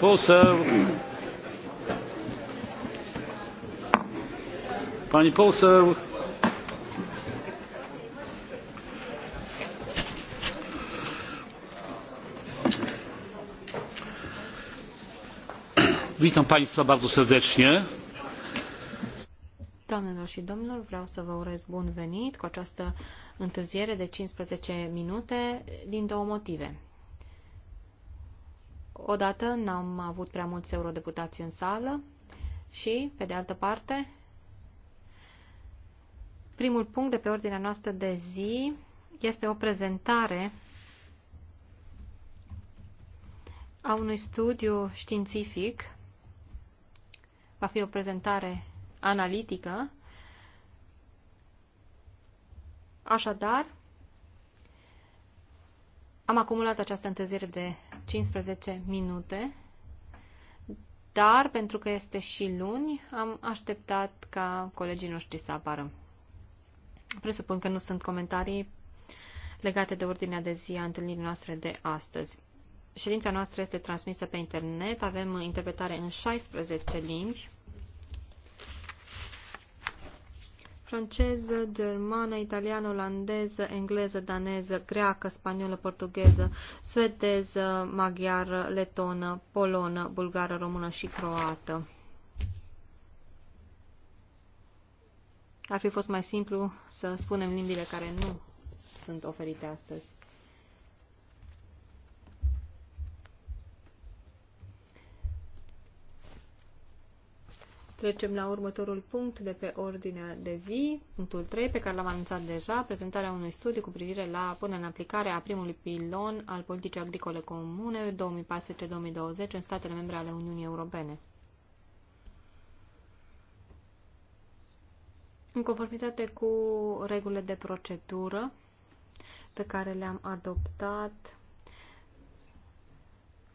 poseł. Pani poseł. Witam Państwa bardzo serdecznie. Doamnelor și domnilor, vreau să vă urez bun venit cu această întârziere de 15 minute din două motive. Odată n-am avut prea mulți eurodeputați în sală și, pe de altă parte, primul punct de pe ordinea noastră de zi este o prezentare a unui studiu științific. Va fi o prezentare analitică. Așadar, am acumulat această întârziere de 15 minute, dar pentru că este și luni, am așteptat ca colegii noștri să apară. Presupun că nu sunt comentarii legate de ordinea de zi a întâlnirii noastre de astăzi. Ședința noastră este transmisă pe internet, avem interpretare în 16 limbi, franceză, germană, italiană, olandeză, engleză, daneză, greacă, spaniolă, portugheză, suedeză, maghiară, letonă, polonă, bulgară, română și croată. Ar fi fost mai simplu să spunem limbile care nu sunt oferite astăzi. Trecem la următorul punct de pe ordinea de zi, punctul 3, pe care l-am anunțat deja, prezentarea unui studiu cu privire la până în aplicare a primului pilon al politicii agricole comune 2014-2020 în statele membre ale Uniunii Europene. În conformitate cu regulile de procedură pe care le-am adoptat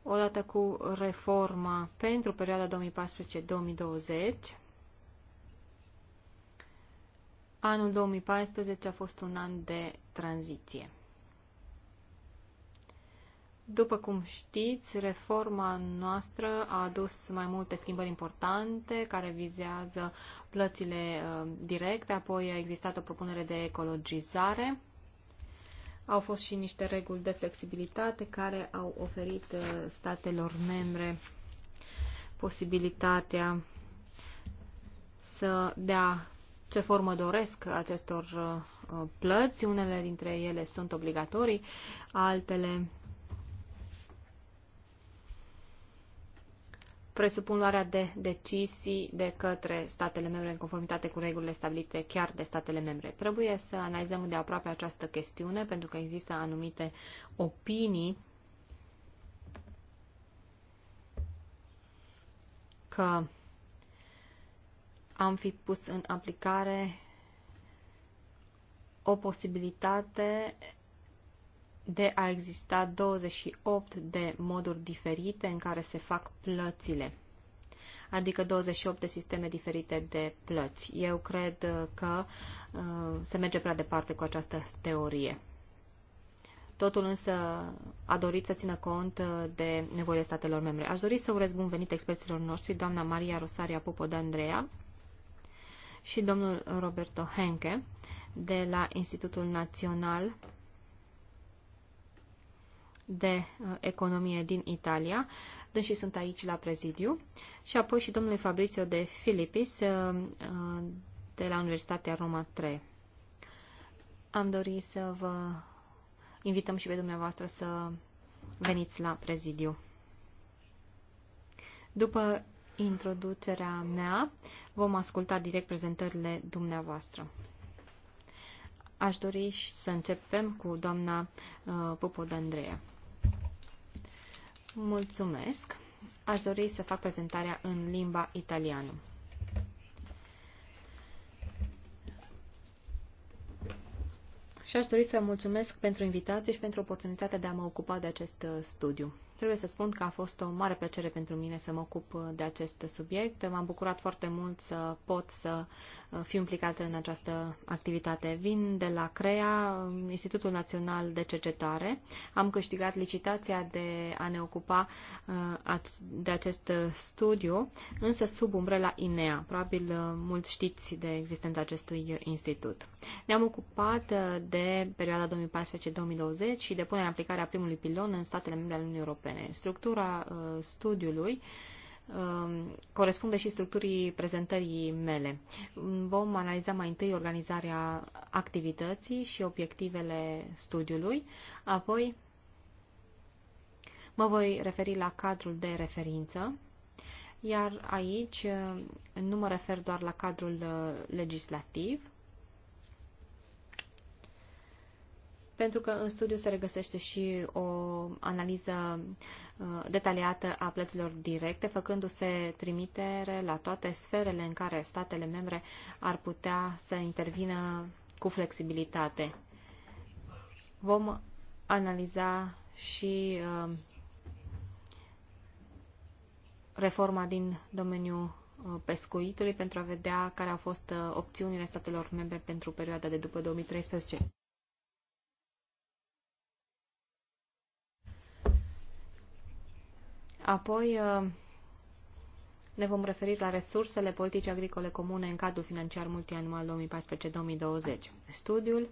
odată cu reforma pentru perioada 2014-2020. Anul 2014 a fost un an de tranziție. După cum știți, reforma noastră a adus mai multe schimbări importante care vizează plățile uh, directe, apoi a existat o propunere de ecologizare au fost și niște reguli de flexibilitate care au oferit uh, statelor membre posibilitatea să dea ce formă doresc acestor uh, plăți. Unele dintre ele sunt obligatorii, altele presupun luarea de decizii de către statele membre în conformitate cu regulile stabilite chiar de statele membre. Trebuie să analizăm de aproape această chestiune pentru că există anumite opinii că am fi pus în aplicare o posibilitate de a exista 28 de moduri diferite în care se fac plățile, adică 28 de sisteme diferite de plăți. Eu cred că uh, se merge prea departe cu această teorie. Totul însă a dorit să țină cont uh, de nevoile statelor membre. Aș dori să urez bun venit experților noștri, doamna Maria Rosaria Popo de Andreea și domnul Roberto Henke de la Institutul Național de uh, economie din Italia, deși sunt aici la prezidiu, și apoi și domnului Fabrizio de Filipis uh, uh, de la Universitatea Roma 3. Am dorit să vă invităm și pe dumneavoastră să veniți la prezidiu. După introducerea mea, vom asculta direct prezentările dumneavoastră. Aș dori să începem cu doamna uh, Popo D'Andrea. Mulțumesc. Aș dori să fac prezentarea în limba italiană. Și aș dori să mulțumesc pentru invitație și pentru oportunitatea de a mă ocupa de acest uh, studiu. Trebuie să spun că a fost o mare plăcere pentru mine să mă ocup uh, de acest subiect. M-am bucurat foarte mult să pot să uh, fiu implicată în această activitate. Vin de la CREA, um, Institutul Național de Cercetare. Am câștigat licitația de a ne ocupa uh, de acest studiu, însă sub umbrela INEA. Probabil mulți știți de existența acestui institut. Ne-am ocupat uh, de perioada 2014-2020 și de punerea în aplicare a primului pilon în statele membre ale Uniunii Europene. Structura uh, studiului um, corespunde și structurii prezentării mele. Vom analiza mai întâi organizarea activității și obiectivele studiului, apoi mă voi referi la cadrul de referință, iar aici uh, nu mă refer doar la cadrul legislativ, pentru că în studiu se regăsește și o analiză uh, detaliată a plăților directe, făcându-se trimitere la toate sferele în care statele membre ar putea să intervină cu flexibilitate. Vom analiza și uh, reforma din domeniul uh, pescuitului pentru a vedea care au fost opțiunile statelor membre pentru perioada de după 2013. Apoi uh, ne vom referi la resursele politice agricole comune în cadrul financiar multianual 2014-2020. Studiul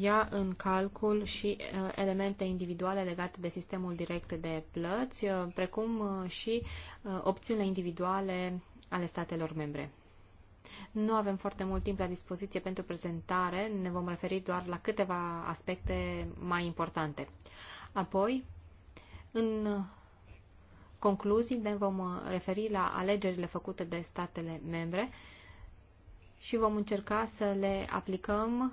ia în calcul și uh, elemente individuale legate de sistemul direct de plăți, uh, precum și opțiunile individuale ale statelor membre. Nu avem foarte mult timp la dispoziție pentru prezentare, ne vom referi doar la câteva aspecte mai importante. Apoi, în concluzii ne vom uh, referi la alegerile făcute de statele membre și vom încerca să le aplicăm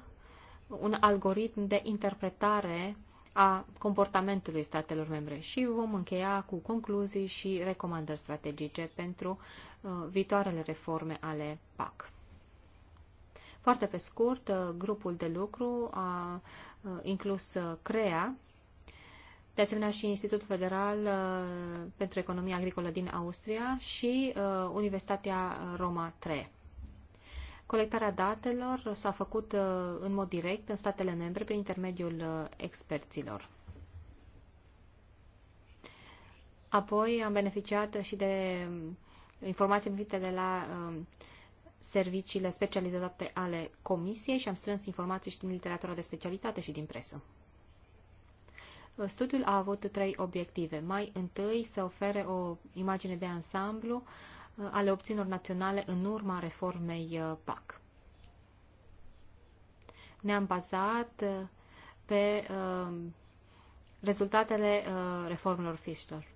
un algoritm de interpretare a comportamentului statelor membre și vom încheia cu concluzii și recomandări strategice pentru uh, viitoarele reforme ale PAC. Foarte pe scurt, uh, grupul de lucru a inclus CREA, de asemenea și Institutul Federal uh, pentru Economia Agricolă din Austria și uh, Universitatea Roma 3. Colectarea datelor s-a făcut uh, în mod direct în statele membre prin intermediul experților. Apoi am beneficiat și de um, informații primite de la um, serviciile specializate ale Comisiei și am strâns informații și din literatura de specialitate și din presă. Studiul a avut trei obiective. Mai întâi să ofere o imagine de ansamblu uh, ale opțiunilor naționale în urma reformei uh, PAC. Ne-am bazat uh, pe rezultatele reformelor Fischer.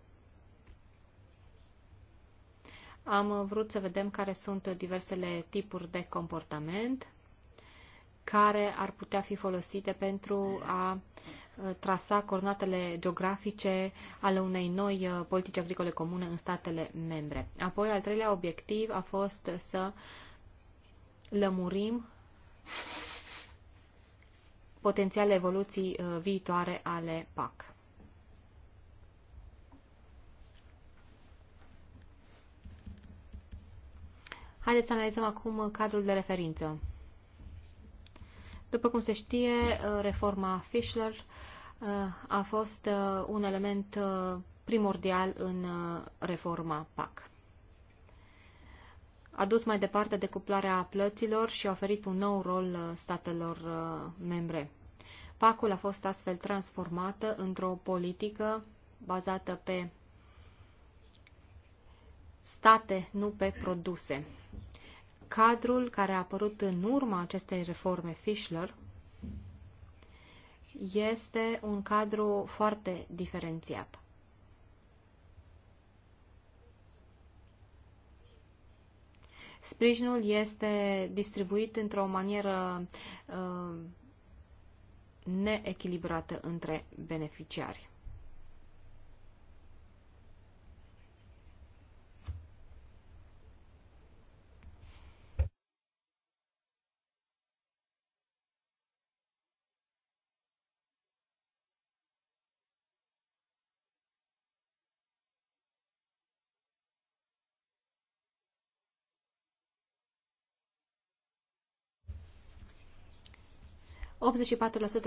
Am vrut să vedem care sunt diversele tipuri de comportament care ar putea fi folosite pentru a uh, Uh, trasa coordonatele geografice ale unei noi uh, politici agricole comune în statele membre. Apoi, al treilea obiectiv a fost să lămurim potențiale evoluții uh, viitoare ale PAC. Haideți să analizăm acum cadrul de referință. După cum se știe, uh, reforma Fischler uh, a fost uh, un element primordial în reforma PAC. A dus mai departe decuplarea plăților și a oferit un nou rol statelor membre. PAC-ul a fost astfel transformată într-o politică bazată pe state, nu pe produse. Cadrul care a apărut în urma acestei reforme Fischler este un cadru foarte diferențiat. Sprijinul este distribuit într-o manieră uh, neechilibrată între beneficiari.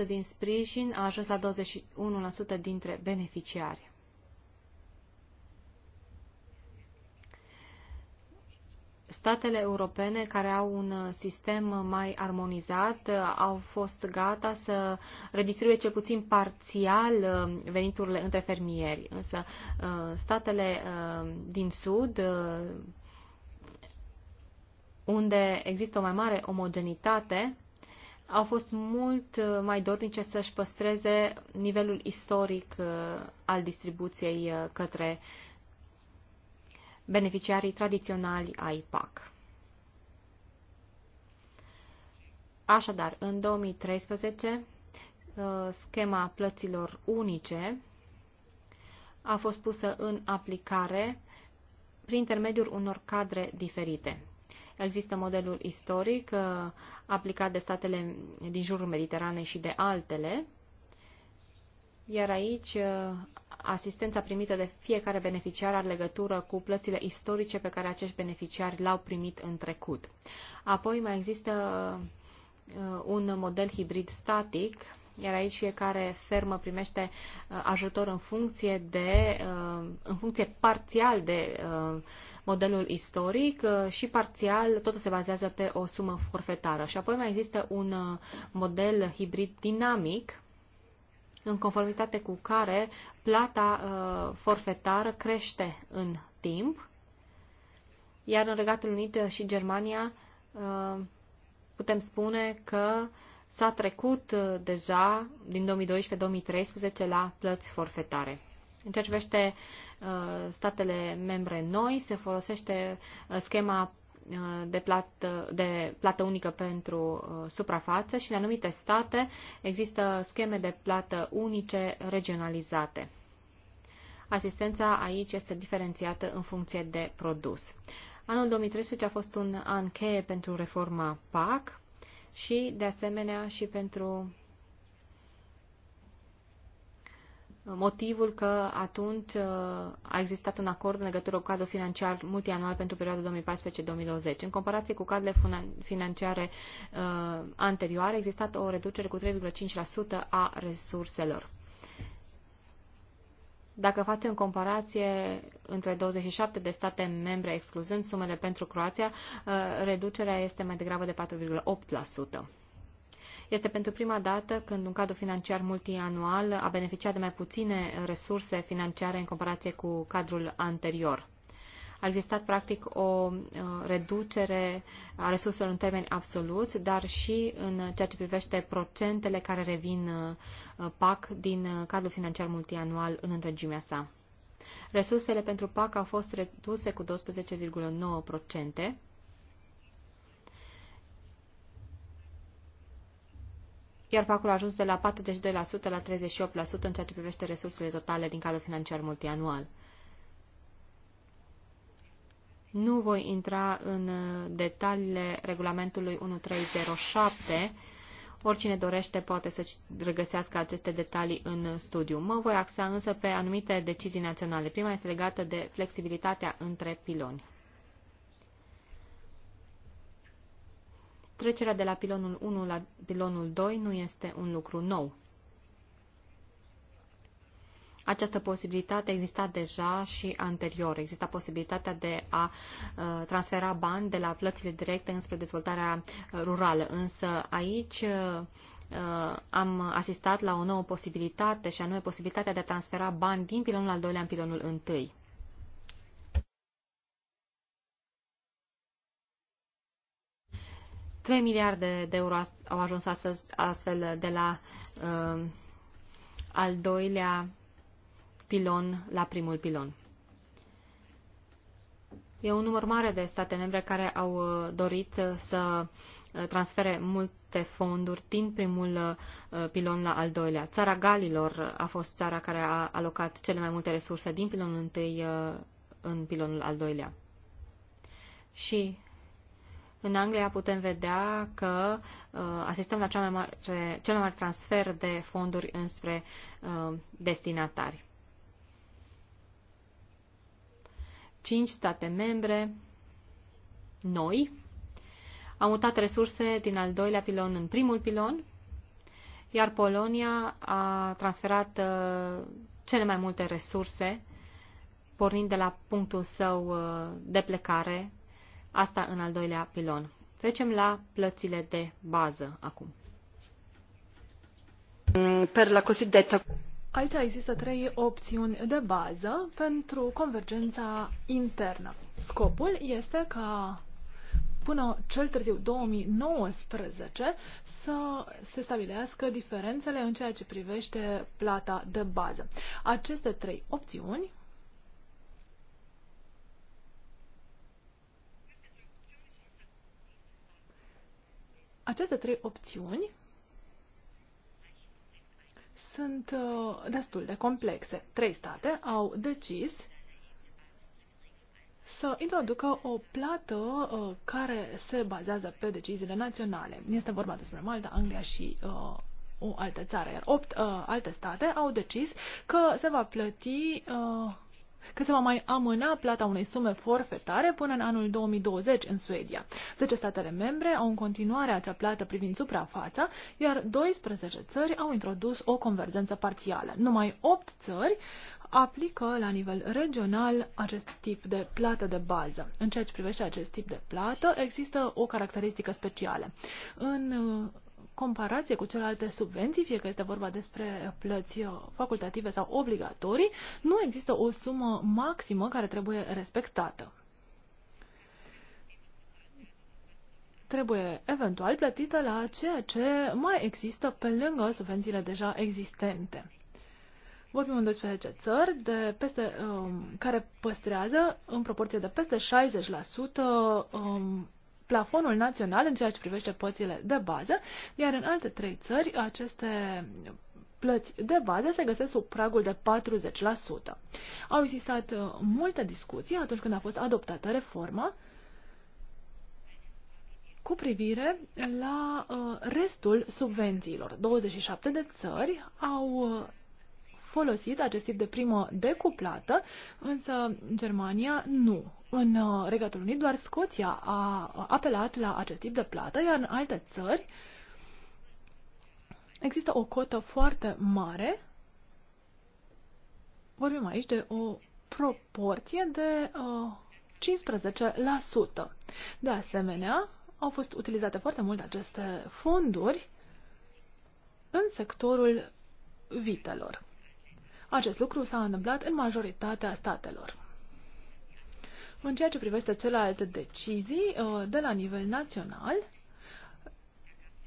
84% din sprijin a ajuns la 21% dintre beneficiari. Statele europene care au un sistem mai armonizat au fost gata să redistribuie cel puțin parțial uh, veniturile între fermieri, însă uh, statele uh, din sud unde există o mai mare omogenitate au fost mult uh, mai dornice să-și păstreze nivelul istoric uh, al distribuției uh, către beneficiarii tradiționali ai PAC. Așadar, în 2013, schema plăților unice a fost pusă în aplicare prin intermediul unor cadre diferite. Există modelul istoric uh, aplicat de statele din jurul Mediteranei și de altele, iar aici uh, asistența primită de fiecare beneficiar are legătură cu plățile istorice pe care acești beneficiari l-au primit în trecut. Apoi mai există uh, un model hibrid static iar aici fiecare fermă primește uh, ajutor în funcție, de, uh, în funcție parțial de uh, modelul istoric și parțial totul se bazează pe o sumă forfetară. Și apoi mai există un model hibrid dinamic în conformitate cu care plata forfetară crește în timp, iar în Regatul Unit și Germania putem spune că uh, s-a trecut uh, deja din 2012-2013 la plăți forfetare. În ceea ce privește uh, statele membre noi, se folosește uh, schema de plată, de plată unică pentru suprafață și în anumite state există scheme de plată unice regionalizate. Asistența aici este diferențiată în funcție de produs. Anul 2013 a fost un an cheie pentru reforma PAC, și, de asemenea, și pentru motivul că atunci uh, a existat un acord în legătură cu cadrul financiar multianual pentru perioada 2014-2020. În comparație cu cadrele financiare uh, anterioare, a existat o reducere cu 3,5% a resurselor. Dacă facem comparație între 27 de state membre, excluzând sumele pentru Croația, uh, reducerea este mai degrabă de 4,8%. Este pentru prima dată când un cadru financiar multianual a beneficiat de mai puține resurse financiare în comparație cu cadrul anterior. A existat practic o uh, reducere a resurselor în termeni absoluți, dar și în ceea ce privește procentele care revin uh, uh, PAC din cadrul financiar multianual în întregimea sa. Resursele pentru PAC au fost reduse cu 12,9%. iar PAC-ul a ajuns de la 42% la 38% în ceea ce privește resursele totale din cadrul financiar multianual. Nu voi intra în uh, detaliile regulamentului 1307. Oricine dorește poate să regăsească aceste detalii în studiu. Mă voi axa însă pe anumite decizii naționale. Prima este legată de flexibilitatea între piloni. Trecerea de la pilonul 1 la pilonul 2 nu este un lucru nou. Această posibilitate exista deja și anterior. Exista posibilitatea de a uh, transfera bani de la plățile directe înspre dezvoltarea uh, rurală, însă aici uh, am asistat la o nouă posibilitate și anume posibilitatea de a transfera bani din pilonul al doilea în pilonul întâi. Trei miliarde de euro au ajuns astfel, astfel de la uh, al doilea pilon la primul pilon. E un număr mare de state membre care au uh, dorit uh, să uh, transfere multe fonduri din primul pilon la al doilea. Țara Galilor a fost țara care a alocat cele mai multe resurse din pilonul întâi în pilonul al doilea. Și în Anglia putem vedea că uh, asistăm la cea mai mare, cel mai mare transfer de fonduri înspre uh, destinatari. 5 state membre noi au mutat resurse din al doilea pilon în primul pilon, iar Polonia a transferat uh, cele mai multe resurse, pornind de la punctul său uh, de plecare, asta în al doilea pilon. Trecem la plățile de bază acum. Mm, per la cosiddetta Aici există trei opțiuni de bază pentru convergența internă. Scopul este ca până cel târziu 2019 să se stabilească diferențele în ceea ce privește plata de bază. Aceste trei opțiuni Aceste trei opțiuni sunt uh, destul de complexe. Trei state au decis să introducă o plată uh, care se bazează pe deciziile naționale. Este vorba despre Malta, Anglia și uh, o altă țară, iar opt uh, alte state au decis că se va plăti uh, că se va mai amâna plata unei sume forfetare până în anul 2020 în Suedia. 10 statele membre au în continuare acea plată privind suprafața, iar 12 țări au introdus o convergență parțială. Numai 8 țări aplică la nivel regional acest tip de plată de bază. În ceea ce privește acest tip de plată, există o caracteristică specială. În comparație cu celelalte subvenții, fie că este vorba despre plăți uh, facultative sau obligatorii, nu există o sumă maximă care trebuie respectată. Trebuie eventual plătită la ceea ce mai există pe lângă subvențiile deja existente. Vorbim în 12 țări de peste, um, care păstrează în proporție de peste 60% um, plafonul național în ceea ce privește plățile de bază, iar în alte trei țări aceste plăți de bază se găsesc sub pragul de 40%. Au existat uh, multe discuții atunci când a fost adoptată reforma cu privire la uh, restul subvențiilor. 27 de țări au uh, folosit acest tip de primă decuplată, însă Germania nu în uh, Regatul Unit doar Scoția a apelat la acest tip de plată, iar în alte țări există o cotă foarte mare. Vorbim aici de o proporție de uh, 15%. De asemenea, au fost utilizate foarte mult aceste fonduri în sectorul vitelor. Acest lucru s-a întâmplat în majoritatea statelor. În ceea ce privește celelalte decizii uh, de la nivel național,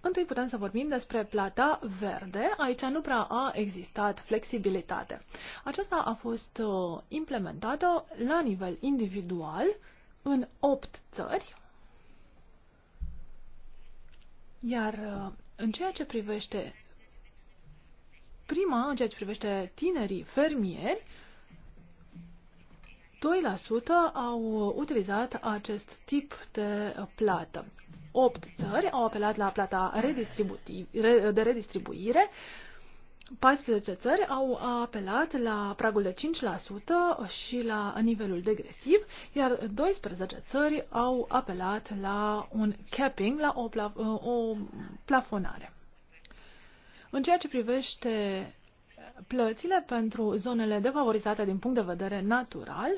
Întâi putem să vorbim despre plata verde. Aici nu prea a existat flexibilitate. Aceasta a fost uh, implementată la nivel individual în 8 țări, iar uh, în ceea ce privește prima, în ceea ce privește tinerii fermieri, 2% au utilizat acest tip de plată. 8 țări au apelat la plata de redistribuire, 14 țări au apelat la pragul de 5% și la nivelul degresiv, iar 12 țări au apelat la un capping, la o, plafonare. În ceea ce privește plățile pentru zonele defavorizate din punct de vedere natural,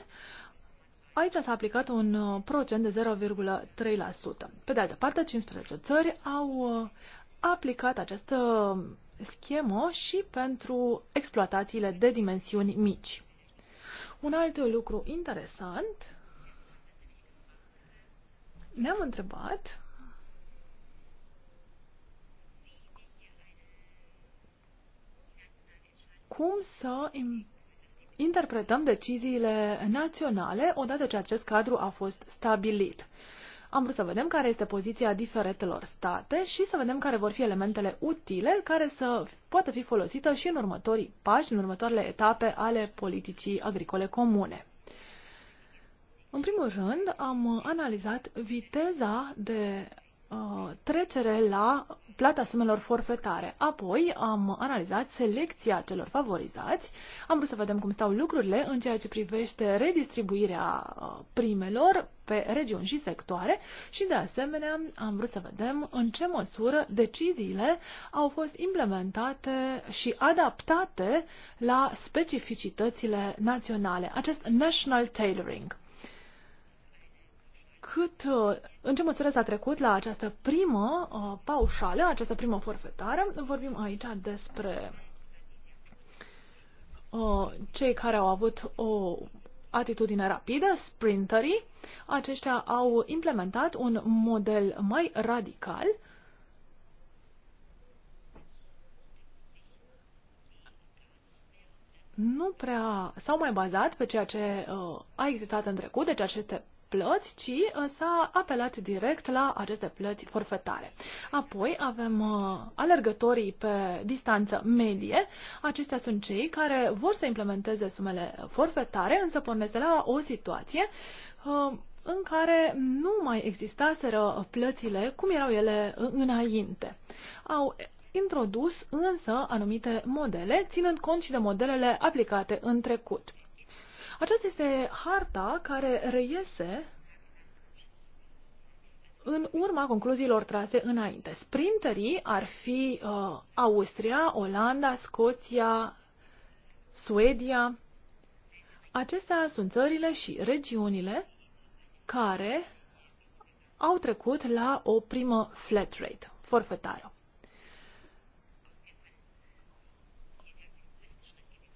aici s-a aplicat un uh, procent de 0,3%. Pe de altă parte, 15 țări au uh, aplicat această schemă și pentru exploatațiile de dimensiuni mici. Un alt lucru interesant, ne-am întrebat cum să interpretăm deciziile naționale odată ce acest cadru a fost stabilit. Am vrut să vedem care este poziția diferitelor state și să vedem care vor fi elementele utile care să poată fi folosită și în următorii pași, în următoarele etape ale politicii agricole comune. În primul rând, am analizat viteza de Uh, trecere la plata sumelor forfetare. Apoi am analizat selecția celor favorizați, am vrut să vedem cum stau lucrurile în ceea ce privește redistribuirea uh, primelor pe regiuni și sectoare și de asemenea am vrut să vedem în ce măsură deciziile au fost implementate și adaptate la specificitățile naționale, acest national tailoring cât, uh, în ce măsură s-a trecut la această primă uh, paușală, această primă forfetare. Vorbim aici despre uh, cei care au avut o atitudine rapidă, sprinterii. Aceștia au implementat un model mai radical nu prea s-au mai bazat pe ceea ce uh, a existat în trecut, deci aceste plăți, ci uh, s-a apelat direct la aceste plăți forfetare. Apoi avem uh, alergătorii pe distanță medie. Aceștia sunt cei care vor să implementeze sumele forfetare, însă pornesc la o situație uh, în care nu mai existaseră plățile cum erau ele înainte. Au introdus însă anumite modele, ținând cont și de modelele aplicate în trecut. Aceasta este harta care reiese în urma concluziilor trase înainte. Sprinterii ar fi uh, Austria, Olanda, Scoția, Suedia. Acestea sunt țările și regiunile care au trecut la o primă flat rate, forfetară.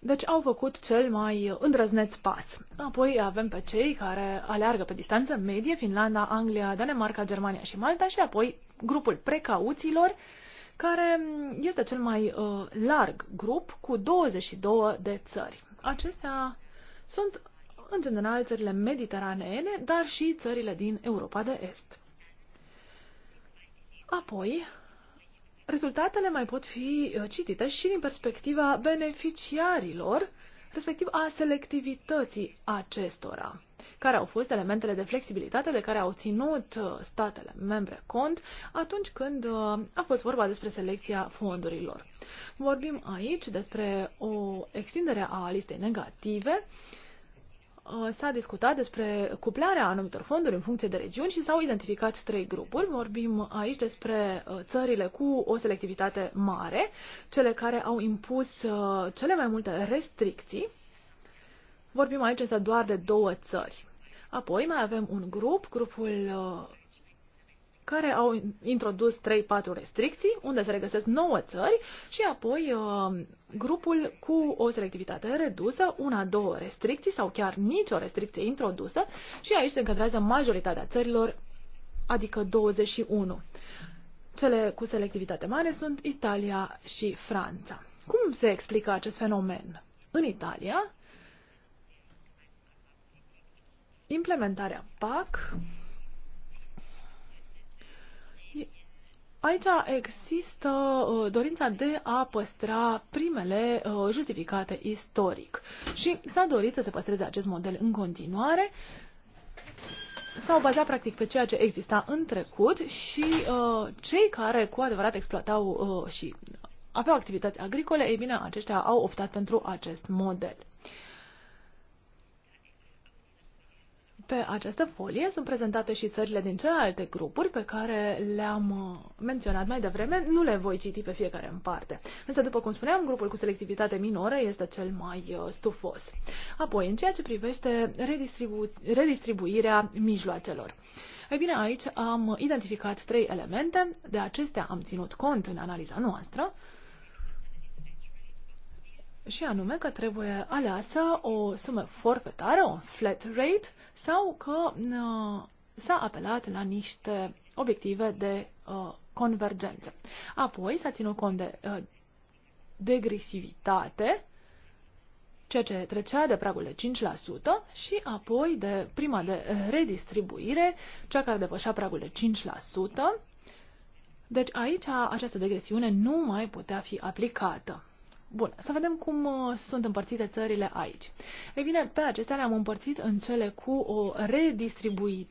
Deci au făcut cel mai îndrăzneț pas. Apoi avem pe cei care aleargă pe distanță medie, Finlanda, Anglia, Danemarca, Germania și Malta și apoi grupul precauților, care este cel mai uh, larg grup cu 22 de țări. Acestea sunt în general țările mediteraneene, dar și țările din Europa de Est. Apoi rezultatele mai pot fi uh, citite și din perspectiva beneficiarilor, respectiv a selectivității acestora, care au fost elementele de flexibilitate de care au ținut uh, statele membre cont atunci când uh, a fost vorba despre selecția fondurilor. Vorbim aici despre o extindere a listei negative, Uh, s-a discutat despre cuplarea anumitor fonduri în funcție de regiuni și s-au identificat trei grupuri. Vorbim aici despre uh, țările cu o selectivitate mare, cele care au impus uh, cele mai multe restricții. Vorbim aici însă doar de două țări. Apoi mai avem un grup, grupul care au introdus 3-4 restricții, unde se regăsesc 9 țări și apoi uh, grupul cu o selectivitate redusă, una-două restricții sau chiar nicio restricție introdusă și aici se încadrează majoritatea țărilor, adică 21. Cele cu selectivitate mare sunt Italia și Franța. Cum se explică acest fenomen? În Italia, implementarea PAC Aici există uh, dorința de a păstra primele uh, justificate istoric și s-a dorit să se păstreze acest model în continuare. S-au bazat practic pe ceea ce exista în trecut și uh, cei care cu adevărat exploatau și aveau activități agricole, ei bine, aceștia au optat pentru acest model. Pe această folie sunt prezentate și țările din celelalte grupuri pe care le-am uh, menționat mai devreme. Nu le voi citi pe fiecare în parte. Însă, după cum spuneam, grupul cu selectivitate minoră este cel mai uh, stufos. Apoi, în ceea ce privește redistribu redistribuirea mijloacelor. Ei bine, aici am identificat trei elemente, de acestea am ținut cont în analiza noastră și anume că trebuie aleasă o sumă forfetară, un flat rate, sau că uh, s-a apelat la niște obiective de uh, convergență. Apoi s-a ținut cont de uh, degresivitate, ceea ce trecea de pragul de 5% și apoi de prima de redistribuire, cea care depășea pragul de 5%. Deci aici această degresiune nu mai putea fi aplicată. Bun, să vedem cum uh, sunt împărțite țările aici. Ei bine, pe acestea le-am împărțit în cele cu o redistribuire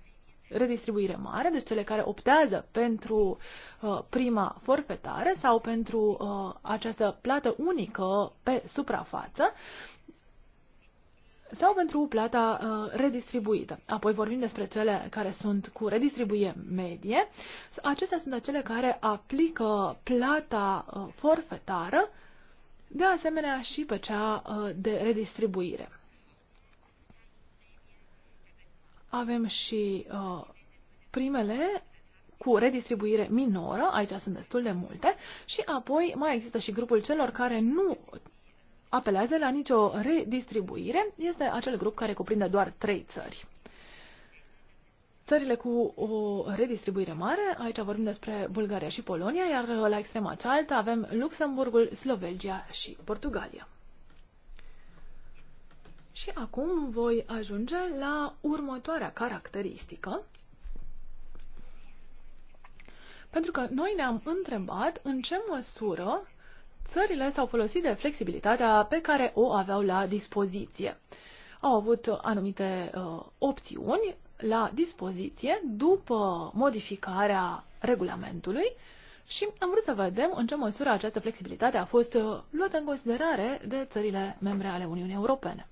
redistribuire mare, deci cele care optează pentru uh, prima forfetare sau pentru uh, această plată unică pe suprafață sau pentru plata uh, redistribuită. Apoi vorbim despre cele care sunt cu redistribuire medie. Acestea sunt acele care aplică plata uh, forfetară de asemenea și pe cea uh, de redistribuire. Avem și uh, primele cu redistribuire minoră, aici sunt destul de multe, și apoi mai există și grupul celor care nu apelează la nicio redistribuire, este acel grup care cuprinde doar trei țări țările cu o redistribuire mare, aici vorbim despre Bulgaria și Polonia, iar la extrema cealaltă avem Luxemburgul, Slovelgia și Portugalia. Și acum voi ajunge la următoarea caracteristică, pentru că noi ne-am întrebat în ce măsură țările s-au folosit de flexibilitatea pe care o aveau la dispoziție. Au avut anumite uh, opțiuni la dispoziție după modificarea regulamentului și am vrut să vedem în ce măsură această flexibilitate a fost uh, luată în considerare de țările membre ale Uniunii Europene.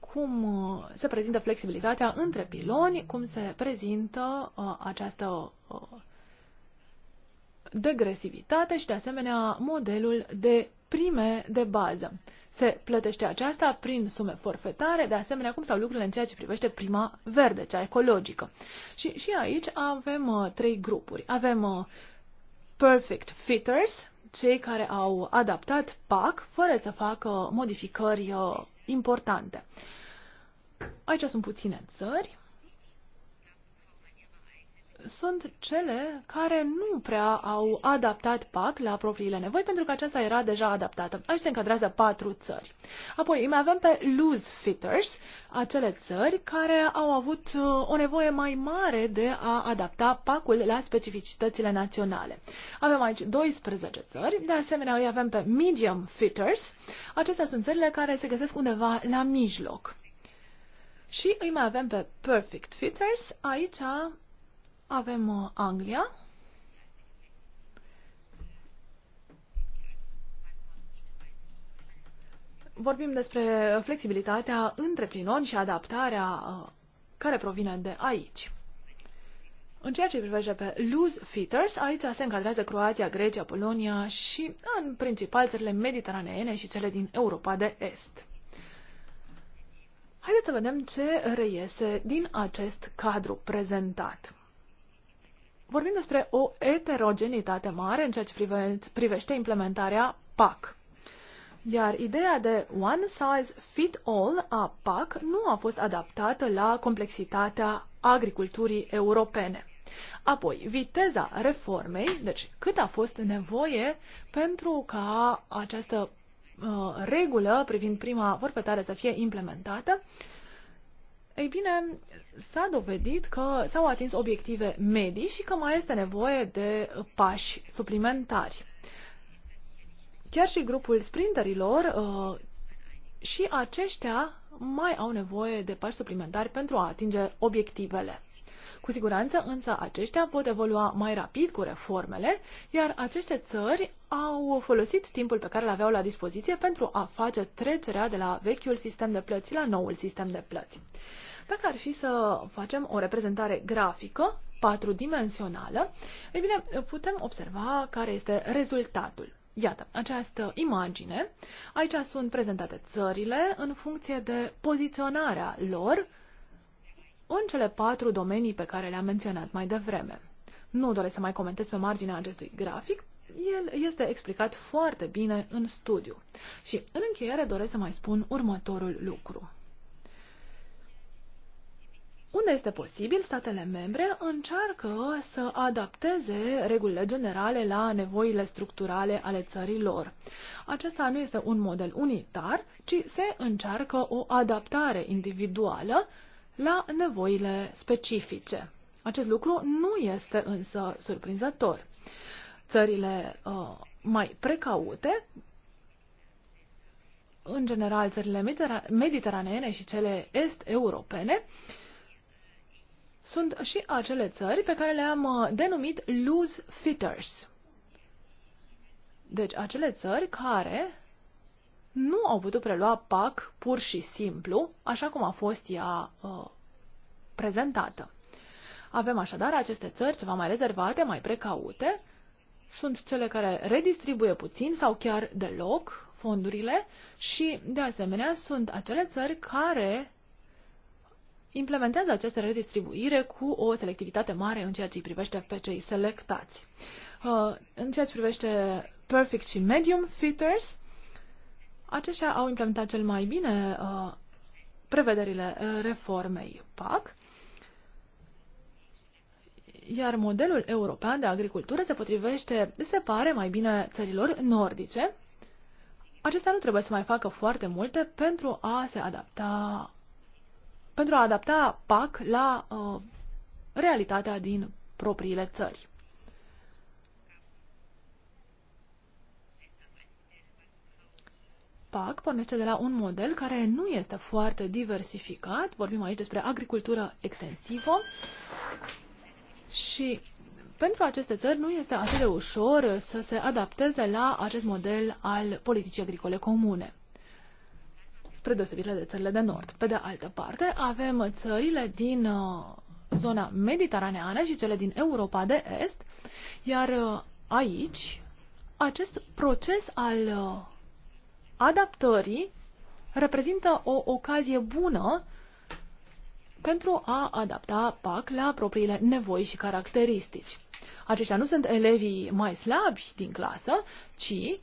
Cum uh, se prezintă flexibilitatea între piloni, cum se prezintă uh, această uh, degresivitate și, de asemenea, modelul de prime de bază. Se plătește aceasta prin sume forfetare, de asemenea cum stau lucrurile în ceea ce privește prima verde, cea ecologică. Și, și aici avem uh, trei grupuri. Avem uh, perfect fitters, cei care au adaptat PAC fără să facă modificări uh, importante. Aici sunt puține țări, sunt cele care nu prea au adaptat PAC la propriile nevoi, pentru că aceasta era deja adaptată. Aici se încadrează patru țări. Apoi mai avem pe loose fitters, acele țări care au avut uh, o nevoie mai mare de a adapta PAC-ul la specificitățile naționale. Avem aici 12 țări, de asemenea îi avem pe medium fitters. Acestea sunt țările care se găsesc undeva la mijloc. Și îi mai avem pe Perfect Fitters. Aici avem uh, Anglia. Vorbim despre flexibilitatea între plinon și adaptarea uh, care provine de aici. În ceea ce privește pe loose fitters, aici se încadrează Croația, Grecia, Polonia și, în principal, țările mediteraneene și cele din Europa de Est. Haideți să vedem ce reiese din acest cadru prezentat. Vorbim despre o eterogenitate mare în ceea ce privește implementarea PAC. Iar ideea de one size fit all a PAC nu a fost adaptată la complexitatea agriculturii europene. Apoi, viteza reformei, deci cât a fost nevoie pentru ca această uh, regulă privind prima forfetare să fie implementată ei bine, s-a dovedit că s-au atins obiective medii și că mai este nevoie de pași suplimentari. Chiar și grupul sprinterilor, uh, și aceștia mai au nevoie de pași suplimentari pentru a atinge obiectivele. Cu siguranță însă aceștia pot evolua mai rapid cu reformele, iar aceste țări au folosit timpul pe care îl aveau la dispoziție pentru a face trecerea de la vechiul sistem de plăți la noul sistem de plăți. Dacă ar fi să facem o reprezentare grafică, patru ei bine, putem observa care este rezultatul. Iată, această imagine, aici sunt prezentate țările în funcție de poziționarea lor în cele patru domenii pe care le-am menționat mai devreme. Nu doresc să mai comentez pe marginea acestui grafic, el este explicat foarte bine în studiu. Și în încheiere doresc să mai spun următorul lucru. Unde este posibil, statele membre încearcă să adapteze regulile generale la nevoile structurale ale țărilor. Acesta nu este un model unitar, ci se încearcă o adaptare individuală la nevoile specifice. Acest lucru nu este însă surprinzător. Țările uh, mai precaute, în general țările mediteraneene și cele est-europene, sunt și acele țări pe care le-am uh, denumit loose fitters. Deci acele țări care nu au putut prelua PAC pur și simplu, așa cum a fost ea uh, prezentată. Avem așadar aceste țări ceva mai rezervate, mai precaute, sunt cele care redistribuie puțin sau chiar deloc fondurile și, de asemenea, sunt acele țări care implementează această redistribuire cu o selectivitate mare în ceea ce îi privește pe cei selectați. Uh, în ceea ce privește Perfect și Medium Fitters, aceștia au implementat cel mai bine uh, prevederile uh, reformei PAC, iar modelul european de agricultură se potrivește, se pare, mai bine țărilor nordice. Acestea nu trebuie să mai facă foarte multe pentru a se adapta, pentru a adapta PAC la uh, realitatea din propriile țări. PAC pornește de la un model care nu este foarte diversificat. Vorbim aici despre agricultură extensivă și pentru aceste țări nu este atât de ușor să se adapteze la acest model al politicii agricole comune spre deosebire de țările de nord. Pe de altă parte, avem țările din uh, zona mediteraneană și cele din Europa de Est, iar uh, aici acest proces al uh, adaptării reprezintă o ocazie bună pentru a adapta PAC la propriile nevoi și caracteristici. Aceștia nu sunt elevii mai slabi din clasă, ci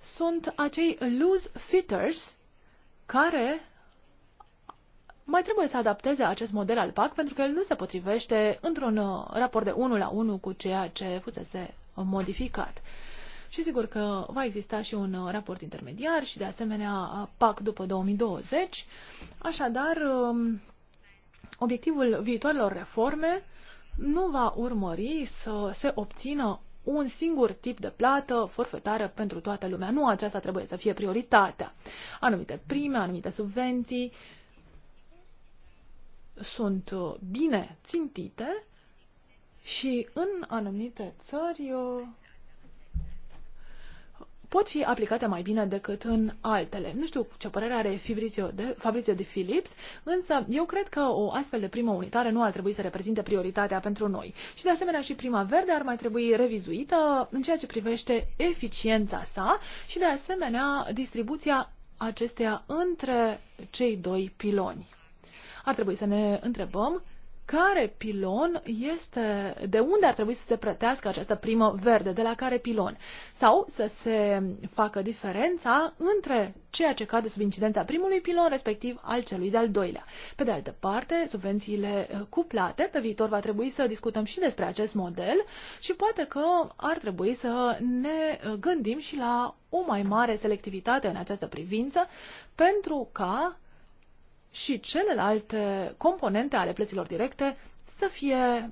sunt acei loose fitters care mai trebuie să adapteze acest model al PAC pentru că el nu se potrivește într-un uh, raport de 1 la 1 cu ceea ce fusese modificat și sigur că va exista și un uh, raport intermediar și de asemenea uh, PAC după 2020. Așadar, um, obiectivul viitoarelor reforme nu va urmări să se obțină un singur tip de plată forfetară pentru toată lumea. Nu aceasta trebuie să fie prioritatea. Anumite prime, anumite subvenții sunt uh, bine țintite și în anumite țări pot fi aplicate mai bine decât în altele. Nu știu ce părere are Fabrizio de, Fabrizio de Philips, însă eu cred că o astfel de primă unitară nu ar trebui să reprezinte prioritatea pentru noi. Și de asemenea și prima verde ar mai trebui revizuită în ceea ce privește eficiența sa și de asemenea distribuția acesteia între cei doi piloni. Ar trebui să ne întrebăm care pilon este, de unde ar trebui să se plătească această primă verde, de la care pilon. Sau să se facă diferența între ceea ce cade sub incidența primului pilon, respectiv al celui de-al doilea. Pe de altă parte, subvențiile eh, cuplate, pe viitor va trebui să discutăm și despre acest model și poate că ar trebui să ne eh, gândim și la o mai mare selectivitate în această privință pentru ca și celelalte componente ale plăților directe să fie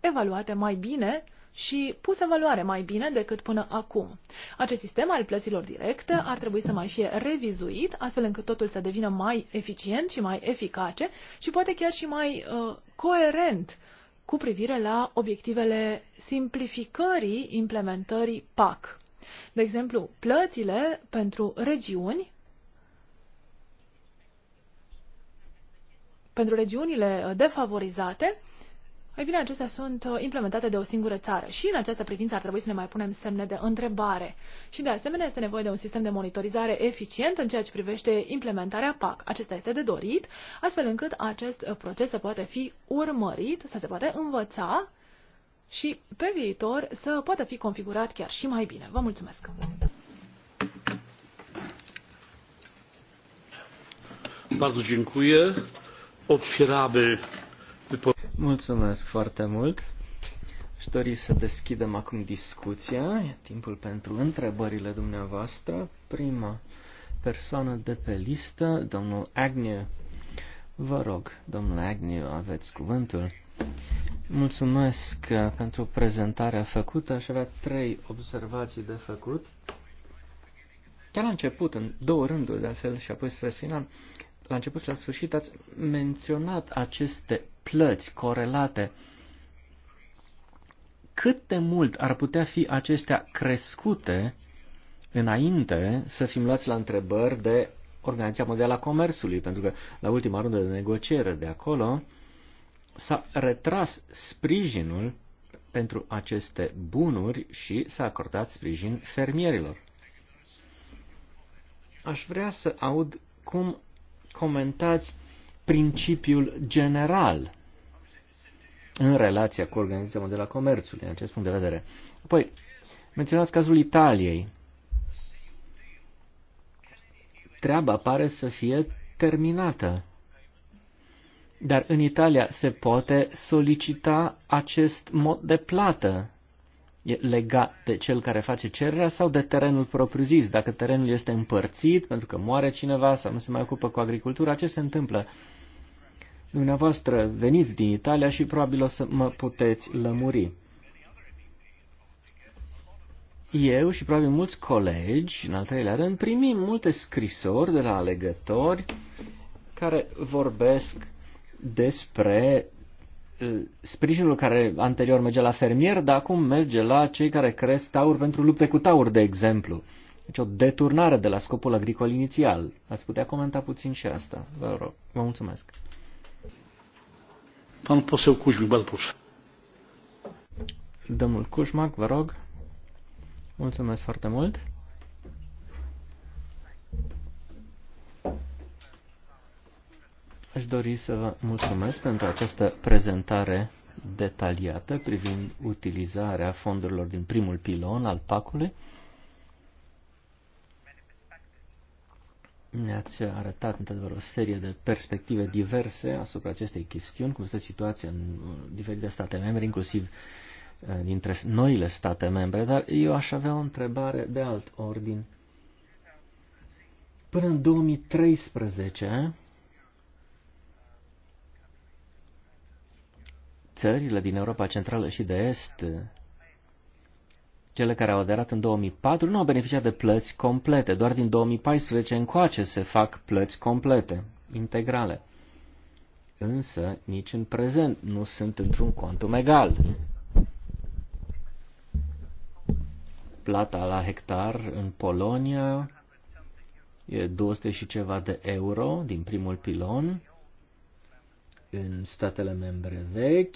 evaluate mai bine și pus în valoare mai bine decât până acum. Acest sistem al plăților directe ar trebui să mai fie revizuit, astfel încât totul să devină mai eficient și mai eficace și poate chiar și mai uh, coerent cu privire la obiectivele simplificării implementării PAC. De exemplu, plățile pentru regiuni pentru regiunile uh, defavorizate, ei bine, acestea sunt uh, implementate de o singură țară și în această privință ar trebui să ne mai punem semne de întrebare. Și de asemenea este nevoie de un sistem de monitorizare eficient în ceea ce privește implementarea PAC. Acesta este de dorit, astfel încât acest uh, proces să poate fi urmărit, să se poate învăța și pe viitor să poată fi configurat chiar și mai bine. Vă mulțumesc! Bardzo dziękuję. Otwieramy Mulțumesc foarte mult. Aș dori să deschidem acum discuția. E timpul pentru întrebările dumneavoastră. Prima persoană de pe listă, domnul Agnew. Vă rog, domnul Agnew, aveți cuvântul. Mulțumesc pentru prezentarea făcută. Aș avea trei observații de făcut. Chiar la început, în două rânduri de altfel și apoi spre final, la început și la sfârșit ați menționat aceste plăți corelate. Cât de mult ar putea fi acestea crescute înainte să fim luați la întrebări de Organizația Mondială a Comerțului, pentru că la ultima rundă de negociere de acolo s-a retras sprijinul pentru aceste bunuri și s-a acordat sprijin fermierilor. Aș vrea să aud cum comentați principiul general în relația cu Organizația de la Comerțului, în acest punct de vedere. Apoi, menționați cazul Italiei. Treaba pare să fie terminată. Dar în Italia se poate solicita acest mod de plată e legat de cel care face cererea sau de terenul propriu-zis. Dacă terenul este împărțit pentru că moare cineva sau nu se mai ocupă cu agricultura, ce se întâmplă? Dumneavoastră veniți din Italia și probabil o să mă puteți lămuri. Eu și probabil mulți colegi, în al treilea rând, primim multe scrisori de la alegători care vorbesc despre sprijinul care anterior mergea la fermier, dar acum merge la cei care cresc tauri pentru lupte cu tauri, de exemplu. Deci o deturnare de la scopul agricol inițial. Ați putea comenta puțin și asta. Vă rog. Vă mulțumesc. Pan poseu Cușmic, vă Domnul Cușmac, vă rog. Mulțumesc foarte mult. Aș dori să vă mulțumesc pentru această prezentare detaliată privind utilizarea fondurilor din primul pilon al PAC-ului. Ne-ați arătat într-adevăr o serie de perspective diverse asupra acestei chestiuni, cum este situația în diferite state membre, inclusiv eh, dintre noile state membre, dar eu aș avea o întrebare de alt ordin. Până în 2013, țările din Europa Centrală și de Est, cele care au aderat în 2004, nu au beneficiat de plăți complete. Doar din 2014 încoace se fac plăți complete, integrale. Însă, nici în prezent nu sunt într-un contum egal. Plata la hectar în Polonia e 200 și ceva de euro din primul pilon, în statele membre vechi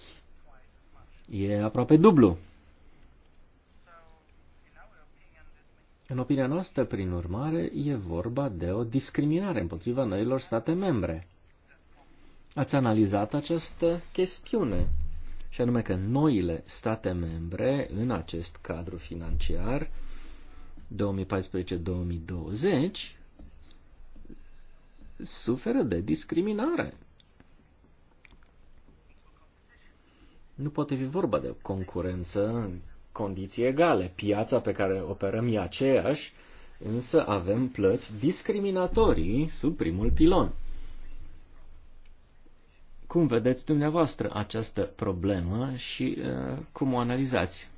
e aproape dublu. În opinia noastră, prin urmare, e vorba de o discriminare împotriva noilor state membre. Ați analizat această chestiune, și anume că noile state membre în acest cadru financiar 2014-2020 suferă de discriminare. Nu poate fi vorba de concurență în condiții egale. Piața pe care operăm e aceeași, însă avem plăți discriminatorii sub primul pilon. Cum vedeți dumneavoastră această problemă și uh, cum o analizați?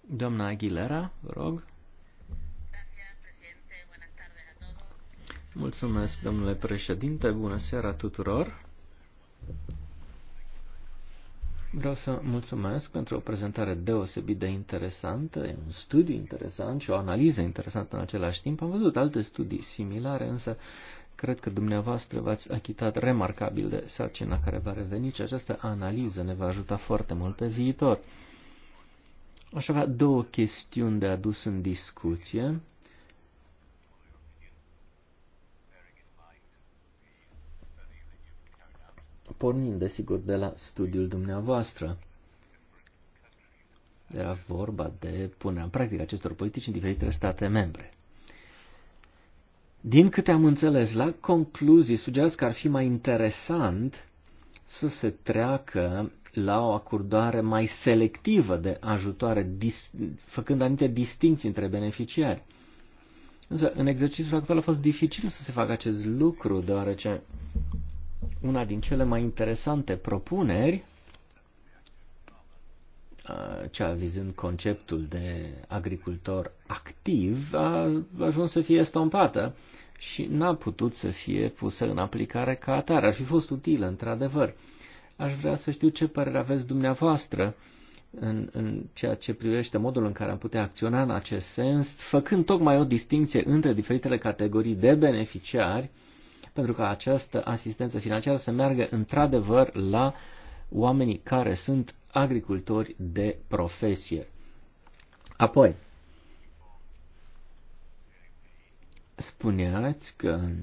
Doamna Aguilera, vă rog. Mulțumesc, domnule președinte. Bună seara tuturor. Vreau să mulțumesc pentru o prezentare deosebit de interesantă, un studiu interesant și o analiză interesantă în același timp. Am văzut alte studii similare, însă cred că dumneavoastră v-ați achitat remarcabil de sarcina care va reveni și această analiză ne va ajuta foarte mult pe viitor. Aș avea două chestiuni de adus în discuție. pornind, desigur, de la studiul dumneavoastră. Era vorba de punerea în practică acestor politici în diferite state membre. Din câte am înțeles, la concluzii sugerați că ar fi mai interesant să se treacă la o acordare mai selectivă de ajutoare, dis- făcând anumite distinții între beneficiari. Însă, în exercițiul actual a fost dificil să se facă acest lucru, deoarece una din cele mai interesante propuneri, cea vizând conceptul de agricultor activ, a ajuns să fie estompată și n-a putut să fie pusă în aplicare ca atare. Ar fi fost utilă, într-adevăr. Aș vrea să știu ce părere aveți dumneavoastră în, în ceea ce privește modul în care am putea acționa în acest sens, făcând tocmai o distinție între diferitele categorii de beneficiari uh, pentru ca această asistență financiară să meargă într-adevăr la oamenii care sunt agricultori de profesie. Apoi, spuneați că în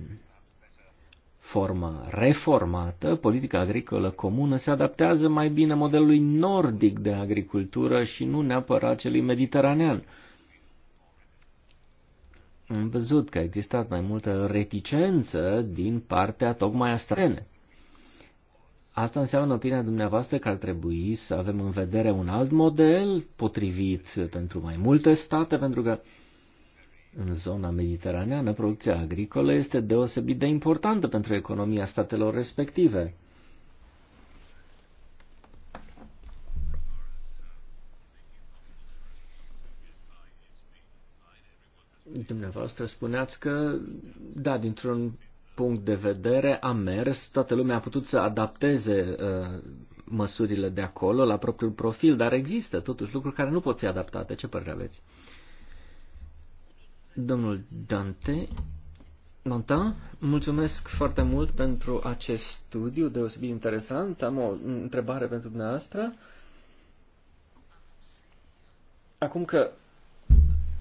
forma reformată, politica agricolă comună se adaptează mai bine modelului nordic de agricultură și nu neapărat celui mediteranean am văzut că a existat mai multă reticență din partea tocmai a străine. Asta înseamnă, opinia dumneavoastră, că ar trebui să avem în vedere un alt model potrivit pentru mai multe state, pentru că în zona mediteraneană producția agricolă este deosebit de importantă pentru economia statelor respective. Dumneavoastră spuneați că, da, dintr-un punct de vedere a mers, toată lumea a putut să adapteze uh, măsurile de acolo la propriul profil, dar există totuși lucruri care nu pot fi adaptate. Ce părere aveți? Domnul Dante, Monta, mulțumesc foarte mult pentru acest studiu deosebit interesant. Am o întrebare pentru dumneavoastră. Acum că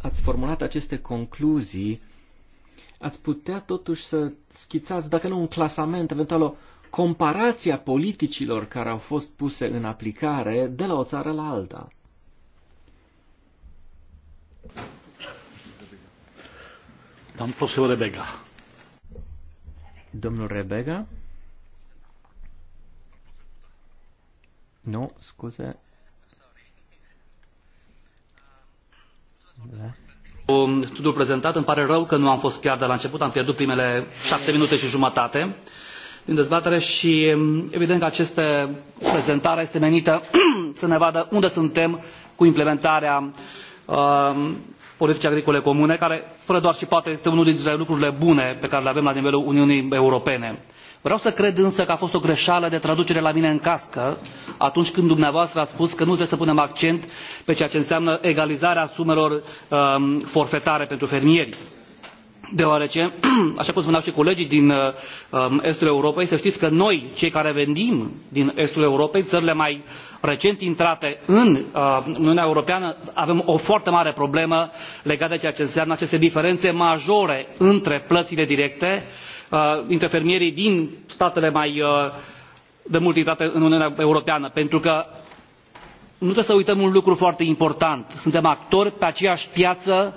ați formulat aceste concluzii, ați putea totuși să schițați, dacă nu un clasament, eventual o comparație a politicilor care au fost puse în aplicare de la o țară la alta. Am fost eu Rebega. Domnul Rebega? Nu, scuze, Da. Studiul prezentat, îmi pare rău că nu am fost chiar de la început, am pierdut primele șapte minute și jumătate din dezbatere și evident că această prezentare este menită să ne vadă unde suntem cu implementarea uh, politicii agricole comune, care fără doar și poate este unul dintre lucrurile bune pe care le avem la nivelul Uniunii Europene vreau să cred însă că a fost o greșeală de traducere la mine în cască atunci când dumneavoastră ați spus că nu trebuie să punem accent pe ceea ce înseamnă egalizarea sumelor um, forfetare pentru fermieri deoarece așa cum spuneau și colegii din um, estul europei să știți că noi cei care vândem din estul europei țările mai recent intrate uh, în uniunea europeană avem o foarte mare problemă legată de ceea ce înseamnă aceste diferențe majore între plățile directe și dintre uh, fermierii din statele mai uh, de mult intrate în uniunea europeană pentru că nu trebuie să uităm un lucru foarte important suntem actori pe aceeași piață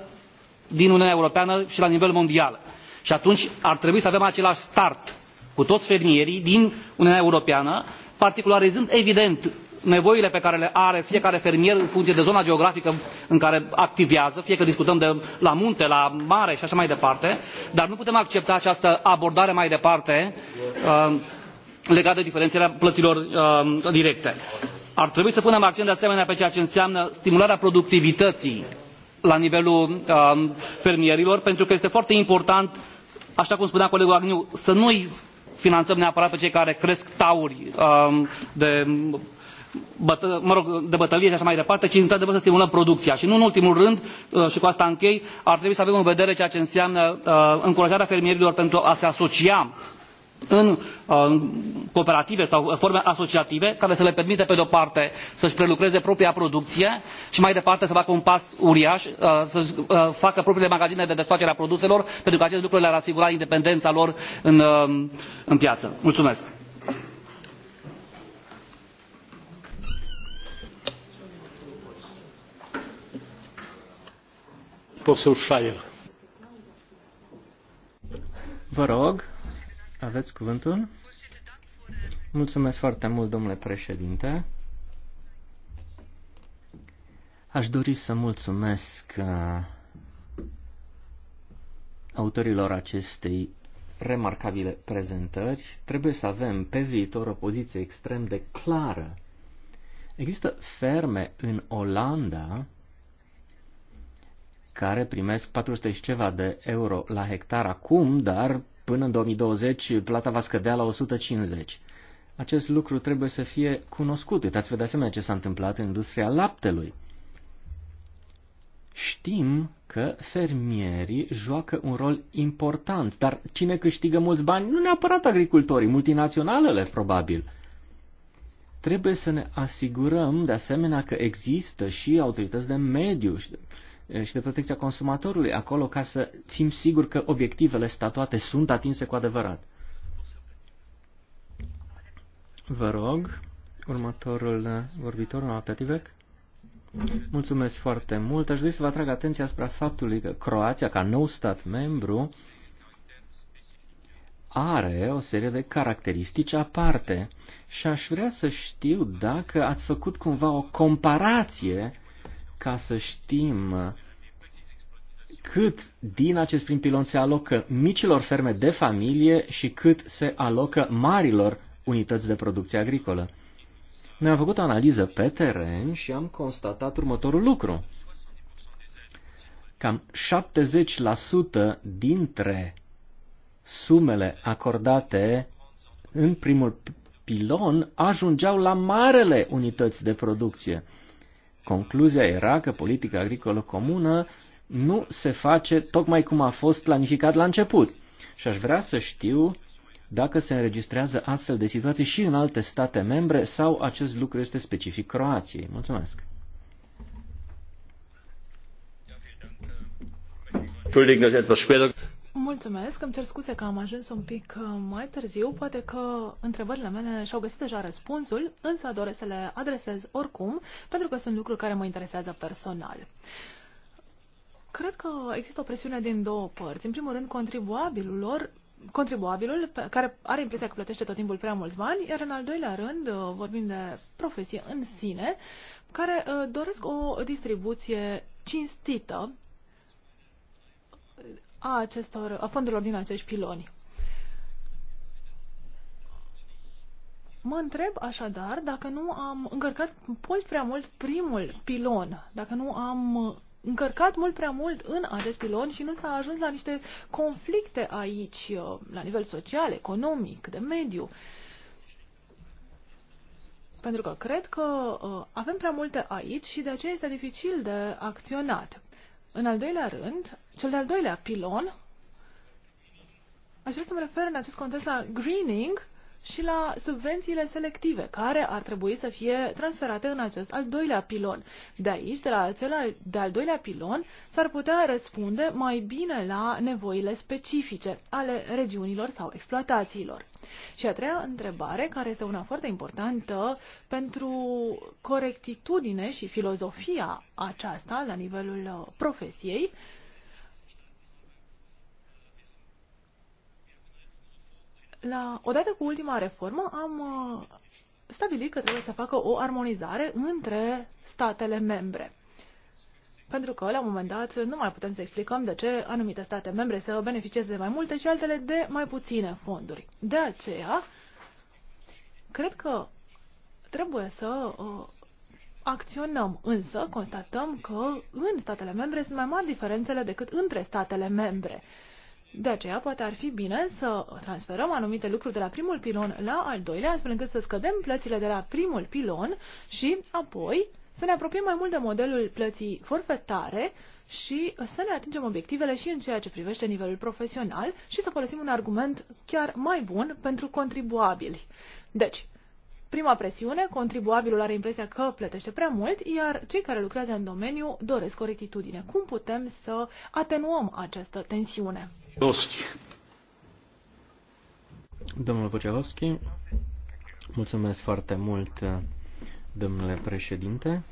din uniunea europeană și la nivel mondial și atunci ar trebui să avem același start cu toți fermierii din uniunea europeană particularizând evident nevoile pe care le are fiecare fermier în funcție de zona geografică în care activează fie că discutăm de la munte la mare și așa mai departe dar nu putem accepta această abordare mai departe uh, legată de diferențierea plăților uh, directe. ar trebui să punem accent de asemenea pe ceea ce înseamnă stimularea productivității la nivelul uh, fermierilor pentru că este foarte important așa cum spunea colegul agnew să nu i finanțăm neapărat pe cei care cresc tauri de mă rog, de bătălie și așa mai departe, ci într-adevăr să stimulăm producția. Și nu în ultimul rând, uh, și cu asta închei, ar trebui să avem în vedere ceea ce înseamnă uh, încurajarea fermierilor pentru a se asocia uh, în cooperative sau forme asociative care să le permită pe de o parte să își prelucreze propria producție și mai departe să facă un pas uriaș să facă propriile magazine de desfacere a produselor pentru că acest lucru le ar asigura independența lor în, în piață. mulțumesc. Poseł Schreier. Vă rog, aveți cuvântul. Mulțumesc foarte mult, domnule președinte. Aș dori să mulțumesc uh, autorilor acestei remarcabile prezentări. Trebuie să avem pe viitor o poziție extrem de clară. Există ferme în Olanda care primesc 400 și ceva de euro la hectar acum, dar până în 2020 plata va scădea la 150. Acest lucru trebuie să fie cunoscut. Uitați-vă de asemenea ce s-a întâmplat în industria laptelui. Știm că fermierii joacă un rol important, dar cine câștigă mulți bani? Nu neapărat agricultorii, multinaționalele probabil. Trebuie să ne asigurăm de asemenea că există și autorități de mediu Eh, și de protecția consumatorului acolo ca să fim siguri că obiectivele statuate sunt atinse cu adevărat. Vă rog, următorul eh, vorbitor, la Petiverc. Mulțumesc foarte mult. Aș dori să vă atrag atenția asupra faptului că Croația, ca nou stat membru, are o serie de caracteristici aparte și aș vrea să știu dacă ați făcut cumva o comparație ca să știm cât din acest prim pilon se alocă micilor ferme de familie și cât se alocă marilor unități de producție agricolă. Ne-am făcut o analiză pe teren și am constatat următorul lucru. Cam 70% dintre sumele acordate în primul pilon ajungeau la marele unități de producție. Concluzia era că politica agricolă comună nu se face tocmai cum a fost planificat la început. Și aș vrea să știu dacă se înregistrează astfel de situații și în alte state membre sau acest lucru este specific Croației. Mulțumesc! Mulțumesc, îmi cer scuze că am ajuns un pic uh, mai târziu. Poate că întrebările mele și-au găsit deja răspunsul, însă doresc să le adresez oricum, pentru că sunt lucruri care mă interesează personal. Cred că există o presiune din două părți. În primul rând, contribuabililor contribuabilul care are impresia că plătește tot timpul prea mulți bani, iar în al doilea rând uh, vorbim de profesie în sine, care uh, doresc o distribuție cinstită a, acestor, a fondurilor din acești piloni. Mă întreb așadar dacă nu am încărcat mult prea mult primul pilon, dacă nu am încărcat mult prea mult în acest pilon și nu s-a ajuns la niște conflicte aici, uh, la nivel social, economic, de mediu. Pentru că cred că uh, avem prea multe aici și de aceea este dificil de acționat. În al doilea rând, cel de-al doilea pilon, aș vrea să mă refer în acest context la greening și la subvențiile selective, care ar trebui să fie transferate în acest al doilea pilon. De aici, de la acela de-al doilea pilon, s-ar putea răspunde mai bine la nevoile specifice ale regiunilor sau exploatațiilor. Și a treia întrebare, care este una foarte importantă pentru corectitudine și filozofia aceasta la nivelul uh, profesiei, la, odată cu ultima reformă am uh, stabilit că trebuie să facă o armonizare între statele membre. Pentru că, la un moment dat, nu mai putem să explicăm de ce anumite state membre să beneficieze de mai multe și altele de mai puține fonduri. De aceea, cred că trebuie să uh, acționăm, însă constatăm că în statele membre sunt mai mari diferențele decât între statele membre. Uh, de aceea, poate ar fi bine să transferăm anumite lucruri de la primul pilon la al doilea, astfel încât să scădem plățile de la primul pilon și apoi să ne apropiem mai mult de modelul plății forfetare și să ne atingem obiectivele și în ceea ce privește nivelul profesional și să folosim un argument chiar mai bun pentru contribuabili. Deci, prima presiune, contribuabilul are impresia că plătește prea mult, iar cei care lucrează în domeniu doresc o rectitudine. Cum putem să atenuăm această tensiune? Oschi. Domnul Vocevoschi, mulțumesc foarte mult, domnule președinte.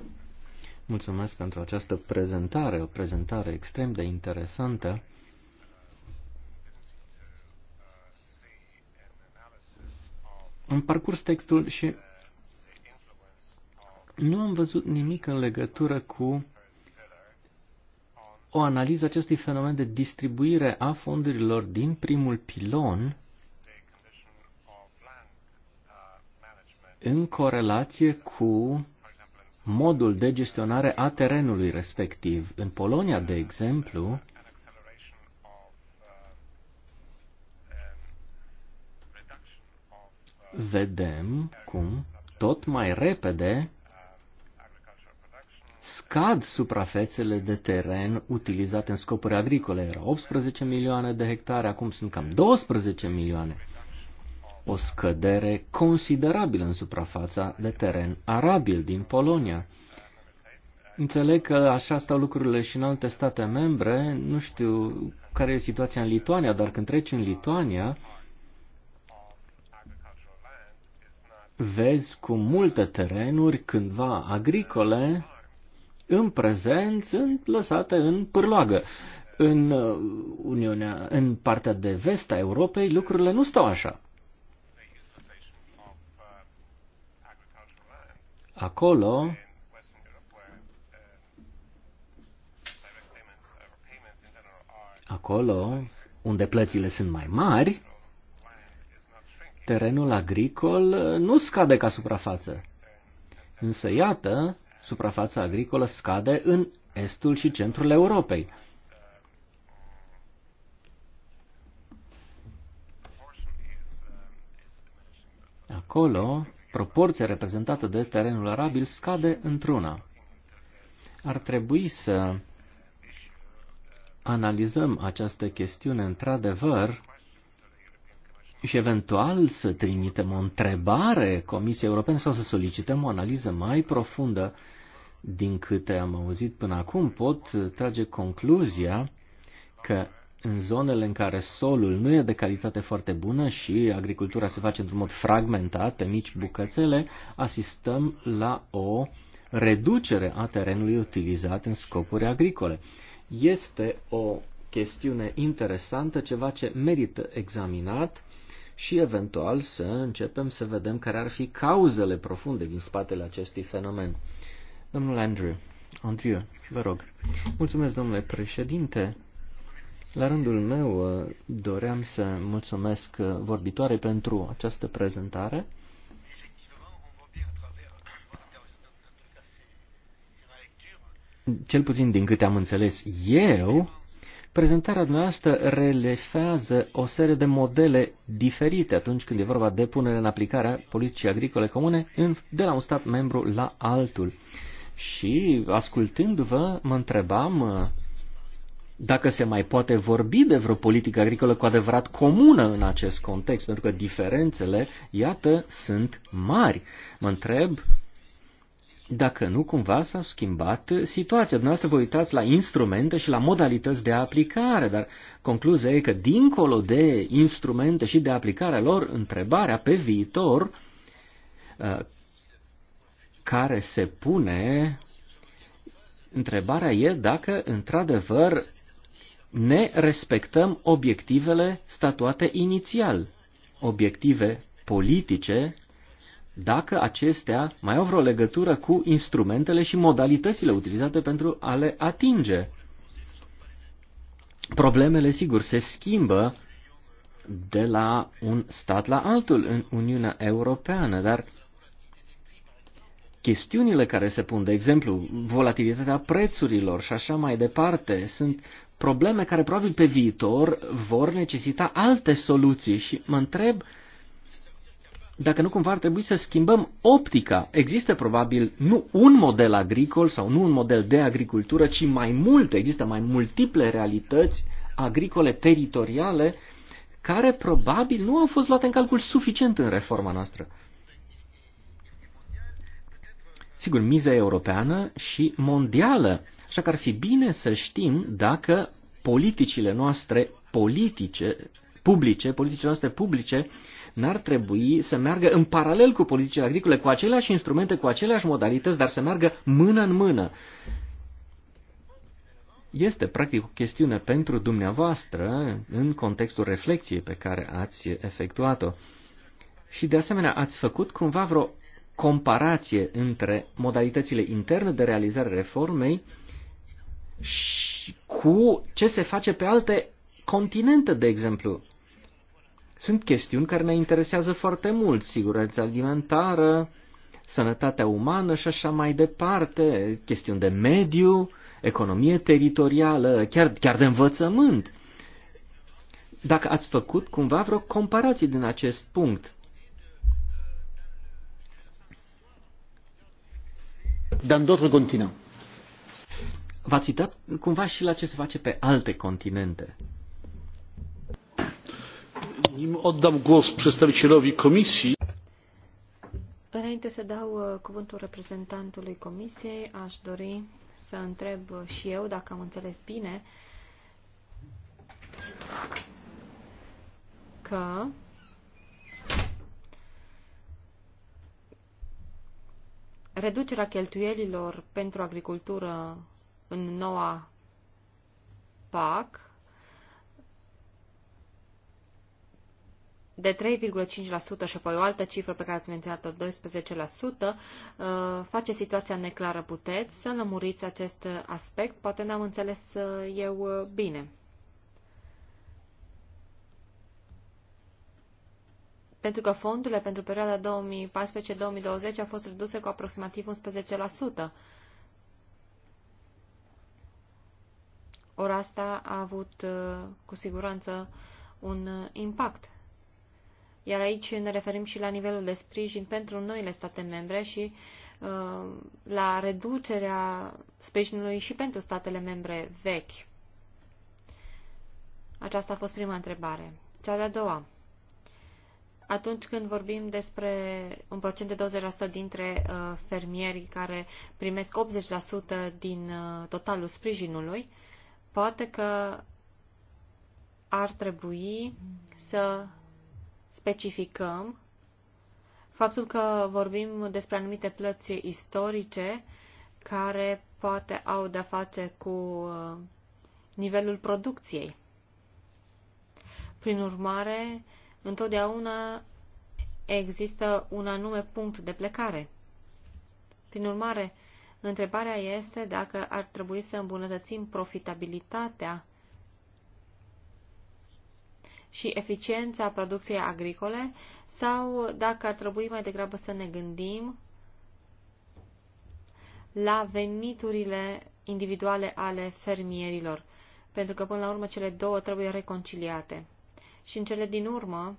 Mulțumesc pentru această prezentare, o prezentare extrem de interesantă Am parcurs textul și nu am văzut nimic în legătură cu o analiză acestui fenomen de distribuire a fondurilor din primul pilon în corelație cu modul de gestionare a terenului respectiv. În Polonia, de exemplu, vedem cum tot mai repede scad suprafețele de teren utilizate în scopuri agricole. Era 18 milioane de hectare, acum sunt cam 12 milioane. O scădere considerabilă în suprafața de teren arabil din Polonia. Înțeleg că așa stau lucrurile și în alte state membre. Nu știu care e situația în Lituania, dar când treci în Lituania, vezi cu multe terenuri, cândva agricole, în prezent sunt lăsate în pârloagă. În, uh, Uniunea, în partea de vest a Europei lucrurile nu stau așa. Acolo acolo unde plățile sunt mai mari, terenul agricol uh, nu scade ca suprafață. Însă, iată, suprafața agricolă scade în estul și centrul Europei. Acolo, proporția reprezentată de terenul arabil scade într-una. Ar trebui să analizăm această chestiune într-adevăr și eventual să trimitem o întrebare Comisiei Europene sau să solicităm o analiză mai profundă din câte am auzit până acum, pot trage concluzia că în zonele în care solul nu e de calitate foarte bună și agricultura se face într-un mod fragmentat, pe mici bucățele, asistăm la o reducere a terenului utilizat în scopuri agricole. Este o chestiune interesantă, ceva ce merită examinat și eventual să începem să vedem care ar fi cauzele profunde din spatele acestui fenomen. Domnul Andrew, Andrew, vă rog. Mulțumesc, domnule președinte. La rândul meu uh, doream să mulțumesc uh, vorbitoare pentru această prezentare. Cel puțin din câte am înțeles eu, Prezentarea noastră relefează o serie de modele diferite atunci când e vorba de punere în aplicare a politicii agricole comune în, de la un stat membru la altul. Și ascultându-vă, mă întrebam uh, dacă se mai poate vorbi de vreo politică agricolă cu adevărat comună în acest context, pentru că diferențele, iată, sunt mari. Mă întreb dacă nu cumva s au schimbat situația. Dumneavoastră vă uitați la instrumente și la modalități de aplicare, dar concluzia e că dincolo de instrumente și de aplicarea lor, întrebarea pe viitor uh, care se pune, întrebarea e dacă într-adevăr ne respectăm obiectivele statuate inițial, obiective politice dacă acestea mai au vreo legătură cu instrumentele și modalitățile utilizate pentru a le atinge. Problemele, sigur, se schimbă de la un stat la altul în Uniunea Europeană, dar chestiunile care se pun, de exemplu, volatilitatea prețurilor și așa mai departe, sunt probleme care probabil pe viitor vor necesita alte soluții și mă întreb uh, dacă nu cumva ar trebui să schimbăm optica. Există probabil nu un model agricol sau nu un model de agricultură, ci mai multe, există mai multiple realități agricole teritoriale care probabil nu au fost luate în calcul suficient în reforma noastră. Sigur, miza europeană și mondială, așa că ar fi bine să știm dacă politicile noastre politice, publice, politicile noastre publice, uh, n-ar trebui să meargă în paralel cu politicile agricole, cu aceleași instrumente, cu aceleași modalități, dar să meargă mână în mână. Este practic o chestiune pentru dumneavoastră în contextul reflexiei pe care ați efectuat-o. Și de asemenea, ați făcut cumva vreo comparație între modalitățile interne de realizare reformei și cu ce se face pe alte continente, de exemplu, sunt chestiuni care ne interesează foarte mult, siguranța alimentară, sănătatea umană și așa mai departe, chestiuni de mediu, economie teritorială, chiar, chiar de învățământ. Dacă ați făcut cumva vreo comparație din acest punct. Dar în d'autres continent. V-ați uitat cumva și la ce se face pe alte continente. Nim oddam głos przedstawicielowi komisji. Înainte să dau uh, cuvântul reprezentantului comisiei, aș dori să întreb și eu dacă am înțeles bine că reducerea cheltuielilor pentru agricultură în noua PAC de 3,5% și apoi o altă cifră pe care ați menționat-o, 12%, uh, face situația neclară. Puteți să lămuriți acest aspect? Poate n-am înțeles uh, eu uh, bine. Pentru că fondurile pentru perioada 2014-2020 au fost reduse cu aproximativ 11%. Ora asta a avut cu siguranță un impact. Iar aici ne referim și la nivelul de sprijin pentru noile state membre și uh, la reducerea sprijinului și pentru statele membre vechi. Aceasta a fost prima întrebare. Cea de-a doua. Atunci când vorbim despre un procent de 20% dintre uh, fermieri care primesc 80% din uh, totalul sprijinului, poate că ar trebui să specificăm faptul că vorbim despre anumite plăți istorice care poate au de-a face cu uh, nivelul producției. Prin urmare, întotdeauna există un anume punct de plecare. Prin urmare, întrebarea este dacă ar trebui să îmbunătățim profitabilitatea și eficiența producției agricole sau dacă ar trebui mai degrabă să ne gândim la veniturile individuale ale fermierilor, pentru că până la urmă cele două trebuie reconciliate. Și în cele din urmă,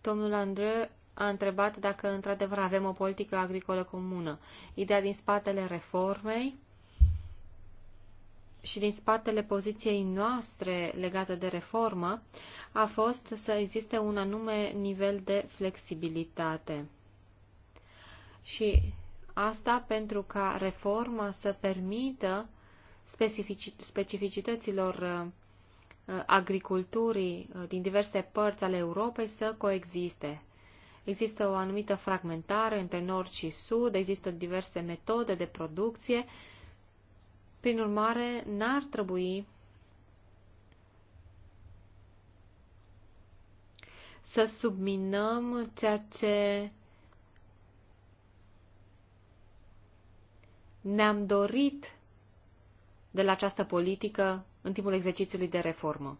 domnul Andreu a întrebat dacă într-adevăr avem o politică agricolă comună. Ideea din spatele reformei și din spatele poziției noastre legate de reformă a fost să existe un anume nivel de flexibilitate. Și asta pentru ca reforma să permită specificităților uh, agriculturii uh, din diverse părți ale Europei să coexiste. Există o anumită fragmentare între nord și sud, există diverse metode de producție, prin urmare, n-ar trebui să subminăm ceea ce ne-am dorit de la această politică în timpul exercițiului de reformă.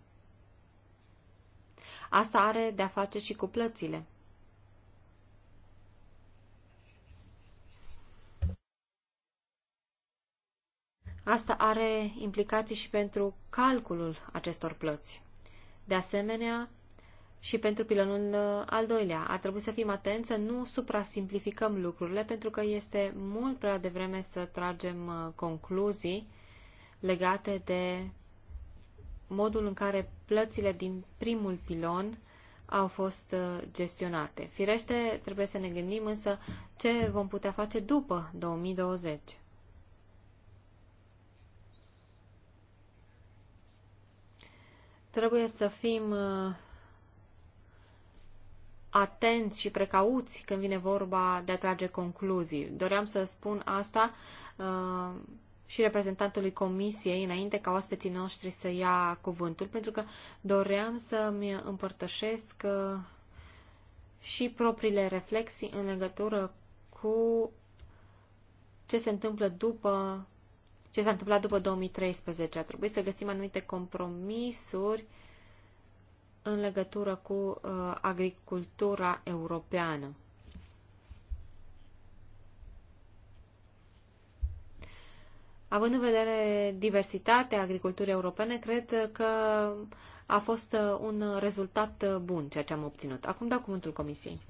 Asta are de-a face și cu plățile. Asta are implicații și pentru calculul acestor plăți. De asemenea, și pentru pilonul al doilea, ar trebui să fim atenți să nu suprasimplificăm lucrurile, pentru că este mult prea devreme să tragem uh, concluzii legate de modul în care plățile din primul pilon au fost uh, gestionate. Firește, trebuie să ne gândim însă ce vom putea face după 2020. Trebuie să fim uh, atenți și precauți când vine vorba de a trage concluzii. Doream să spun asta uh, și reprezentantului comisiei înainte ca oaspeții noștri să ia cuvântul, pentru că doream să-mi împărtășesc uh, și propriile reflexii în legătură cu ce se întâmplă după ce s-a întâmplat după 2013. A trebuit să găsim anumite compromisuri în legătură cu uh, agricultura europeană. Având în vedere diversitatea agriculturii europene, cred că a fost uh, un rezultat uh, bun ceea ce am obținut. Acum dau cuvântul Comisiei.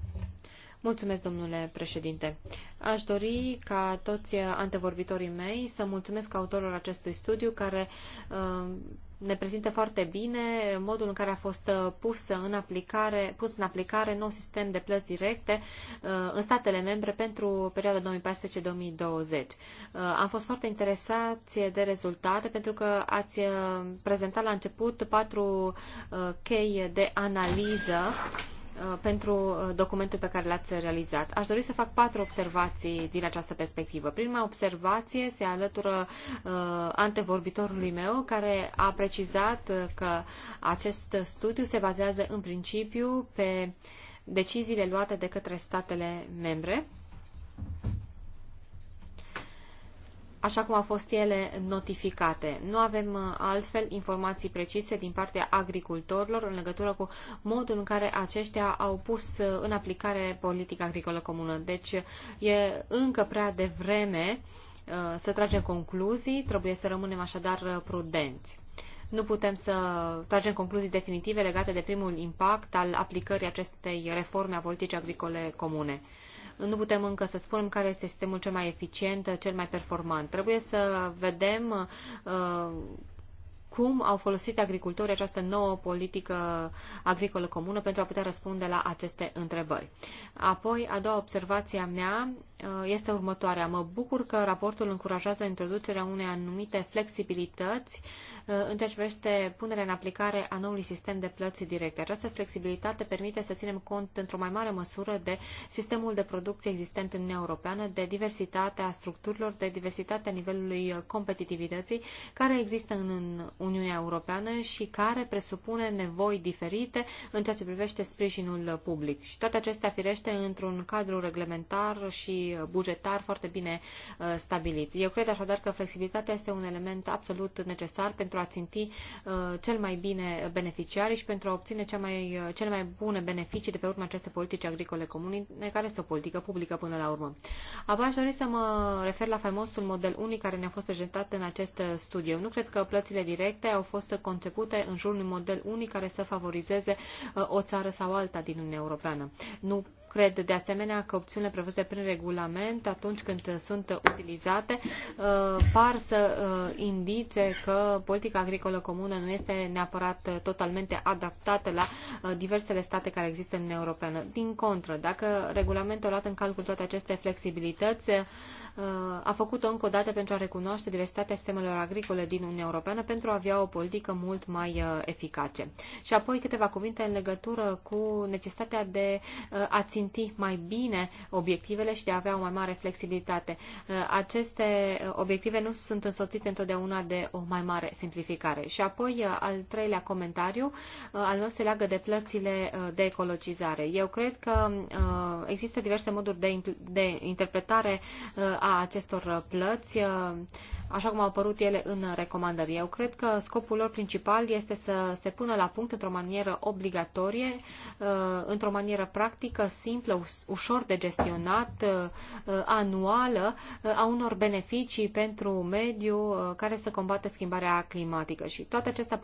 Mulțumesc, domnule președinte. Aș dori ca toți antevorbitorii mei să mulțumesc autorilor acestui studiu care uh, ne prezintă foarte bine modul în care a fost pus în aplicare, pus în aplicare nou sistem de plăți directe uh, în statele membre pentru perioada 2014-2020. Uh, am fost foarte interesați de rezultate pentru că ați prezentat la început patru chei de analiză Uh, pentru uh, documentul pe care l-ați realizat. Aș dori să fac patru observații din această perspectivă. Prima observație se alătură uh, antevorbitorului meu, care a precizat că acest studiu se bazează în principiu pe deciziile luate de către statele membre așa cum au fost ele notificate. Nu avem uh, altfel informații precise din partea agricultorilor în legătură cu modul în care aceștia au pus uh, în aplicare politica agricolă comună. Deci uh, e încă prea devreme să tragem concluzii, trebuie să rămânem așadar prudenți. Nu putem să tragem concluzii definitive legate de primul impact al aplicării acestei reforme a politicii agricole comune nu putem încă să spunem care este sistemul cel mai eficient, cel mai performant. Trebuie să vedem uh, cum au folosit agricultorii această nouă politică agricolă comună pentru a putea răspunde la aceste întrebări. Apoi, a doua observație a mea uh, este următoarea. Mă bucur că raportul încurajează introducerea unei anumite flexibilități uh, în ceea ce privește punerea în aplicare a noului sistem de plăți directe. Această flexibilitate permite să ținem cont într-o mai mare măsură de sistemul de producție existent în Uniunea Europeană, de diversitatea structurilor, de diversitatea nivelului competitivității care există în Uniunea Europeană și care presupune nevoi diferite în ceea ce privește sprijinul public. Și toate acestea firește într-un cadru reglementar și bugetar foarte bine uh, stabilit. Eu cred așadar că flexibilitatea este un element absolut necesar pentru a ținti uh, cel mai bine beneficiarii și pentru a obține cea mai, uh, cele mai bune beneficii de pe urma acestei politici agricole comune, care este o politică publică până la urmă. Apoi aș dori să mă refer la faimosul model unic care ne-a fost prezentat în acest studiu. nu cred că plățile directe proiecte au fost concepute în jurul unui model unic care să favorizeze uh, o țară sau alta din Uniunea Europeană. Nu Cred de asemenea că opțiunile prevăzute prin regulament, atunci când sunt utilizate, uh, par să uh, indice că politica agricolă comună nu este neapărat uh, totalmente adaptată la diversele state care există în Uniunea Europeană. Din contră, dacă regulamentul a luat în calcul toate aceste flexibilități, a făcut-o încă o dată pentru a recunoaște diversitatea sistemelor agricole din Uniunea Europeană pentru a avea o politică mult mai eficace. Și apoi câteva cuvinte în legătură cu necesitatea de a ține ținti mai bine obiectivele și de a avea o mai mare flexibilitate. Uh, aceste uh, obiective nu sunt însoțite întotdeauna de o mai mare simplificare. Și apoi, uh, al treilea comentariu, al meu se leagă de plățile de ecologizare. Eu cred că există diverse moduri de, de interpretare a acestor plăți, așa cum au apărut ele în recomandări. Eu cred că scopul lor principal este să se pună la punct într-o manieră obligatorie, într-o manieră practică, simplă, ușor de gestionat, uh, uh, anuală, uh, a unor beneficii pentru mediu care să combată schimbarea climatică. Și toate acestea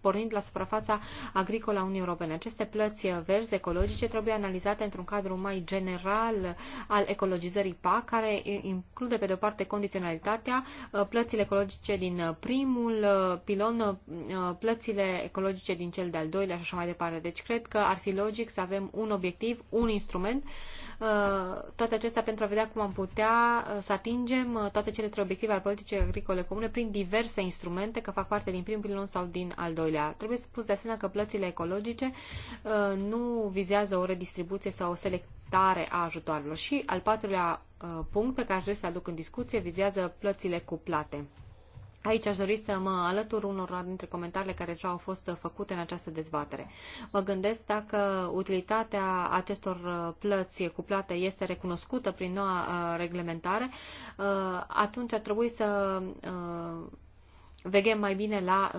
pornind la suprafața agricolă a Uniunii Europene. Aceste plăți verzi ecologice trebuie analizate într-un cadru mai general al ecologizării PAC, care include pe de o parte condiționalitatea, plățile ecologice din primul pilon, plățile ecologice din cel de-al doilea și așa mai departe. Deci cred că ar fi logic să avem un obiectiv un instrument, uh, toate acestea pentru a vedea cum am putea uh, să atingem uh, toate cele trei obiective ale politicii agricole comune prin diverse instrumente, că fac parte din primul pilon sau din al doilea. Trebuie spus de asemenea că plățile ecologice nu vizează o redistribuție sau o selectare a ajutoarelor. Și al patrulea punct pe care aș vrea să aduc în discuție vizează plățile cuplate. Aici aș dori să mă alătur unor dintre comentariile care deja au fost făcute în această dezbatere. Mă gândesc dacă utilitatea acestor uh, plăți cu plată este recunoscută prin noua uh, reglementare, uh, atunci ar trebui să vegem mai bine la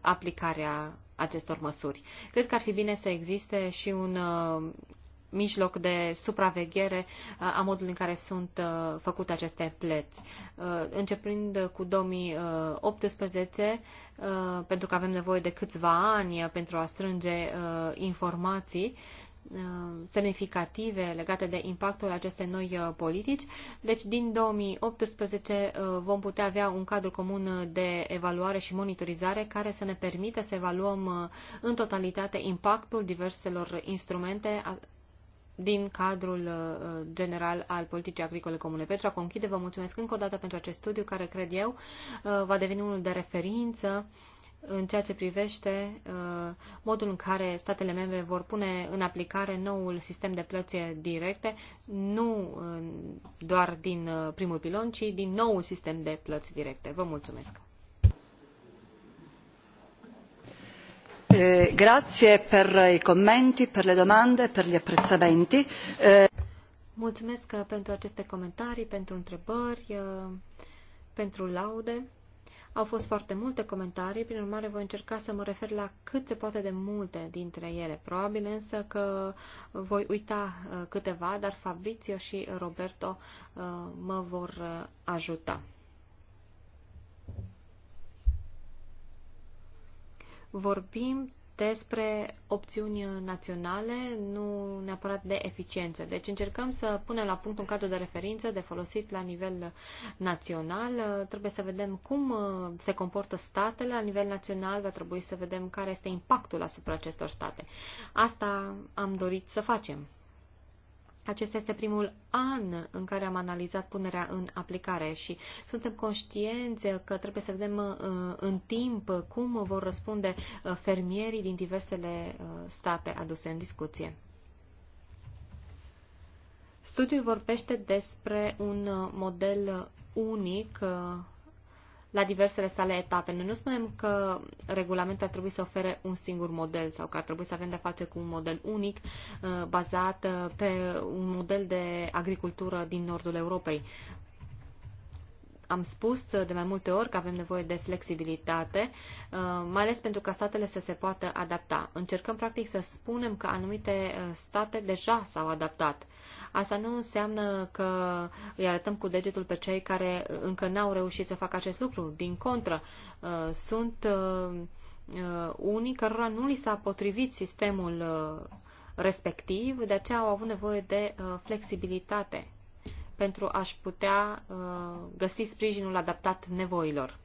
aplicarea acestor măsuri. Cred că ar fi bine să existe și un mijloc de supraveghere uh, a modului în care sunt uh, făcute aceste plăți. Uh, Începând cu 2018, pentru că avem nevoie de câțiva ani pentru a strânge informații, semnificative legate de impactul acestei noi politici. Deci, din 2018 vom putea avea un cadru comun de evaluare și monitorizare care să ne permită să evaluăm în totalitate impactul diverselor instrumente din cadrul uh, general al politicii agricole comune. Pentru a conchide, vă mulțumesc încă o dată pentru acest studiu care, cred eu, uh, va deveni unul de referință în ceea ce privește uh, modul în care statele membre vor pune în aplicare noul sistem de plăți directe, nu doar din primul pilon, ci din noul sistem de plăți directe. Vă mulțumesc! Eh, grazie per i commenti, per le domande, per gli apprezzamenti. Eh, Mulțumesc pentru aceste comentarii, pentru întrebări, eh, pentru laude. Au fost foarte multe comentarii, prin urmare voi încerca să mă refer la cât se poate de multe dintre ele. Probabil însă că voi uita câteva, dar Fabrizio și Roberto mă vor ajuta. vorbim despre opțiuni naționale, nu neapărat de eficiență. Deci încercăm să punem la punct un cadru de referință de folosit la nivel național. Trebuie să vedem cum uh, se comportă statele la nivel național, va trebui să vedem care este impactul asupra acestor state. Asta am dorit să facem. Acesta este primul an în care am analizat punerea în aplicare și suntem conștienți că trebuie să vedem uh, în timp cum vor răspunde uh, fermierii din diversele uh, state aduse în discuție. Studiul vorbește despre un model unic la diversele sale etape. Noi nu spunem că regulamentul ar trebui să ofere un singur model sau că ar trebui să avem de-a face cu un model unic uh, bazat uh, pe un model de agricultură din nordul Europei. Am spus uh, de mai multe ori că avem nevoie de flexibilitate, mai ales pentru ca statele să se poată adapta. Încercăm practic să spunem că anumite state deja s-au adaptat Asta nu înseamnă că îi arătăm cu degetul pe cei care încă n-au reușit să facă acest lucru. Din contră, uh, sunt uh, uh, unii cărora nu li s-a potrivit sistemul respectiv, de aceea au avut nevoie de flexibilitate pentru a-și putea găsi sprijinul adaptat nevoilor.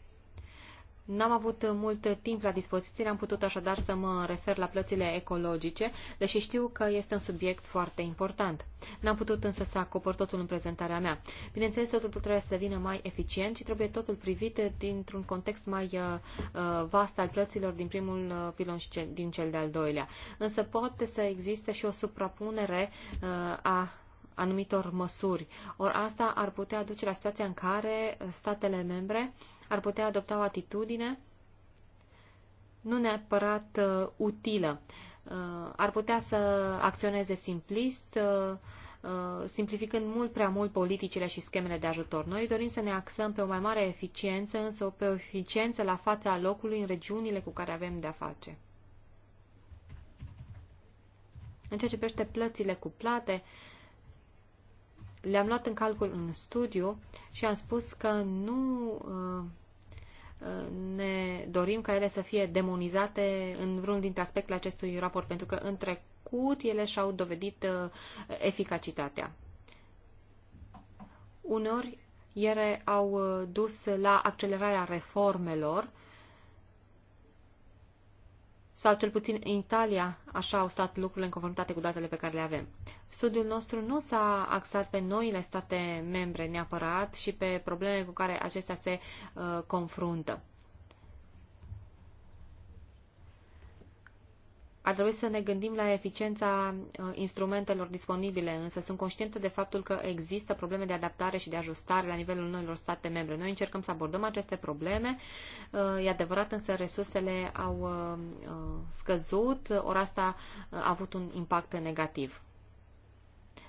N-am avut mult timp la dispoziție, n-am putut așadar să mă refer la plățile ecologice, deși știu că este un subiect foarte important. N-am putut însă să acopăr totul în prezentarea mea. Bineînțeles, totul trebuie să vină mai eficient și trebuie totul privit dintr-un context mai uh, uh, vast al plăților din primul uh, pilon și din cel de-al doilea. Însă poate să existe și o suprapunere a anumitor măsuri. Ori asta ar putea duce la situația în care statele membre uh, ar putea adopta o atitudine nu neapărat uh, utilă. Uh, ar putea să acționeze simplist, uh, uh, simplificând mult prea mult politicile și schemele de ajutor. Noi dorim să ne axăm pe o mai mare eficiență, însă pe o eficiență la fața locului în regiunile cu care avem de-a face. În ceea ce privește plățile plate, le-am luat în calcul în studiu și am spus că nu uh, ne dorim ca ele să fie demonizate în vreun dintre aspectele acestui raport, pentru că în trecut ele și-au dovedit uh, eficacitatea. Uneori ele au uh, dus la accelerarea reformelor sau cel puțin în Italia așa au stat lucrurile în conformitate cu datele pe care le avem. Studiul nostru nu s-a axat pe noile state membre neapărat și pe problemele cu care acestea se uh, confruntă. Ar trebui să ne gândim la eficiența uh, instrumentelor disponibile, însă sunt conștientă de faptul că există probleme de adaptare și de ajustare la nivelul noilor state membre. Noi încercăm să abordăm aceste probleme, uh, e adevărat, însă resursele au uh, scăzut, ori asta a avut un impact negativ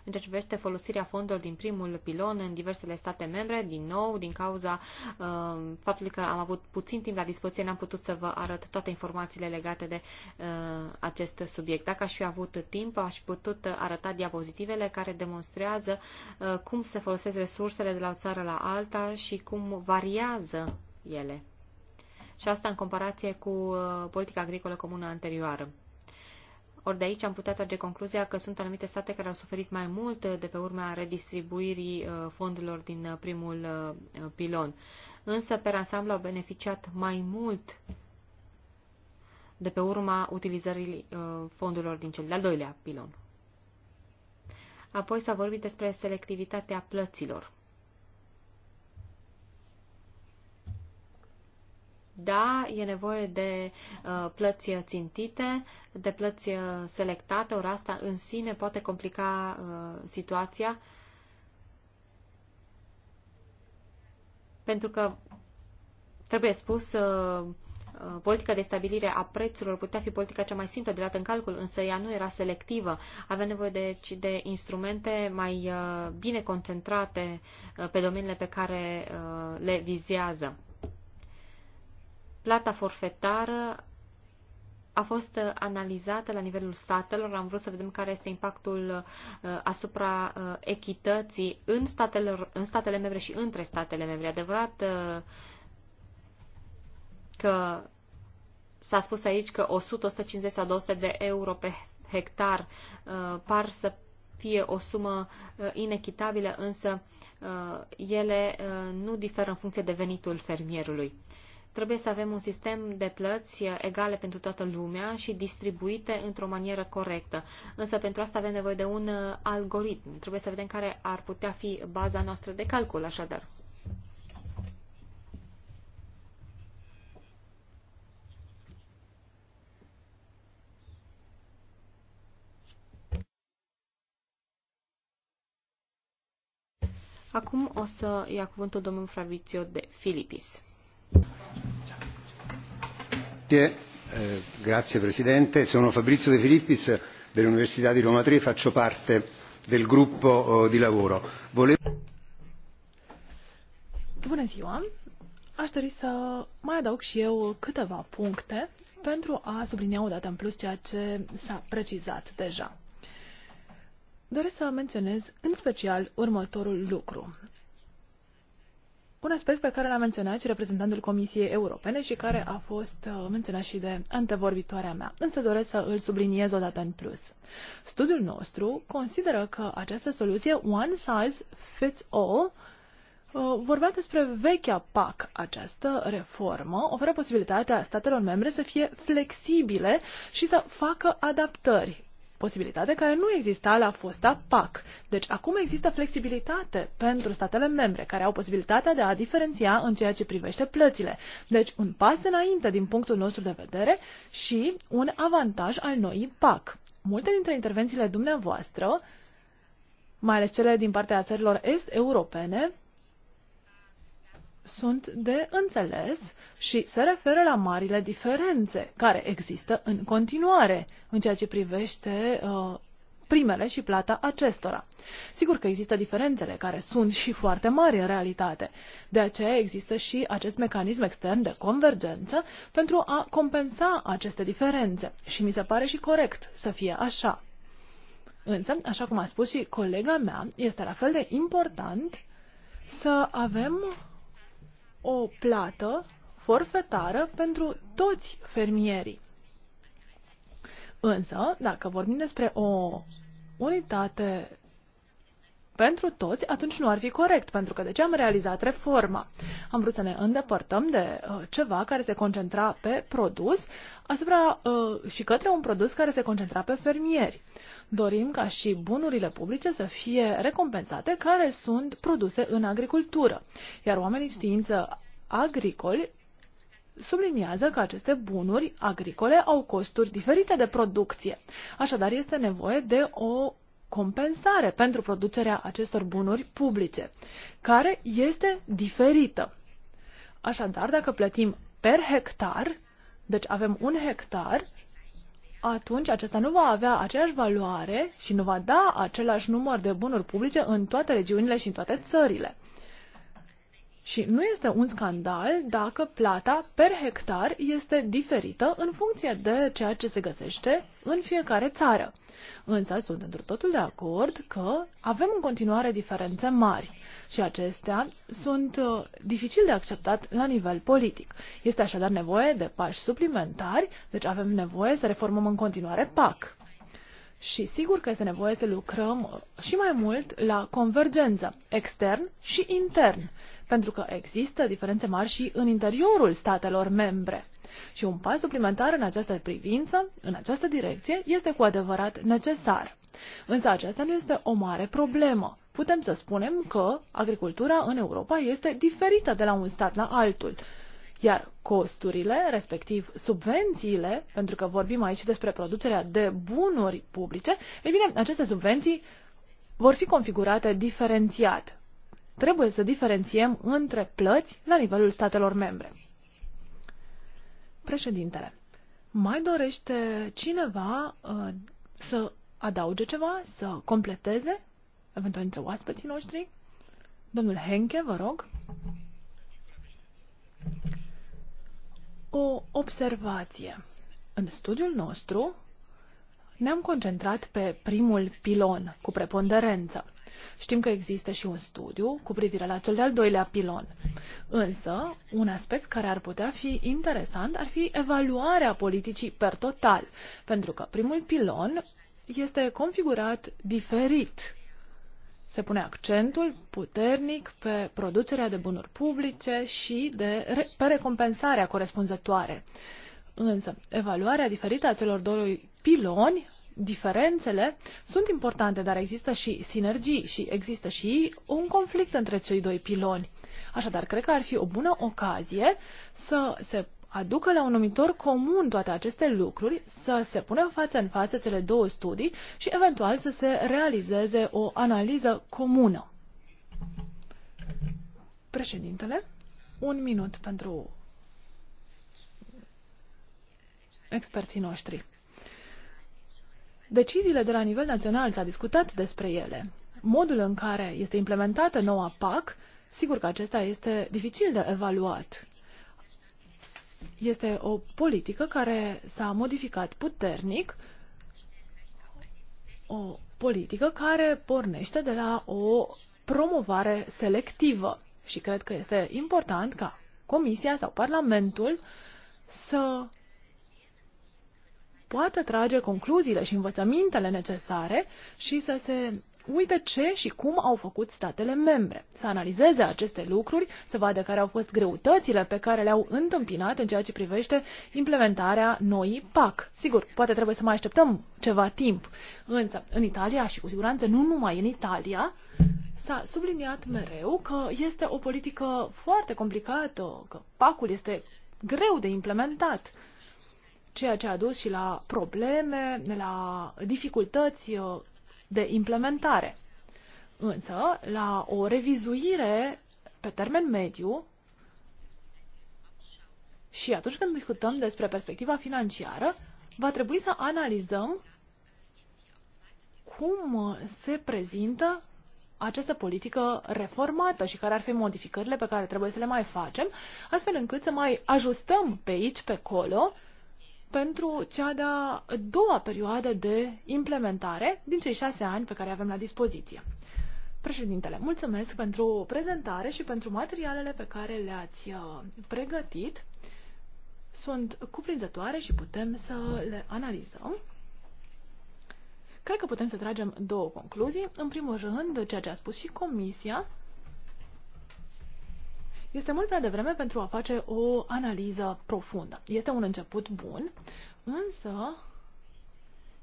în ce privește folosirea fondurilor din primul pilon în diversele state membre. Din nou, din cauza uh, faptului că am avut puțin timp la dispoziție, n-am putut să vă arăt toate informațiile legate de uh, acest subiect. Dacă aș fi avut timp, aș putut arăta diapozitivele care demonstrează uh, cum se folosesc resursele de la o țară la alta și cum variază ele. Și asta în comparație cu uh, politica agricolă comună anterioară. Ori de aici am putea trage concluzia că sunt anumite state care au suferit mai mult de pe urma redistribuirii uh, fondurilor din uh, primul uh, pilon. Însă, pe ansamblu, au beneficiat mai mult de pe urma utilizării fondurilor din cel de-al doilea pilon. Apoi s-a vorbit despre selectivitatea plăților. Da, e nevoie de uh, plăți țintite, de plăți uh, selectate, ori asta în sine poate complica uh, situația. Pentru că, trebuie spus, uh, uh, politica de stabilire a prețurilor putea fi politica cea mai simplă de luat în calcul, însă ea nu era selectivă. Avea nevoie de, de instrumente mai uh, bine concentrate pe domeniile pe care le vizează. Plata forfetară a fost analizată la nivelul statelor. Am vrut să vedem care este impactul uh, asupra uh, echității în, statelor, în statele membre și între statele membre. Adevărat uh, că s-a spus aici că 100, 150 sau 200 de euro pe hectar par să fie o sumă inechitabilă, însă ele nu diferă în funcție de venitul fermierului. Trebuie să avem un sistem de plăți egale pentru toată lumea și distribuite într-o manieră corectă. Însă pentru asta avem nevoie de un uh, algoritm. Trebuie să vedem care ar putea fi baza noastră de calcul, așadar. Acum o să ia cuvântul domnul Fravizio de Filipis. Eh, grazie Presidente, onorevoli colleghi sono Fabrizio De Filippis dell'Università di Roma tre e faccio parte del gruppo eh, di lavoro. Bună ziua! Aș dori să mai adaug și eu câteva puncte pentru a sublinia o dată în plus ceea ce s-a precizat deja. Doresc să menționez în special următorul lucru. Un aspect pe care l-a menționat și reprezentantul Comisiei Europene și care a fost uh, menționat și de antevorbitoarea mea, însă doresc să îl subliniez o dată în plus. Studiul nostru consideră că această soluție one size fits all uh, vorbea despre vechea PAC. Această reformă oferă posibilitatea statelor membre să fie flexibile și să facă adaptări posibilitate care nu exista la fosta PAC. Deci acum există flexibilitate pentru statele membre care au posibilitatea de a diferenția în ceea ce privește plățile. Deci un pas înainte din punctul nostru de vedere și un avantaj al noii PAC. Multe dintre intervențiile dumneavoastră, mai ales cele din partea țărilor est-europene, sunt de înțeles și se referă la marile diferențe care există în continuare în ceea ce privește uh, primele și plata acestora. Sigur că există diferențele care sunt și foarte mari în realitate. De aceea există și acest mecanism extern de convergență pentru a compensa aceste diferențe. Și mi se pare și corect să fie așa. Însă, așa cum a spus și colega mea, este la fel de important să avem o plată forfetară pentru toți fermierii. Însă, dacă vorbim despre o unitate pentru toți, atunci nu ar fi corect, pentru că de deci ce am realizat reforma? Am vrut să ne îndepărtăm de uh, ceva care se concentra pe produs asupra, uh, și către un produs care se concentra pe fermieri. Dorim ca și bunurile publice să fie recompensate care sunt produse în agricultură, iar oamenii știință agricoli subliniază că aceste bunuri agricole au costuri diferite de producție. Așadar, este nevoie de o compensare pentru producerea acestor bunuri publice, care este diferită. Așadar, dacă plătim per hectar, deci avem un hectar, atunci acesta nu va avea aceeași valoare și nu va da același număr de bunuri publice în toate regiunile și în toate țările. Și nu este un scandal dacă plata per hectar este diferită în funcție de ceea ce se găsește în fiecare țară. Însă sunt într totul de acord că avem în continuare diferențe mari și acestea sunt uh, dificil de acceptat la nivel politic. Este așadar nevoie de pași suplimentari, deci avem nevoie să reformăm în continuare PAC. Și sigur că este nevoie să lucrăm uh, și mai mult la convergență extern și intern, pentru că există diferențe mari și în interiorul statelor membre. Și un pas suplimentar în această privință, în această direcție, este cu adevărat necesar. Însă aceasta nu este o mare problemă. Putem să spunem că agricultura în Europa este diferită de la un stat la altul iar costurile, respectiv subvențiile, pentru că vorbim aici despre producerea de bunuri publice, ei bine, aceste subvenții vor fi configurate diferențiat. Trebuie să diferențiem între plăți la nivelul statelor membre. Președintele, mai dorește cineva uh, să adauge ceva, să completeze, eventual între oaspeții noștri? Domnul Henke, vă rog o observație. În studiul nostru ne-am concentrat pe primul pilon cu preponderență. Știm că există și un studiu cu privire la cel de-al doilea pilon. Însă, un aspect care ar putea fi interesant ar fi evaluarea politicii per total, pentru că primul pilon este configurat diferit se pune accentul puternic pe producerea de bunuri publice și de, re pe recompensarea corespunzătoare. Însă, evaluarea diferită a celor doi piloni, diferențele, sunt importante, dar există și sinergii și există și un conflict între cei doi piloni. Așadar, cred că ar fi o bună ocazie să se aducă la un numitor comun toate aceste lucruri, să se pună față în față cele două studii și eventual să se realizeze o analiză comună. Președintele, un minut pentru experții noștri. Deciziile de la nivel național, s-a discutat despre ele. Modul în care este implementată noua PAC, sigur că acesta este dificil de evaluat. Este o politică care s-a modificat puternic, o politică care pornește de la o promovare selectivă și cred că este important ca Comisia sau Parlamentul să poată trage concluziile și învățămintele necesare și să se uite ce și cum au făcut statele membre, să analizeze aceste lucruri, să vadă care au fost greutățile pe care le-au întâmpinat în ceea ce privește implementarea noii PAC. Sigur, poate trebuie să mai așteptăm ceva timp, însă în Italia și cu siguranță nu numai în Italia, s-a subliniat mereu că este o politică foarte complicată, că PAC-ul este greu de implementat ceea ce a dus și la probleme, la dificultăți de implementare. Însă, la o revizuire pe termen mediu, și atunci când discutăm despre perspectiva financiară, va trebui să analizăm cum se prezintă această politică reformată și care ar fi modificările pe care trebuie să le mai facem, astfel încât să mai ajustăm pe aici, pe acolo pentru cea de-a doua perioadă de implementare din cei șase ani pe care avem la dispoziție. Președintele, mulțumesc pentru prezentare și pentru materialele pe care le-ați uh, pregătit. Sunt cuprinzătoare și putem să le analizăm. Cred că putem să tragem două concluzii. În primul rând, ceea ce a spus și Comisia, este mult prea devreme pentru a face o analiză profundă. Este un început bun, însă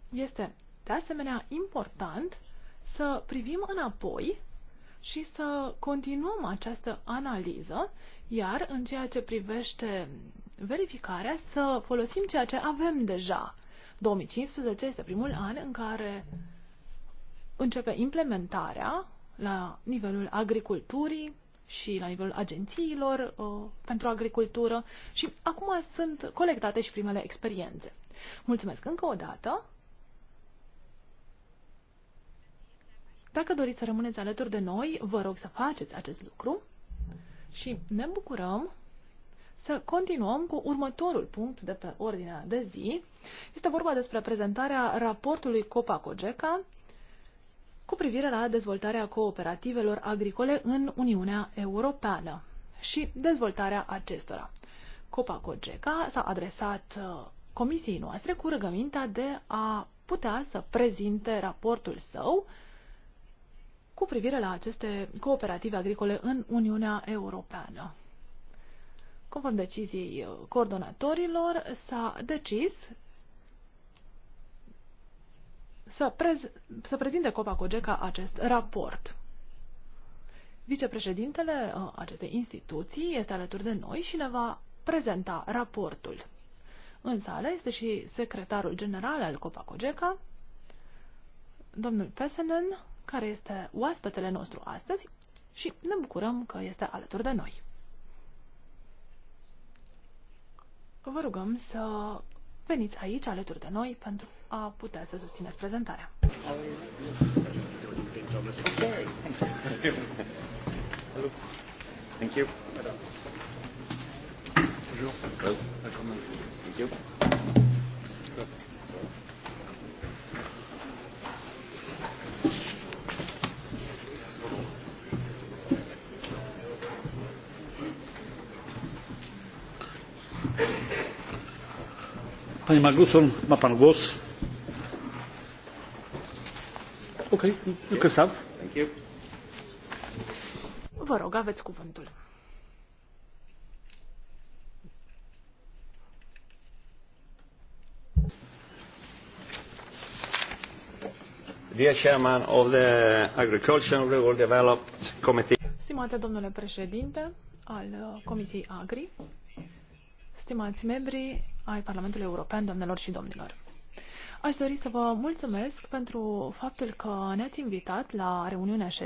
este de asemenea important să privim înapoi și să continuăm această analiză, iar în ceea ce privește verificarea, să folosim ceea ce avem deja. 2015 este primul an în care începe implementarea la nivelul agriculturii, și la nivelul agențiilor uh, pentru agricultură și acum sunt colectate și primele experiențe. Mulțumesc încă o dată! Dacă doriți să rămâneți alături de noi, vă rog să faceți acest lucru și ne bucurăm să continuăm cu următorul punct de pe ordinea de zi. Este vorba despre prezentarea raportului Copacogeca cu privire la dezvoltarea cooperativelor agricole în Uniunea Europeană și dezvoltarea acestora. Copa Cogeca s-a adresat uh, comisiei noastre cu răgămintea de a putea să prezinte raportul său cu privire la aceste cooperative agricole în Uniunea Europeană. Conform deciziei uh, coordonatorilor, s-a decis să, prez, să prezinte Copacoge acest raport. Vicepreședintele uh, acestei instituții este alături de noi și ne va prezenta raportul. În sală este și secretarul general al Copacogeca, domnul Pesenen, care este oaspetele nostru astăzi și ne bucurăm că este alături de noi. Vă rugăm să veniți aici alături de noi pentru a putea să susțineți prezentarea. Thank you. Bonjour. Hello. Thank you. Panie Magnusson, ma pan Ok, you Thank you. Vă rog, aveți cuvântul. Dear Chairman of the Agricultural Rural Development Committee. Stimate domnule președinte al uh, Comisiei Agri, stimați membri ai Parlamentului European, doamnelor și domnilor. Aș dori să vă mulțumesc pentru faptul că ne-ați invitat la reuniunea și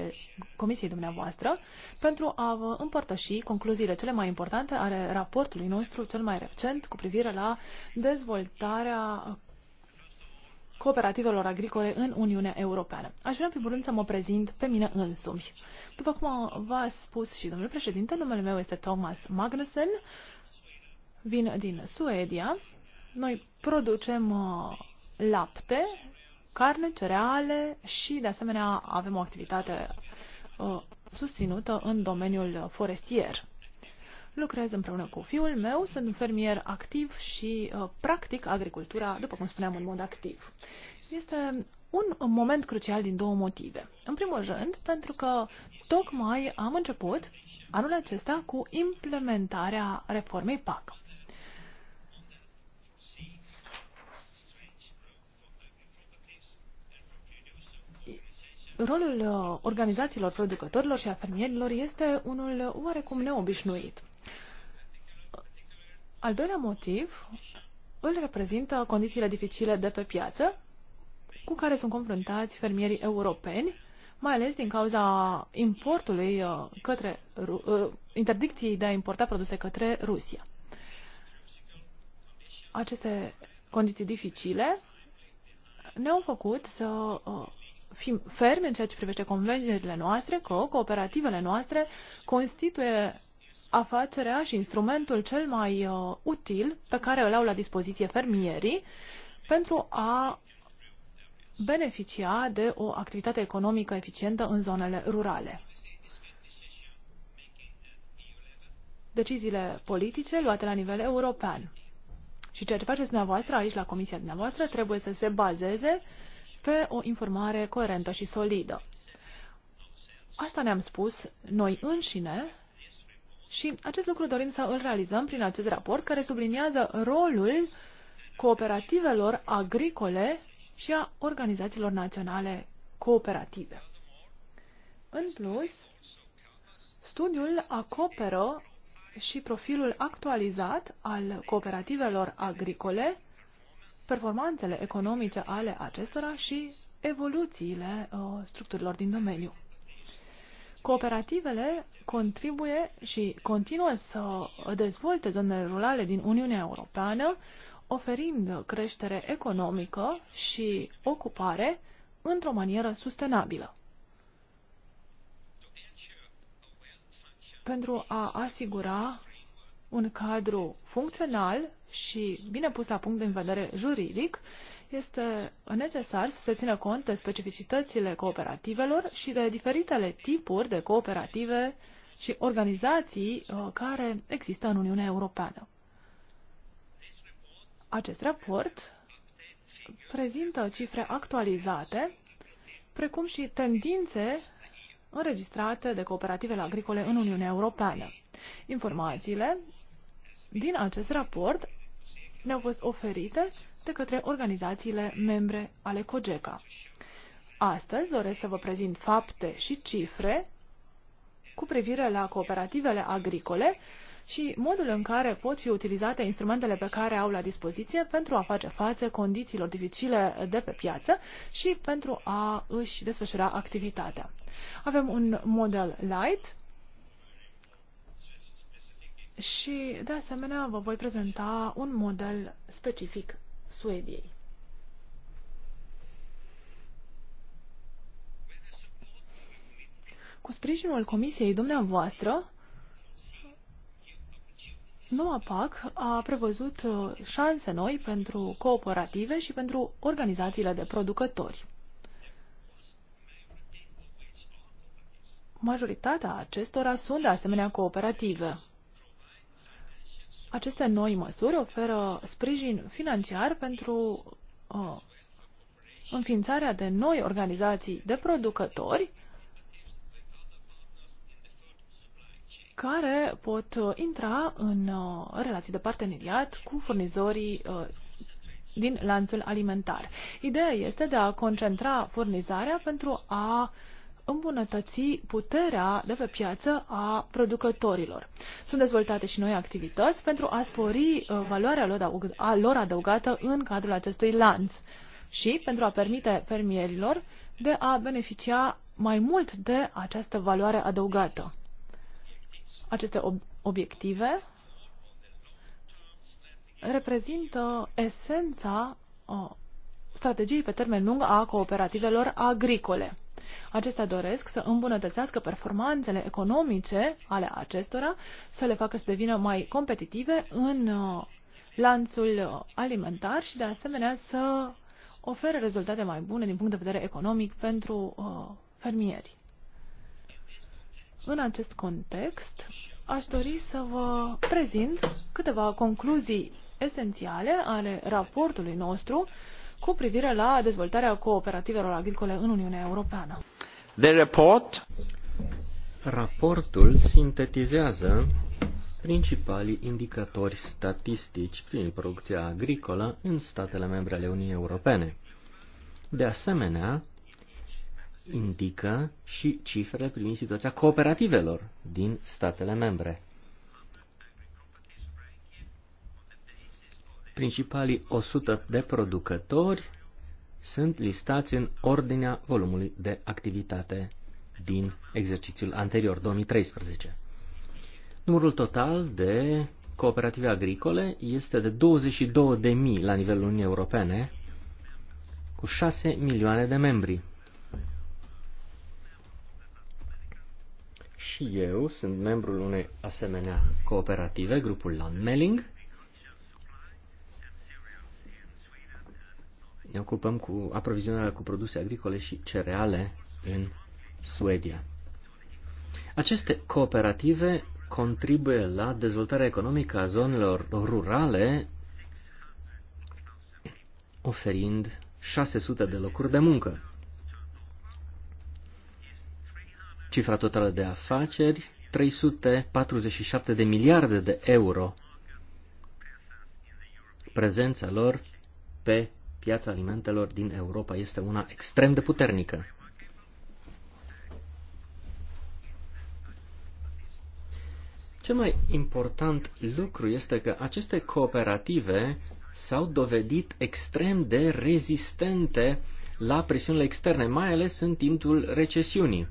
comisiei dumneavoastră pentru a vă împărtăși concluziile cele mai importante ale raportului nostru cel mai recent cu privire la dezvoltarea cooperativelor agricole în Uniunea Europeană. Aș vrea, în primul rând, să mă prezint pe mine însumi. După cum v-a spus și domnul președinte, numele meu este Thomas Magnussen vin din Suedia. Noi producem uh, lapte, carne, cereale și, de asemenea, avem o activitate uh, susținută în domeniul forestier. Lucrez împreună cu fiul meu, sunt un fermier activ și uh, practic agricultura, după cum spuneam, în mod activ. Este un moment crucial din două motive. În primul rând, pentru că tocmai am început anul acesta cu implementarea reformei PAC. rolul uh, organizațiilor producătorilor și a fermierilor este unul oarecum neobișnuit. Al doilea motiv îl reprezintă condițiile dificile de pe piață cu care sunt confruntați fermierii europeni, mai ales din cauza importului uh, către uh, interdicției de a importa produse către Rusia. Aceste condiții dificile ne-au făcut să fim fermi în ceea ce privește convenirile noastre, că cooperativele noastre constituie afacerea și instrumentul cel mai uh, util pe care îl au la dispoziție fermierii pentru a beneficia de o activitate economică eficientă în zonele rurale. Deciziile politice luate la nivel european. Și ceea ce faceți dumneavoastră aici la comisia dumneavoastră trebuie să se bazeze uh, pe o informare coerentă și solidă. Asta ne-am spus noi înșine și acest lucru dorim să îl realizăm prin acest raport care subliniază rolul cooperativelor agricole și a organizațiilor naționale cooperative. În plus, studiul acoperă și profilul actualizat al cooperativelor agricole performanțele economice ale acestora și evoluțiile uh, structurilor din domeniu. Cooperativele contribuie și continuă să dezvolte zonele rurale din Uniunea Europeană, oferind creștere economică și ocupare într-o manieră sustenabilă. Pentru a asigura un cadru funcțional și bine pus la punct din vedere juridic, este necesar să se țină cont de specificitățile cooperativelor și de diferitele tipuri de cooperative și organizații uh, care există în Uniunea Europeană. Acest raport prezintă cifre actualizate, precum și tendințe înregistrate de cooperativele agricole în Uniunea Europeană. Informațiile din acest raport ne-au fost oferite de către organizațiile membre ale COGECA. Astăzi doresc să vă prezint fapte și cifre cu privire la cooperativele agricole și modul în care pot fi utilizate instrumentele pe care au la dispoziție pentru a face față condițiilor dificile de pe piață și pentru a își desfășura activitatea. Avem un model light și, de asemenea, vă voi prezenta un model specific Suediei. Cu sprijinul Comisiei dumneavoastră, Noua PAC a prevăzut uh, șanse noi pentru cooperative și pentru organizațiile de producători. Majoritatea acestora sunt de asemenea cooperative. Aceste noi măsuri oferă sprijin financiar pentru uh, înființarea de noi organizații de producători care pot uh, intra în uh, relații de parteneriat cu furnizorii uh, din lanțul alimentar. Ideea este de a concentra furnizarea pentru a uh, îmbunătăți puterea de pe piață a producătorilor. Sunt dezvoltate și noi activități pentru a spori uh, valoarea lor adăugată în cadrul acestui lanț și pentru a permite fermierilor de a beneficia mai mult de această valoare adăugată. Aceste ob obiective reprezintă esența uh, strategiei pe termen lung a cooperativelor agricole. Acestea doresc să îmbunătățească performanțele economice ale acestora, să le facă să devină mai competitive în uh, lanțul uh, alimentar și, de asemenea, să oferă rezultate mai bune din punct de vedere economic pentru uh, fermieri. În acest context, aș dori să vă prezint câteva concluzii esențiale ale raportului nostru cu privire la dezvoltarea cooperativelor agricole în Uniunea Europeană. The report... Raportul sintetizează principalii indicatori statistici prin producția agricolă în statele membre ale Uniunii Europene. De asemenea, indică și cifrele privind situația cooperativelor din statele membre. Principalii 100 de producători sunt listați în ordinea volumului de activitate din exercițiul anterior, 2013. Numărul total de cooperative agricole este de 22.000 la nivelul Uniunii Europene, cu 6 milioane de membri. Și eu sunt membrul unei asemenea cooperative, grupul Landmelling, ne ocupăm cu aprovizionarea cu produse agricole și cereale în Suedia. Aceste cooperative contribuie la dezvoltarea economică a zonelor rurale, oferind 600 de locuri de muncă. Cifra totală de afaceri, 347 de miliarde de euro. Prezența lor pe piața alimentelor din Europa este una extrem de puternică. Cel mai important lucru este că aceste cooperative s-au dovedit extrem de rezistente la presiunile externe, mai ales în timpul recesiunii.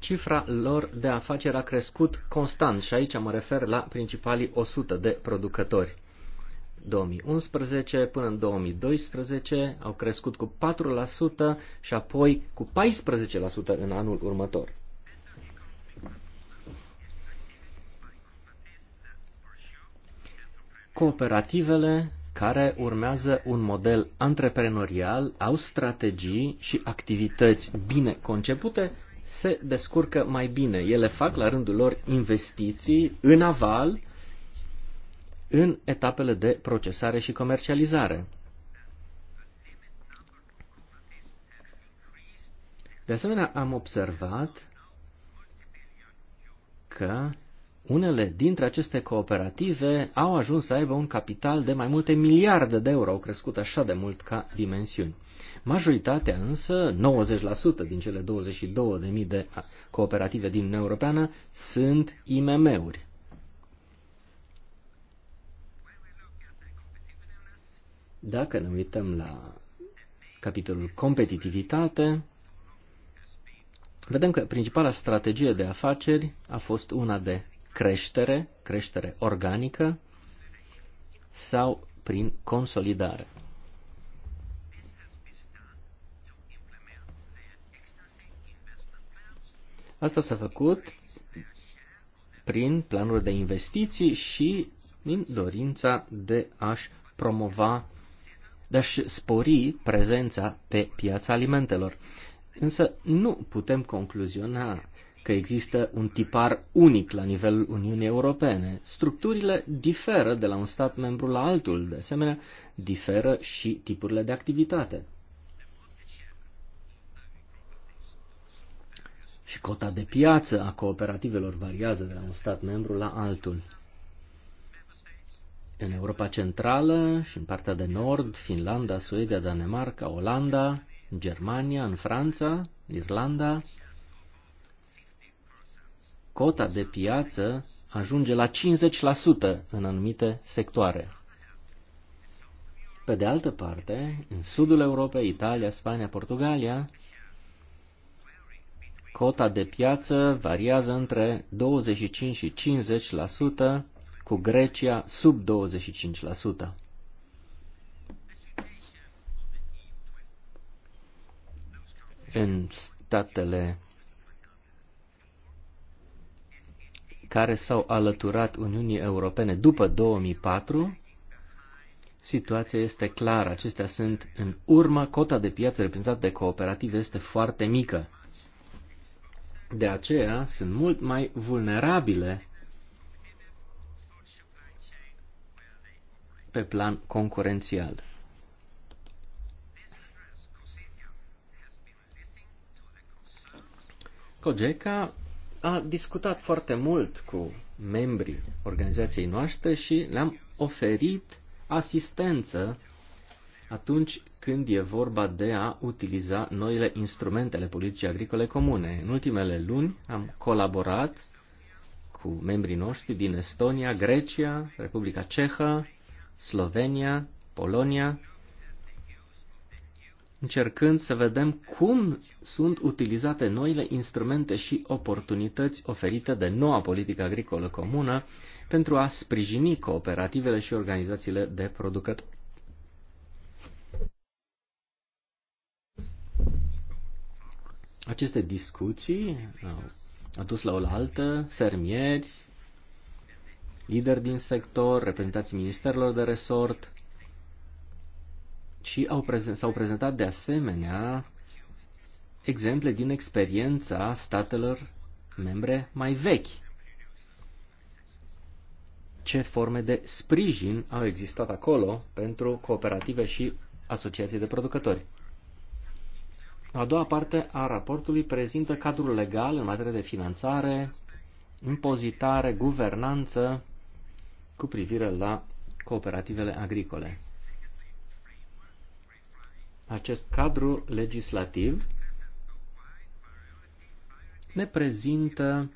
Cifra lor de afaceri a crescut constant și aici mă refer la principalii 100 de producători. 2011 până în 2012 au crescut cu 4% și apoi cu 14% în anul următor. Cooperativele care urmează un model antreprenorial au strategii și activități bine concepute se descurcă mai bine. Ele fac la rândul lor investiții în aval în etapele de procesare și comercializare. De asemenea, am observat că unele dintre aceste cooperative au ajuns să aibă un capital de mai multe miliarde de euro, au crescut așa de mult ca dimensiuni. Majoritatea însă, 90% din cele 22.000 de cooperative din Uniunea Europeană, sunt IMM-uri. Dacă ne uităm la capitolul competitivitate, vedem că principala strategie de afaceri a fost una de creștere, creștere organică sau prin consolidare. Asta s-a făcut prin planuri de investiții și din dorința de a-și promova de a-și spori prezența pe piața alimentelor. Însă nu putem concluziona că există un tipar unic la nivelul Uniunii Europene. Structurile diferă de la un stat membru la altul, de asemenea, diferă și tipurile de activitate. Și cota de piață a cooperativelor variază de la un stat membru la altul. În Europa Centrală și în partea de nord, Finlanda, Suedia, Danemarca, Olanda, Germania, în Franța, Irlanda, cota de piață ajunge la 50% în anumite sectoare. Pe de altă parte, în sudul Europei, Italia, Spania, Portugalia, cota de piață variază între 25 și 50%, cu Grecia sub 25%. În statele care s-au alăturat Uniunii Europene după 2004, situația este clară. Acestea sunt în urmă, cota de piață reprezentată de cooperative este foarte mică. De aceea sunt mult mai vulnerabile pe plan concurențial. Cogeca a discutat foarte mult cu membrii organizației noastre și le-am oferit asistență atunci când e vorba de a utiliza noile instrumentele politicii agricole comune. În ultimele luni am colaborat cu membrii noștri din Estonia, Grecia, Republica Cehă, Slovenia, Polonia, încercând să vedem cum sunt utilizate noile instrumente și oportunități oferite de noua politică agricolă comună pentru a sprijini cooperativele și organizațiile de producători. Aceste discuții au adus la oaltă fermieri, lideri din sector, reprezentanții ministerilor de resort și au prezent, s-au prezentat de asemenea exemple din experiența statelor membre mai vechi. Ce forme de sprijin au existat acolo pentru cooperative și asociații de producători? A doua parte a raportului prezintă cadrul legal în materie de finanțare, impozitare, guvernanță cu privire la cooperativele agricole. Acest cadru legislativ ne prezintă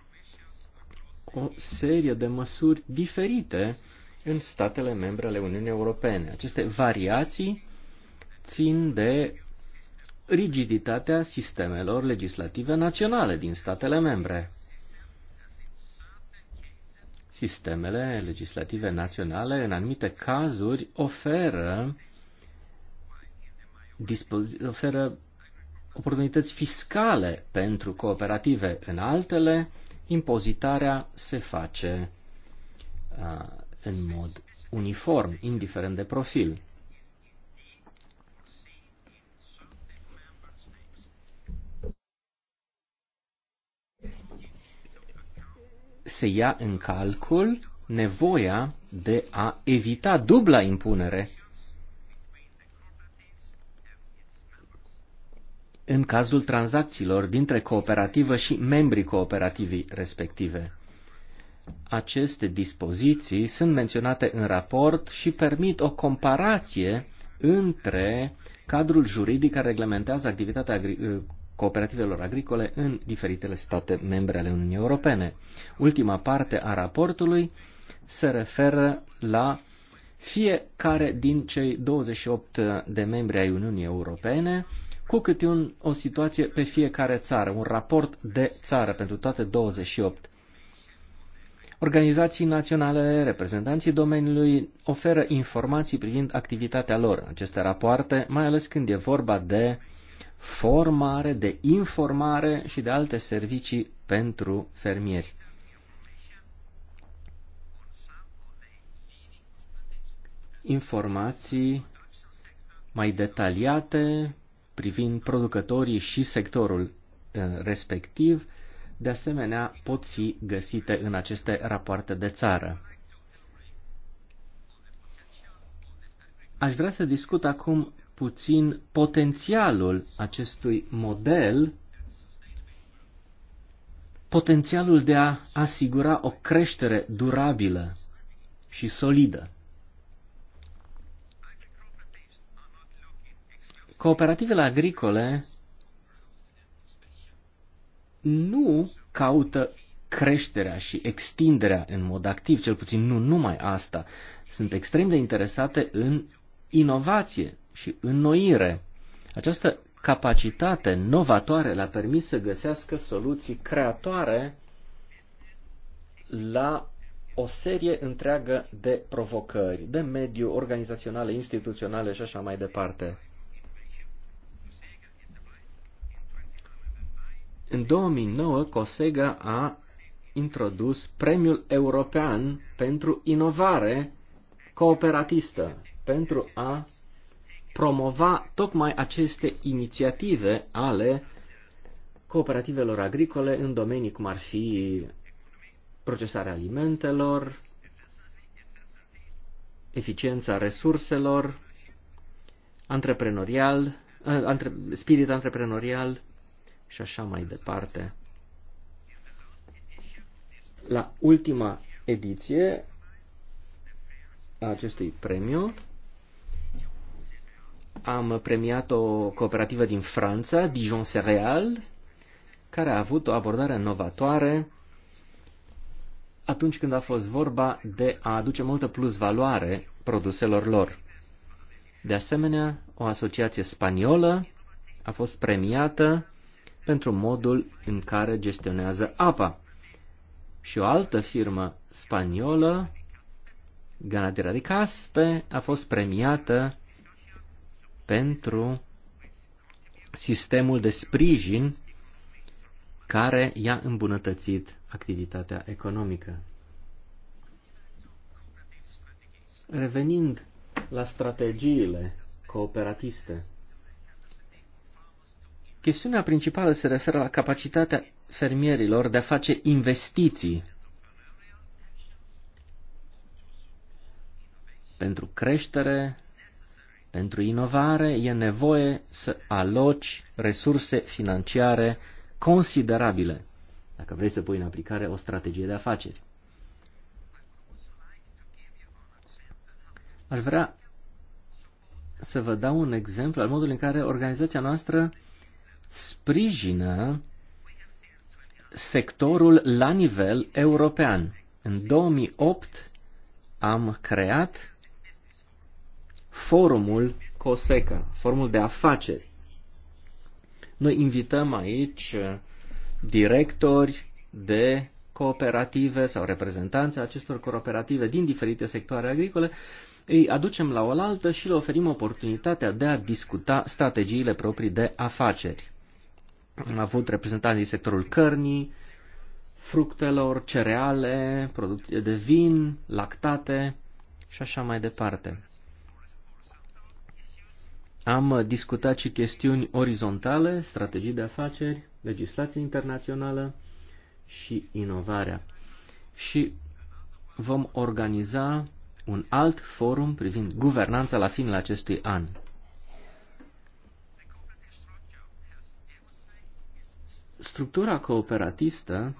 o serie de măsuri diferite în statele membre ale Uniunii Europene. Aceste variații țin de rigiditatea sistemelor legislative naționale din statele membre sistemele legislative naționale, în anumite cazuri, oferă, oferă oportunități fiscale pentru cooperative. În altele, impozitarea se face uh, în mod uniform, indiferent de profil. se ia în calcul nevoia de a evita dubla impunere în cazul tranzacțiilor dintre cooperativă și membrii cooperativii respective. Aceste dispoziții sunt menționate în raport și permit o comparație între cadrul juridic care reglementează activitatea cooperativelor agricole în diferitele state membre ale Uniunii Europene. Ultima parte a raportului se referă la fiecare din cei 28 de membri ai Uniunii Europene cu câte un, o situație pe fiecare țară, un raport de țară pentru toate 28. Organizații naționale, reprezentanții domeniului oferă informații privind activitatea lor în aceste rapoarte, mai ales când e vorba de uh, formare, de informare și de alte servicii pentru fermieri. Informații mai detaliate privind producătorii și sectorul eh, respectiv, de asemenea, pot fi găsite în aceste rapoarte de țară. Aș vrea să discut acum puțin potențialul acestui model, potențialul de a asigura o creștere durabilă și solidă. Cooperativele agricole nu caută creșterea și extinderea în mod activ, cel puțin nu numai asta. Sunt extrem de interesate în inovație, și înnoire. Această capacitate novatoare l a permis să găsească soluții creatoare la o serie întreagă de provocări, de mediu, organizaționale, instituționale și așa mai departe. În 2009, Cosega a introdus Premiul European pentru Inovare Cooperatistă, pentru a promova tocmai aceste inițiative ale cooperativelor agricole în domenii cum ar fi procesarea alimentelor, eficiența resurselor, antreprenorial, eh, antre, spirit antreprenorial și așa mai departe. La ultima ediție a acestui premiu, am premiat o cooperativă din Franța, Dijon Cereal, care a avut o abordare novatoare atunci când a fost vorba de a aduce multă plus valoare produselor lor. De asemenea, o asociație spaniolă a fost premiată pentru modul în care gestionează apa. Și o altă firmă spaniolă, Ganadera de Caspe, a fost premiată pentru sistemul de sprijin care i-a îmbunătățit activitatea economică. Revenind la strategiile cooperatiste, chestiunea principală se referă la capacitatea fermierilor de a face investiții pentru creștere, pentru inovare e nevoie să aloci resurse financiare considerabile dacă vrei să pui în aplicare o strategie de afaceri. Aș vrea să vă dau un exemplu al modului în care organizația noastră sprijină sectorul la nivel european. În 2008 am creat forumul COSECA, forumul de afaceri. Noi invităm aici uh, directori de cooperative sau reprezentanți acestor cooperative din diferite sectoare agricole, îi aducem la oaltă și le oferim oportunitatea de a discuta strategiile proprii de afaceri. Am avut reprezentanți din sectorul cărnii, fructelor, cereale, producție de vin, lactate și așa mai departe. Am discutat și chestiuni orizontale, strategii de afaceri, legislație internațională și inovarea. Și vom organiza un alt forum privind guvernanța la finele acestui an. Structura cooperatistă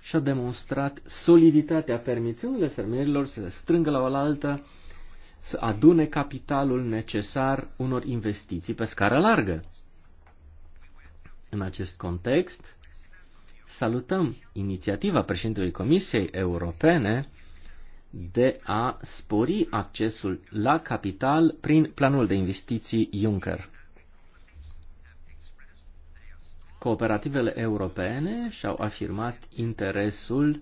și-a demonstrat soliditatea permițiunile fermierilor să se strângă la oaltă, să adune capitalul necesar unor investiții pe scară largă. În acest context, salutăm inițiativa președintelui Comisiei Europene de a spori accesul la capital prin planul de investiții Juncker. Cooperativele europene și-au afirmat interesul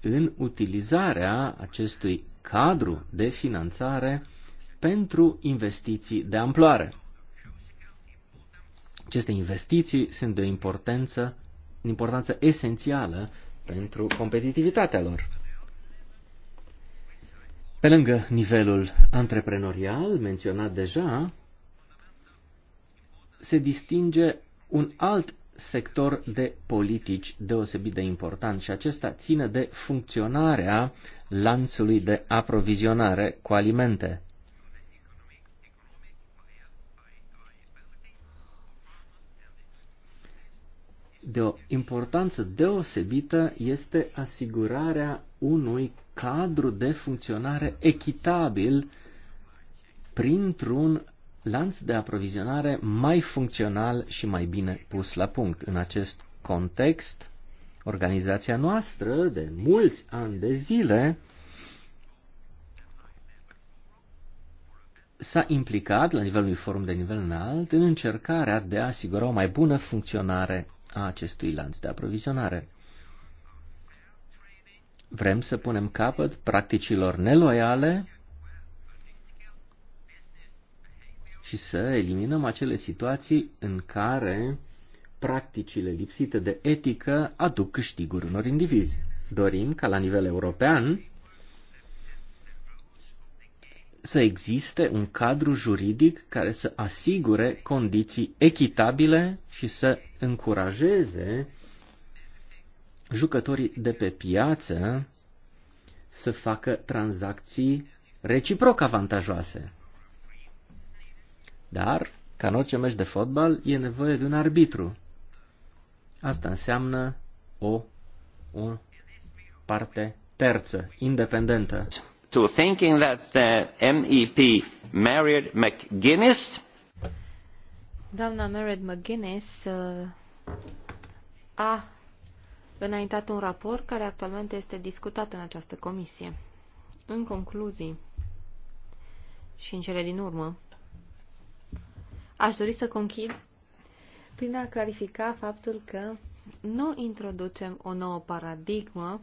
în utilizarea acestui cadru de finanțare pentru investiții de amploare. Aceste investiții sunt de importanță, importanță esențială pentru competitivitatea lor. Pe lângă nivelul antreprenorial menționat deja, se distinge un alt sector de politici deosebit de important și acesta ține de funcționarea lanțului de aprovizionare cu alimente. De o importanță deosebită este asigurarea unui cadru de funcționare echitabil printr-un lanț de aprovizionare mai funcțional și mai bine pus la punct. În acest context, organizația noastră de mulți ani de zile s-a implicat la nivelul unui forum de nivel înalt în încercarea de a asigura o mai bună funcționare a acestui lanț de aprovizionare. Vrem să punem capăt practicilor neloiale și să eliminăm acele situații în care practicile lipsite de etică aduc câștiguri unor indivizi. Dorim ca la nivel european să existe un cadru juridic care să asigure condiții echitabile și să încurajeze jucătorii de pe piață să facă tranzacții reciproc avantajoase. Dar, ca în orice meci de fotbal, e nevoie de un arbitru. Asta înseamnă o, o parte terță, independentă. To thinking that the MEP married McGuinness. Doamna Merritt McGuinness uh, a înaintat un raport care actualmente este discutat în această comisie. În concluzii și în cele din urmă, Aș dori să conchid prin a clarifica faptul că nu introducem o nouă paradigmă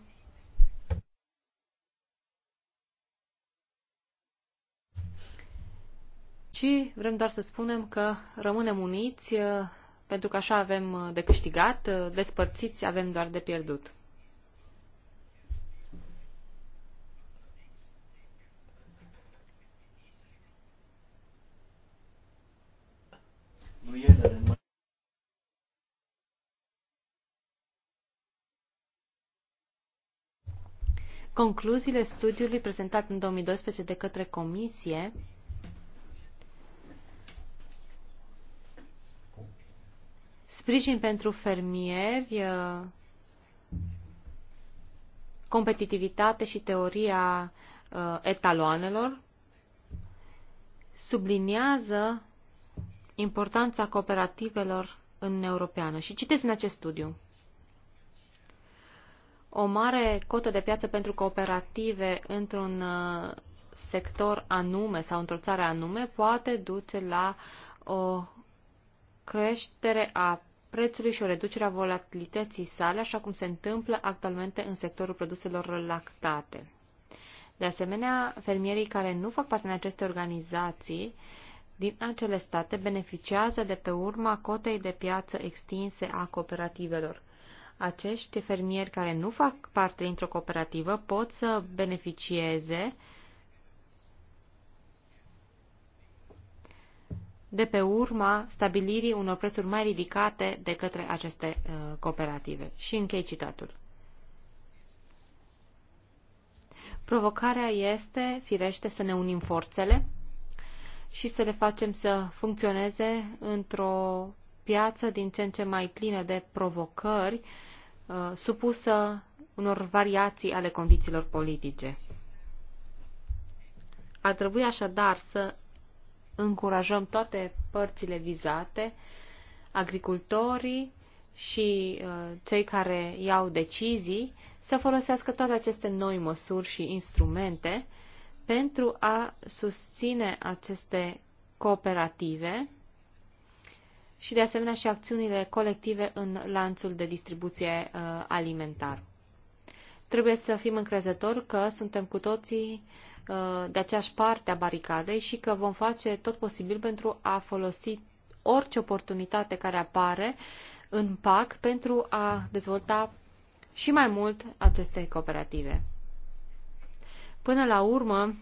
ci vrem doar să spunem că rămânem uniți uh, pentru că așa avem uh, de câștigat, uh, despărțiți avem doar de pierdut. nu e de Concluziile studiului prezentat în 2012 de către Comisie sprijin pentru fermieri, uh, competitivitate și teoria uh, etaloanelor subliniază importanța cooperativelor în Europeană. Și citeți în acest studiu. O mare cotă de piață pentru cooperative într-un uh, sector anume sau într-o țară anume poate duce la o creștere a prețului și o reducere a volatilității sale, așa cum se întâmplă actualmente în sectorul produselor lactate. De asemenea, fermierii care nu fac parte din aceste organizații uh, din acele state beneficiază de pe urma cotei de piață extinse a cooperativelor. Acești fermieri care nu fac parte dintr-o cooperativă pot să beneficieze de pe urma stabilirii unor prețuri mai ridicate de către aceste uh, cooperative. Și închei citatul. Provocarea este, firește, să ne unim forțele și să le facem să funcționeze într-o piață din ce în ce mai plină de provocări, uh, supusă unor variații ale condițiilor politice. Ar trebui așadar să încurajăm toate părțile vizate, agricultorii și uh, cei care iau decizii, să folosească toate aceste noi măsuri și instrumente pentru a susține aceste cooperative și de asemenea și acțiunile colective în lanțul de distribuție uh, alimentar. Trebuie să fim încrezători că suntem cu toții uh, de aceeași parte a baricadei și că vom face tot posibil pentru a folosi orice oportunitate care apare în PAC pentru a dezvolta și mai mult aceste cooperative. Până la urmă,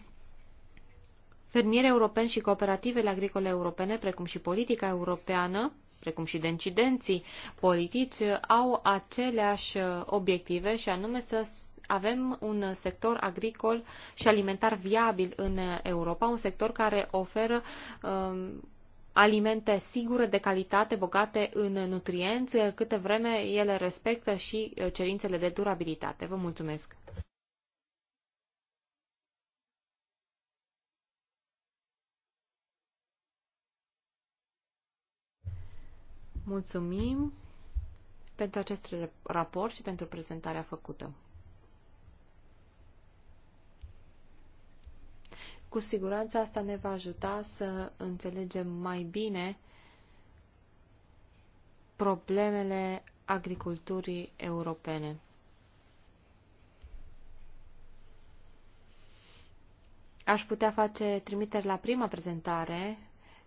fermierii europeni și cooperativele agricole europene, precum și politica europeană, precum și decidenții politici, au aceleași obiective și anume să avem un sector agricol și alimentar viabil în Europa, un sector care oferă um, alimente sigure, de calitate, bogate în nutrienți, câte vreme ele respectă și uh, cerințele de durabilitate. Vă mulțumesc! Mulțumim pentru acest raport și pentru prezentarea făcută. Cu siguranță asta ne va ajuta să înțelegem mai bine problemele agriculturii europene. Aș putea face trimiteri la prima prezentare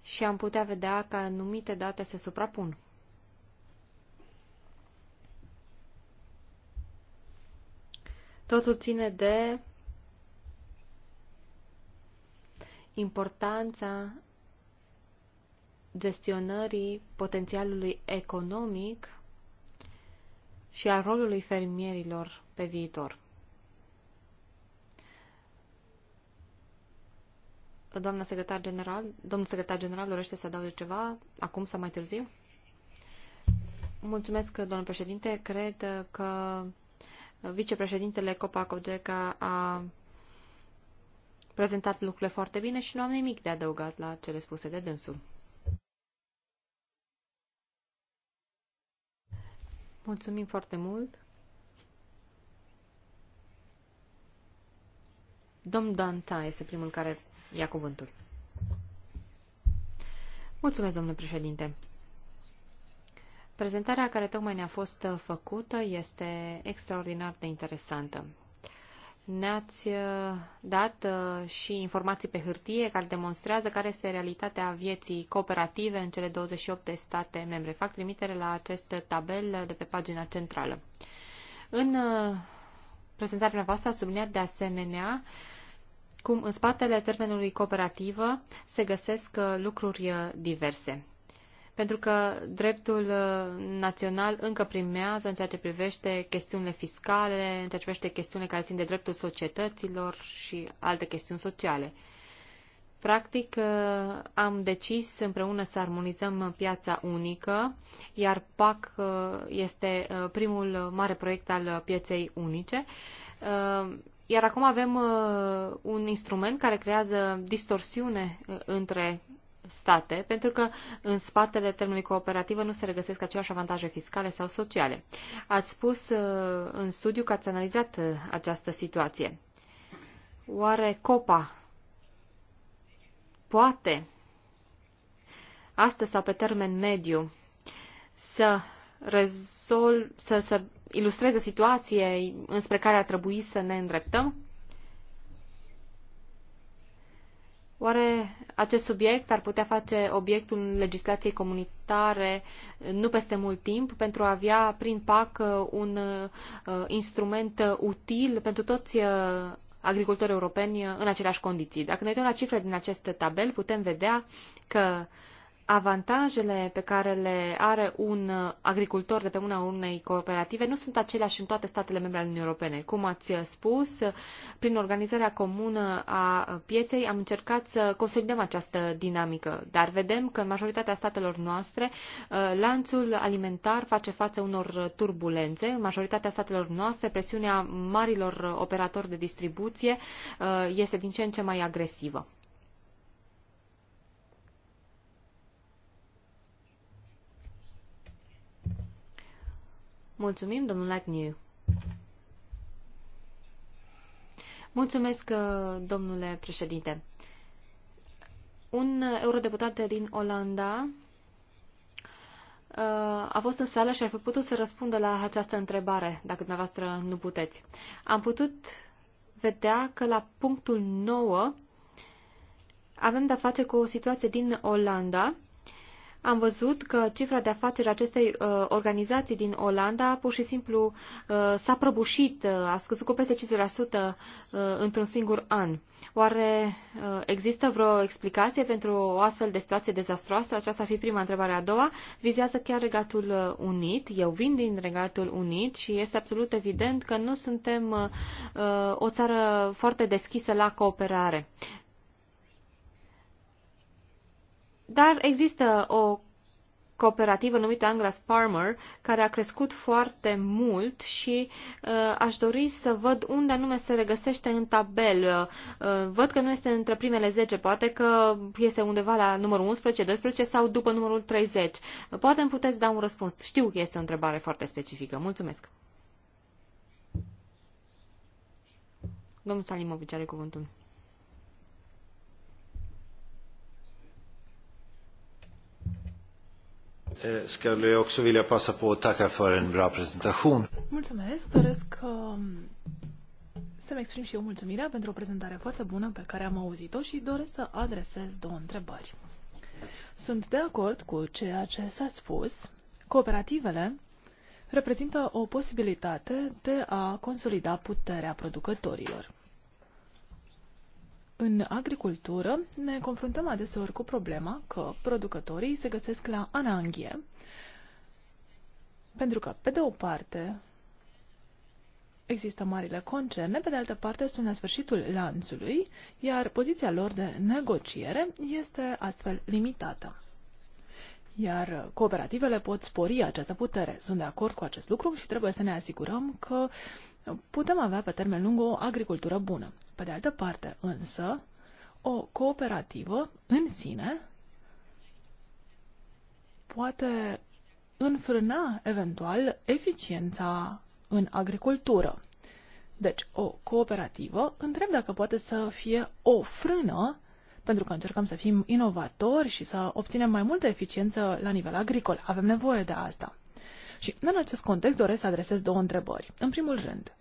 și am putea vedea că anumite date se suprapun. Totul ține de importanța gestionării potențialului economic și a rolului fermierilor pe viitor. Doamna secretar general, domnul secretar general dorește să adaugă ceva acum sau mai târziu? Mulțumesc, domnul președinte. Cred că vicepreședintele Codeca a prezentat lucrurile foarte bine și nu am nimic de adăugat la cele spuse de dânsul. Mulțumim foarte mult. Domn Danta este primul care ia cuvântul. Mulțumesc, domnule președinte. Prezentarea care tocmai ne-a fost uh, făcută este extraordinar de interesantă. Ne-ați uh, dat uh, și informații pe hârtie care demonstrează care este realitatea vieții cooperative în cele 28 de state membre. Fac trimitere la acest tabel de pe pagina centrală. În prezentarea voastră a subliniat de asemenea cum în spatele termenului cooperativă se găsesc lucruri diverse pentru că dreptul uh, național încă primează în ceea ce privește chestiunile fiscale, în ceea ce privește chestiunile care țin de dreptul societăților și alte chestiuni sociale. Practic, uh, am decis împreună să armonizăm piața unică, iar PAC uh, este primul mare proiect al pieței unice. Iar acum avem un instrument care creează distorsiune între state, pentru că în spatele termenului cooperativă nu se regăsesc aceleași avantaje fiscale sau sociale. Ați spus uh, în studiu că ați analizat uh, această situație. Oare COPA poate, astăzi sau pe termen mediu, să, rezol, să, să ilustreze situație înspre care ar trebui să ne îndreptăm? Oare acest subiect ar putea face obiectul legislației comunitare uh, nu peste mult timp pentru a avea prin PAC uh, un uh, instrument util pentru toți agricultorii europeni în aceleași condiții? Dacă ne uităm la cifre din acest tabel, putem vedea că avantajele pe care le are un uh, agricultor de pe mâna unei cooperative nu sunt aceleași în toate statele membre ale Uniunii Europene. Cum ați uh, spus, uh, prin organizarea comună a pieței am încercat să consolidăm această dinamică, dar vedem că în majoritatea statelor noastre lanțul alimentar face față unor turbulențe. În majoritatea statelor noastre presiunea marilor operatori de distribuție este din ce în ce mai agresivă. Mulțumim, domnul Agnew. Mulțumesc, uh, domnule președinte. Un eurodeputat din Olanda uh, a fost în sală și ar fi putut să răspundă la această întrebare, dacă dumneavoastră nu puteți. Am putut vedea că la punctul 9 avem de-a face cu o situație din Olanda, am văzut că cifra de afaceri acestei uh, organizații din Olanda pur și simplu uh, s-a prăbușit, uh, a scăzut cu peste 50% uh, într-un singur an. Oare uh, există vreo explicație pentru o astfel de situație dezastroasă? Aceasta ar fi prima întrebare. A doua vizează chiar Regatul Unit. Eu vin din Regatul Unit și este absolut evident că nu suntem uh, o țară foarte deschisă la cooperare. Dar există o cooperativă numită Anglas Farmer, care a crescut foarte mult și uh, aș dori să văd unde anume se regăsește în tabel. Uh, văd că nu este între primele 10, poate că este undeva la numărul 11, 12 sau după numărul 30. Poate îmi puteți da un răspuns. Știu că este o întrebare foarte specifică. Mulțumesc. Domnul Salimovici are cuvântul. Eh, Skulle jag också vilja passa på att tacka för en bra presentation. Mulțumesc, doresc um, să-mi exprim și eu mulțumirea pentru o prezentare foarte bună pe care am auzit-o și doresc să adresez două întrebări. Sunt de acord cu ceea ce s-a spus. Cooperativele reprezintă o posibilitate de a consolida puterea producătorilor. În agricultură ne confruntăm adeseori cu problema că producătorii se găsesc la ananghie, pentru că, pe de o parte, există marile concerne, pe de altă parte sunt la sfârșitul lanțului, iar poziția lor de negociere este astfel limitată. Iar cooperativele pot spori această putere. Sunt de acord cu acest lucru și trebuie să ne asigurăm că uh, putem avea pe termen lung o agricultură bună. Pe de altă parte, însă, o cooperativă în sine poate înfrâna eventual eficiența în agricultură. Deci, o cooperativă, întreb dacă poate să fie o frână, pentru că încercăm să fim inovatori și să obținem mai multă eficiență la nivel agricol. Avem nevoie de asta. Și în acest context doresc să adresez două întrebări. În primul rând,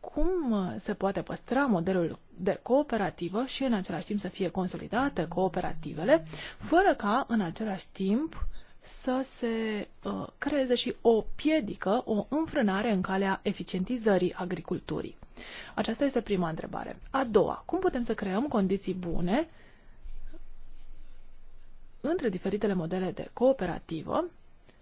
cum uh, se poate păstra modelul de cooperativă și în același timp să fie consolidate cooperativele, fără ca în același timp să se uh, creeze și o piedică, o înfrânare în calea eficientizării agriculturii. Aceasta este prima întrebare. A doua, cum putem să creăm condiții bune între diferitele modele de cooperativă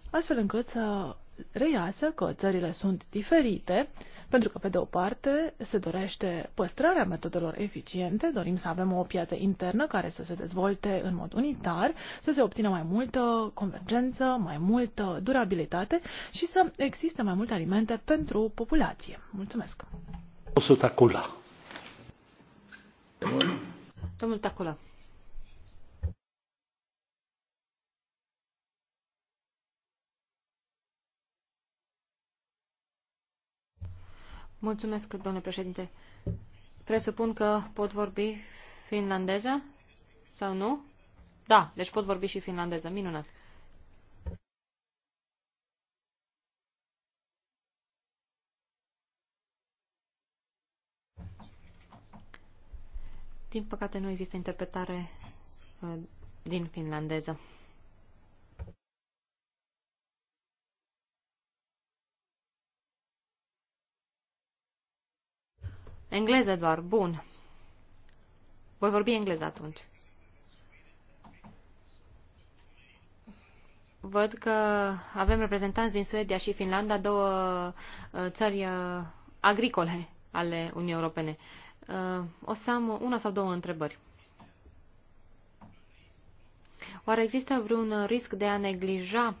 astfel încât să reiasă că țările sunt diferite, pentru că, pe de o parte, se dorește păstrarea metodelor eficiente, dorim să avem o piață internă care să se dezvolte în mod unitar, să se obțină mai multă convergență, mai multă durabilitate și să existe mai multe alimente pentru populație. Mulțumesc! Domnul Tacula. Mulțumesc, domnule președinte. Presupun că pot vorbi finlandeză sau nu? Da, deci pot vorbi și finlandeză. Minunat. Din păcate nu există interpretare uh, din finlandeză. Engleză doar. Bun. Voi vorbi engleză atunci. Văd că avem reprezentanți din Suedia și Finlanda, două uh, țări uh, agricole ale Uniunii Europene. Uh, o să am una sau două întrebări. Oare există vreun risc de a neglija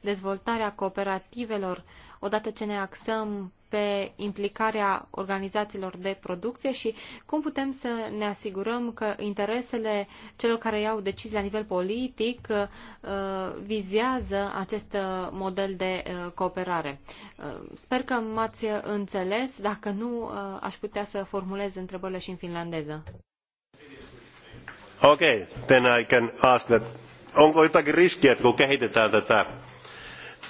dezvoltarea cooperativelor odată ce ne axăm pe implicarea organizațiilor de producție și cum putem să ne asigurăm că interesele celor care iau decizii la nivel politic uh, vizează acest model de uh, cooperare. Uh, sper că m-ați înțeles. Dacă nu, aș putea să formulez întrebările și în finlandeză. Okay, then I can ask that onko jotakin riskiä, kun kehitetään tätä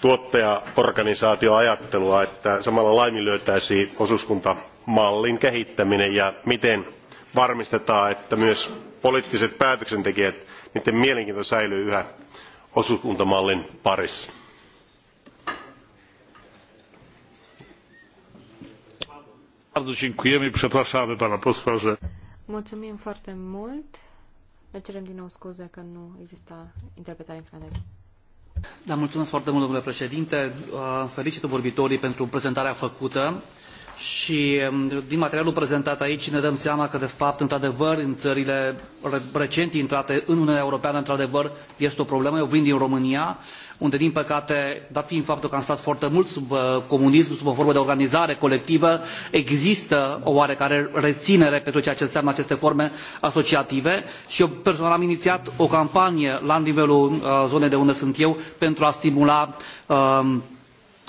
tuottajaorganisaatioajattelua että samalla laiminlyötäisiin osuuskuntamallin kehittäminen ja miten varmistetaan että myös poliittisten päätöksentekijöiden mielenkiinto säilyy yhä osuuskuntamallin parissa. Mulțumim foarte mult. Ne cerem din nou scuze că nu exista interpretare în finlandeză. Da, mulțumesc foarte mult, domnule președinte. Uh, felicit vorbitorii pentru prezentarea făcută și um, din materialul prezentat aici ne dăm seama că, de fapt, într-adevăr, în țările recent intrate în Uniunea Europeană, într-adevăr, este o problemă. Eu vin din România unde din păcate dat fiind faptul că am stat foarte mult sub uh, comunism sub o formă de organizare colectivă există o oarecare reținere pentru ceea ce înseamnă aceste forme asociative și eu personal am inițiat o campanie la nivelul uh, zonei de unde sunt eu pentru a stimula uh,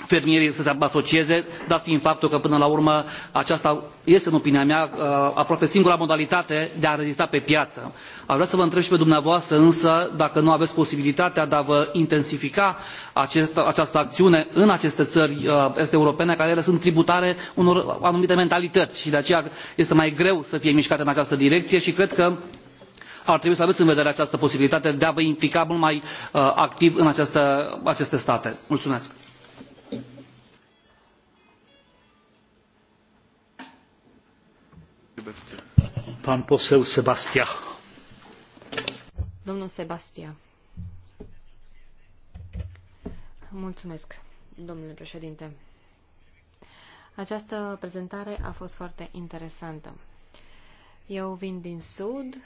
fermierii să se asocieze dat fiind faptul că până la urmă aceasta este în opinia mea uh, aproape singura modalitate de a rezista pe piață. aș vrea să vă întreb și pe dumneavoastră însă dacă nu aveți posibilitatea de a vă intensifica acest, această acțiune în aceste țări uh, est europene care ele sunt tributare unor anumite mentalități și de aceea este mai greu să fie mișcate în această direcție și cred că ar trebui să aveți în vedere această posibilitate de a vă implica mult mai uh, activ în aceste state. mulțumesc. Domnul Mulțumesc, domnule președinte. Această prezentare a fost foarte interesantă. Eu vin din Sud,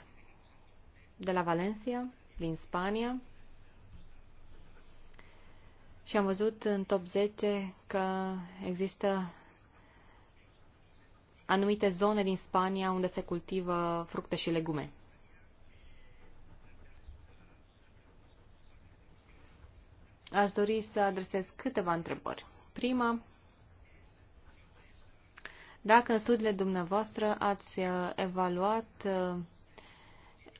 de la Valencia, din Spania, și am văzut în top 10 că există anumite zone din Spania unde se cultivă fructe și legume. Aș dori să adresez câteva întrebări. Prima, dacă în studiile dumneavoastră ați uh, evaluat uh,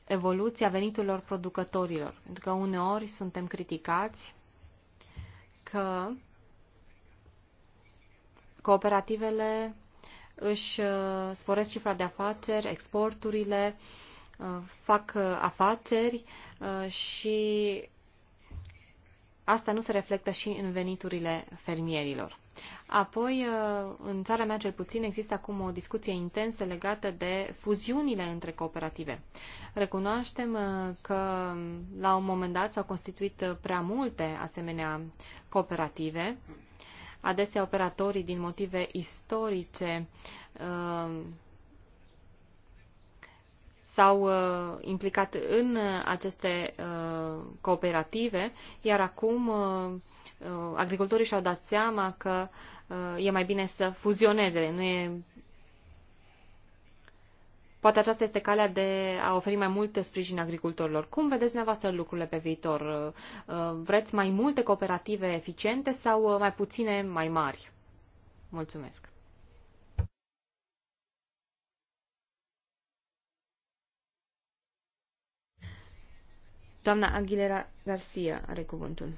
evoluția veniturilor producătorilor, pentru că uneori suntem criticați că cooperativele își uh, sporesc cifra de afaceri, exporturile, uh, fac uh, afaceri și asta nu se reflectă și în veniturile fermierilor. Apoi, în țara mea cel puțin, există acum o discuție intensă legată de fuziunile între cooperative. Recunoaștem că la un moment dat s-au constituit prea multe asemenea cooperative Adesea operatorii din motive istorice uh, s-au uh, implicat în uh, aceste cooperative, iar acum agricultorii și-au dat seama că e mai bine să fuzioneze, nu e Poate aceasta este calea de a oferi mai mult sprijin agricultorilor. Cum vedeți dumneavoastră lucrurile pe viitor? Uh, vreți mai multe cooperative eficiente sau uh, mai puține mai mari? Mulțumesc! Doamna Aguilera Garcia are cuvântul.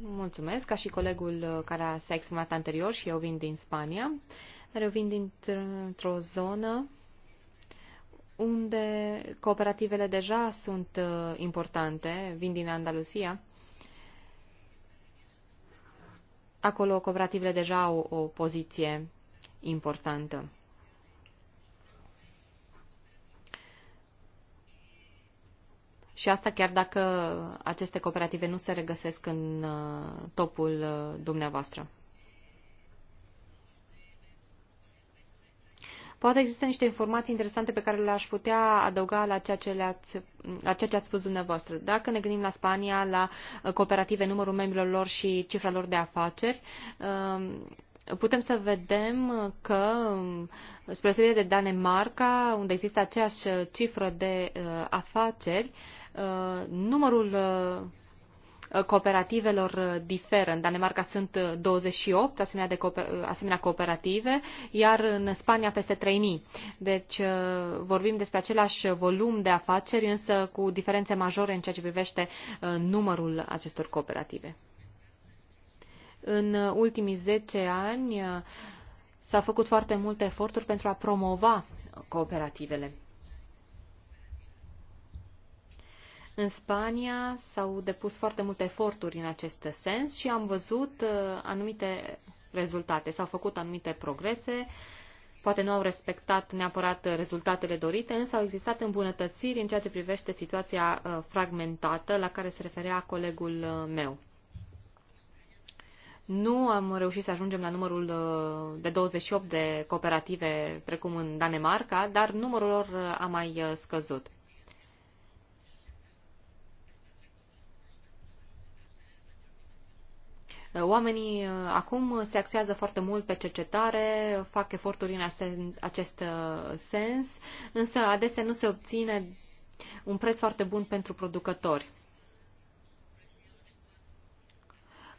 Mulțumesc, ca și colegul uh, care s-a exprimat anterior și eu vin din Spania. Eu vin dintr-o zonă unde cooperativele deja sunt uh, importante, vin din Andalusia. Acolo cooperativele deja au o poziție importantă. Și asta chiar dacă aceste cooperative nu se regăsesc în uh, topul uh, dumneavoastră. Poate există niște informații interesante pe care le-aș putea adăuga la ceea ce, le-ați, la ceea ce ați spus dumneavoastră. Dacă ne gândim la Spania, la uh, cooperative, numărul membrilor lor și cifra lor de afaceri, um, putem să vedem că, um, spre deosebire de Danemarca, unde există aceeași cifră de uh, afaceri, uh, numărul Uh, cooperativelor uh, diferă. În Danemarca sunt 28 uh, asemenea, de cooper- asemenea cooperative, iar în Spania peste 3000. Deci vorbim despre același volum de afaceri, însă cu diferențe majore în ceea ce privește numărul acestor cooperative. În ultimii 10 ani s-au făcut foarte multe eforturi pentru a promova cooperativele. În Spania s-au depus foarte multe eforturi în acest sens și am văzut uh, anumite rezultate. S-au făcut anumite progrese, poate nu au respectat neapărat rezultatele dorite, însă au existat îmbunătățiri în ceea ce privește situația uh, fragmentată la care se referea colegul uh, meu. Nu am reușit să ajungem la numărul de 28 de cooperative precum în Danemarca, dar numărul lor a mai scăzut. Uh, oamenii uh, acum se axează foarte mult pe cercetare, fac eforturi în acest uh, sens, însă adesea nu se obține un preț foarte bun pentru producători.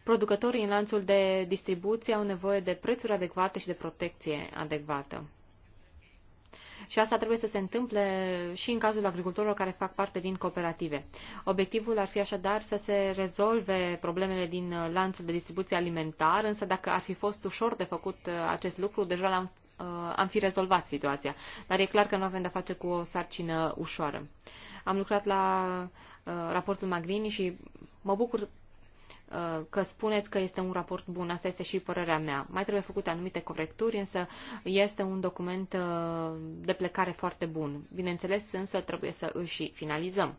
Producătorii în lanțul de distribuție au nevoie de prețuri adecvate și de protecție adecvată. Și asta trebuie să se întâmple și în cazul agricultorilor care fac parte din cooperative. Obiectivul ar fi așadar să se rezolve problemele din uh, lanțul de distribuție alimentar, însă dacă ar fi fost ușor de făcut uh, acest lucru, deja l-am uh, am fi rezolvat situația. Dar e clar că nu avem de-a face cu o sarcină ușoară. Am lucrat la uh, raportul Magrini și mă bucur Uh, că spuneți că este un raport bun. Asta este și părerea mea. Mai trebuie făcute anumite corecturi, însă este un document uh, de plecare foarte bun. Bineînțeles, însă trebuie să îl și finalizăm.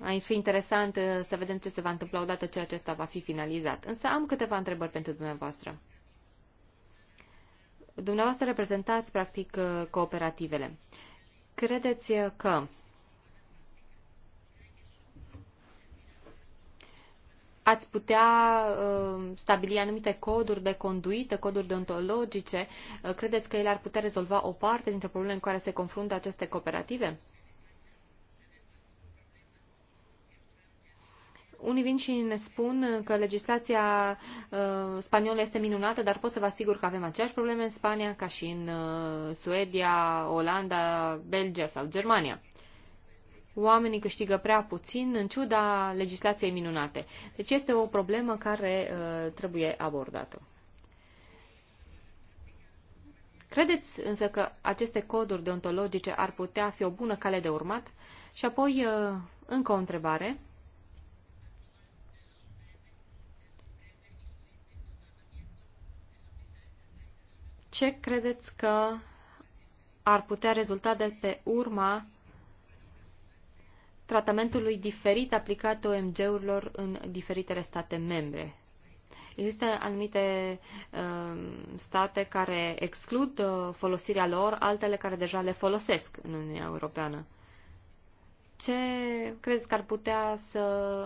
Ai fi interesant uh, să vedem ce se va întâmpla odată ce acesta va fi finalizat. Însă am câteva întrebări pentru dumneavoastră. Dumneavoastră reprezentați, practic, cooperativele. Credeți că ați putea uh, stabili anumite coduri de conduită, coduri deontologice? Uh, credeți că ele ar putea rezolva o parte dintre problemele în care se confruntă aceste cooperative? Unii vin și ne spun că legislația uh, spaniolă este minunată, dar pot să vă asigur că avem aceeași probleme în Spania ca și în uh, Suedia, Olanda, Belgia sau Germania oamenii câștigă prea puțin în ciuda legislației minunate. Deci este o problemă care uh, trebuie abordată. Credeți însă că aceste coduri deontologice ar putea fi o bună cale de urmat? Și apoi, uh, încă o întrebare. Ce credeți că ar putea rezulta de pe urma tratamentului diferit aplicat OMG-urilor în diferitele state membre. Există anumite uh, state care exclud uh, folosirea lor, altele care deja le folosesc în Uniunea Europeană. Ce credeți că ar putea să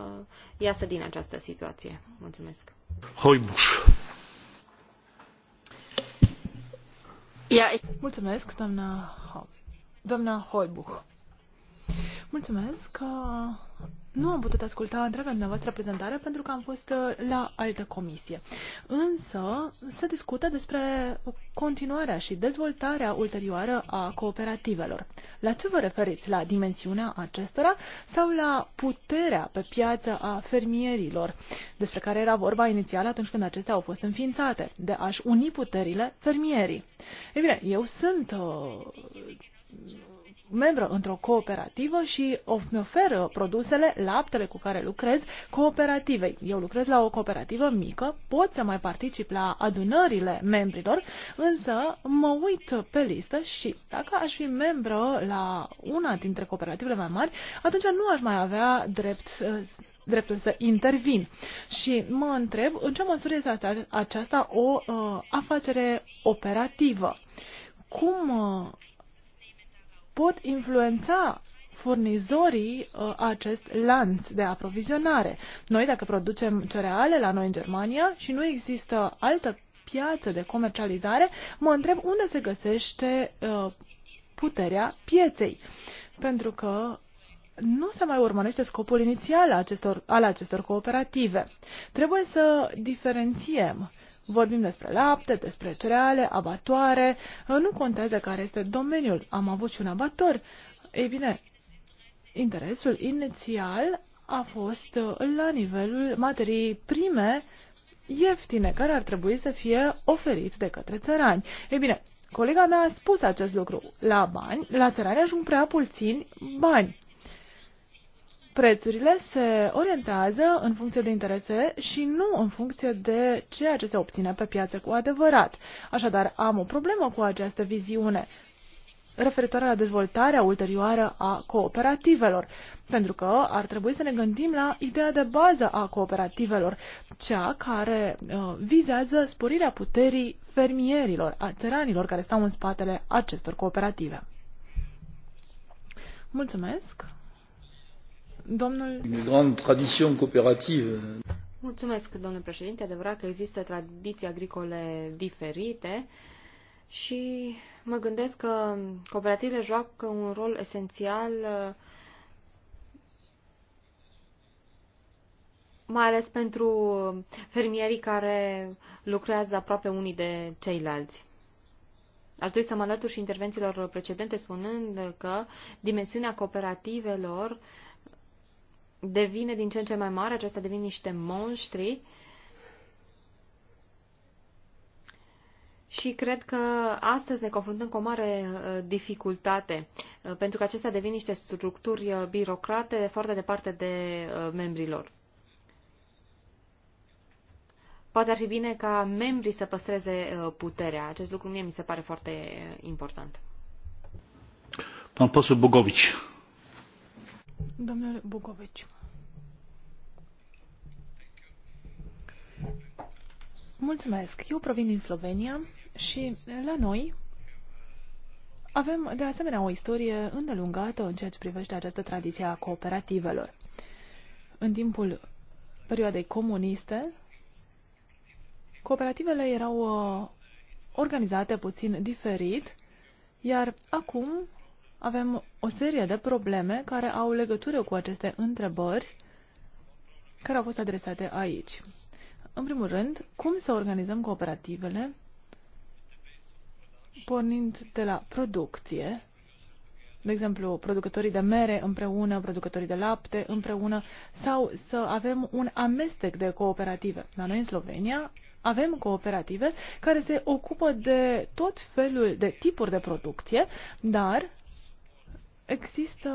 iasă din această situație? Mulțumesc. Hoibuș. Mulțumesc, doamna, doamna Hoibuch. Mulțumesc că nu am putut asculta întreaga dumneavoastră prezentare pentru că am fost uh, la altă comisie. Însă se discută despre continuarea și dezvoltarea ulterioară a cooperativelor. La ce vă referiți? La dimensiunea acestora sau la puterea pe piață a fermierilor, despre care era vorba inițial atunci când acestea au fost înființate, de a-și uni puterile fermierii? Ei bine, eu sunt uh, membră într-o cooperativă și îmi oferă produsele, laptele cu care lucrez, cooperativei. Eu lucrez la o cooperativă mică, pot să mai particip la adunările membrilor, însă mă uit pe listă și dacă aș fi membră la una dintre cooperativele mai mari, atunci nu aș mai avea drept dreptul să intervin. Și mă întreb în ce măsură este aceasta o uh, afacere operativă. Cum uh, pot influența furnizorii uh, acest lanț de aprovizionare. Noi, dacă producem cereale la noi în Germania și nu există altă piață de comercializare, mă întreb unde se găsește uh, puterea pieței. Pentru că nu se mai urmărește scopul inițial al acestor, al acestor cooperative. Trebuie să diferențiem Vorbim despre lapte, despre cereale, abatoare, ă, nu contează care este domeniul. Am avut și un abator. Ei bine, interesul inițial a fost ă, la nivelul materiei prime ieftine, care ar trebui să fie oferit de către țărani. Ei bine, colega mea a spus acest lucru. La bani, la țărani ajung prea puțini bani prețurile se orientează în funcție de interese și nu în funcție de ceea ce se obține pe piață cu adevărat. Așadar, am o problemă cu această viziune referitoare la dezvoltarea ulterioară a cooperativelor, pentru că ar trebui să ne gândim la ideea de bază a cooperativelor, cea care uh, vizează sporirea puterii fermierilor, a țăranilor care stau în spatele acestor cooperative. Mulțumesc! Mulțumesc, domnule președinte. Adevărat că există tradiții agricole diferite și mă gândesc că cooperativele joacă un rol esențial mai ales pentru fermierii care lucrează aproape unii de ceilalți. Aș dori să mă alătur și intervențiilor precedente spunând că dimensiunea cooperativelor uh, devine din ce în ce mai mare, acestea devin niște monștri Și cred că astăzi ne confruntăm cu o mare uh, dificultate, uh, pentru că acestea devin niște structuri uh, birocrate foarte departe de membrilor. Poate ar fi bine ca membrii să păstreze puterea. Acest lucru mie mi se pare foarte important. Domnul Bugovici. Domnule Bugovici. Mulțumesc. Eu provin din Slovenia și la noi avem de asemenea o istorie îndelungată în ceea ce privește această tradiție a cooperativelor. În timpul perioadei comuniste, cooperativele erau uh, organizate puțin diferit, iar acum avem o serie de probleme care au legătură cu aceste întrebări care au fost adresate aici. În primul rând, cum să organizăm cooperativele pornind de la producție, de exemplu, producătorii de mere împreună, producătorii de lapte împreună, sau să avem un amestec de cooperative. La noi, în Slovenia, avem cooperative care se ocupă de tot felul de tipuri de producție, dar există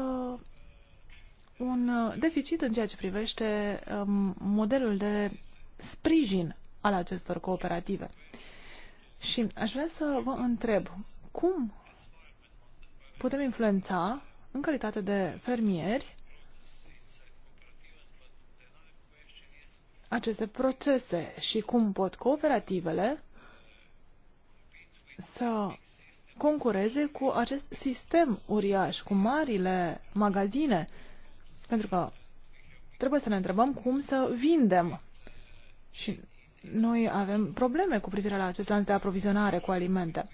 un deficit în ceea ce privește um, modelul de sprijin al acestor cooperative. Și aș vrea să vă întreb, cum putem influența, în calitate de fermieri, aceste procese și cum pot cooperativele să concureze cu acest sistem uriaș, cu marile magazine, pentru că trebuie să ne întrebăm cum să vindem și noi avem probleme cu privire la acest lanț de aprovizionare cu alimente.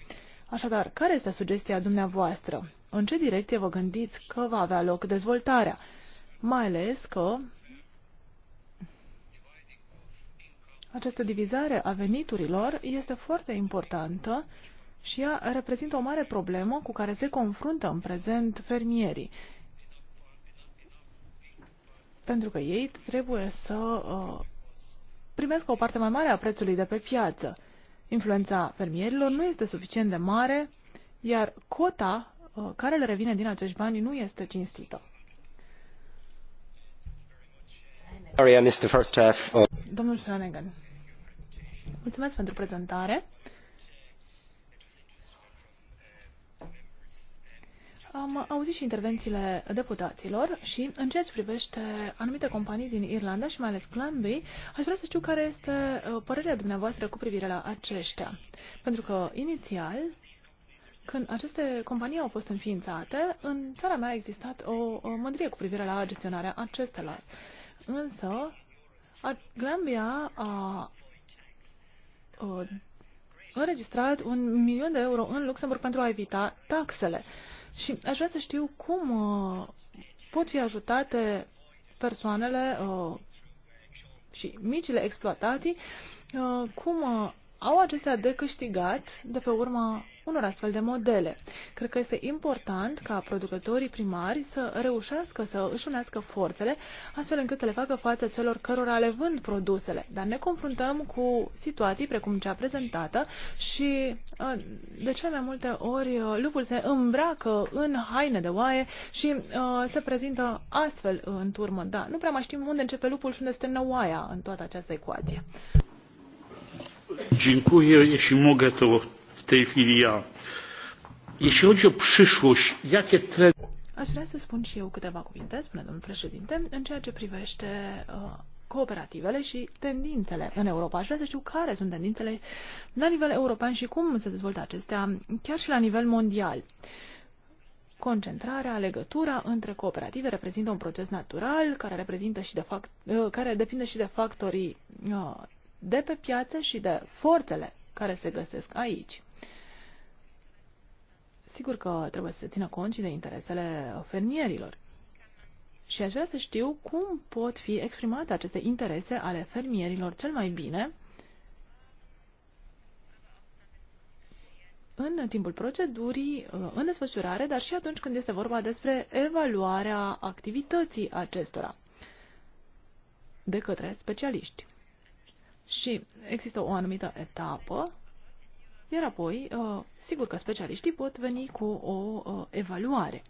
Așadar, care este sugestia dumneavoastră? În ce direcție vă gândiți că va avea loc dezvoltarea? Mai ales că această divizare a veniturilor este foarte importantă și ea reprezintă o mare problemă cu care se confruntă în prezent fermierii. Pentru că ei trebuie să uh, primesc o parte mai mare a prețului de pe piață. Influența fermierilor nu este suficient de mare, iar cota uh, care le revine din acești bani nu este cinstită. Sorry, I missed the first half. Domnul Flanagan, mulțumesc pentru prezentare. Am auzit și intervențiile deputaților și în ceea ce privește anumite companii din Irlanda și mai ales Glanby, aș vrea să știu care este uh, părerea dumneavoastră cu privire la aceștia. Pentru că inițial, când aceste companii au fost înființate, în țara mea a existat o, mândrie cu privire la gestionarea acestelor. Însă, Glambia a, a uh, înregistrat un milion de euro în Luxemburg pentru a evita taxele. Și aș vrea să știu cum uh, pot fi ajutate persoanele uh, și micile exploatații, uh, cum au acestea de câștigat de pe urma unor astfel de modele. Cred că este important ca producătorii primari să reușească să își unească forțele astfel încât să le facă față celor cărora le vând produsele. Dar ne confruntăm cu situații precum cea prezentată și uh, de cele mai multe ori uh, lupul se îmbracă în haine de oaie și uh, se prezintă astfel în turmă. Da, nu prea mai știm unde începe lupul și unde se termină oaia în toată această ecuație. Dziękuję. Jeśli mogę, to w tej chwili ja. Jeśli chodzi o przyszłość, jakie trendy... Aș vrea să spun și eu câteva cuvinte, spune domnul președinte, în ceea ce privește uh, cooperativele și tendințele în Europa. Aș vrea să știu care sunt tendințele la nivel european și cum se dezvoltă acestea, chiar și la nivel mondial. Concentrarea, legătura între cooperative reprezintă un proces natural care, reprezintă și de fact, ă, care depinde și de factorii ă, de pe piață și de forțele care se găsesc aici. Sigur că trebuie să se țină cont și de interesele fermierilor. Și aș vrea să știu cum pot fi exprimate aceste interese ale fermierilor cel mai bine în timpul procedurii, în desfășurare, dar și atunci când este vorba despre evaluarea activității acestora de către specialiști și există o anumită etapă, iar apoi, uh, sigur că specialiștii pot veni cu o uh, evaluare.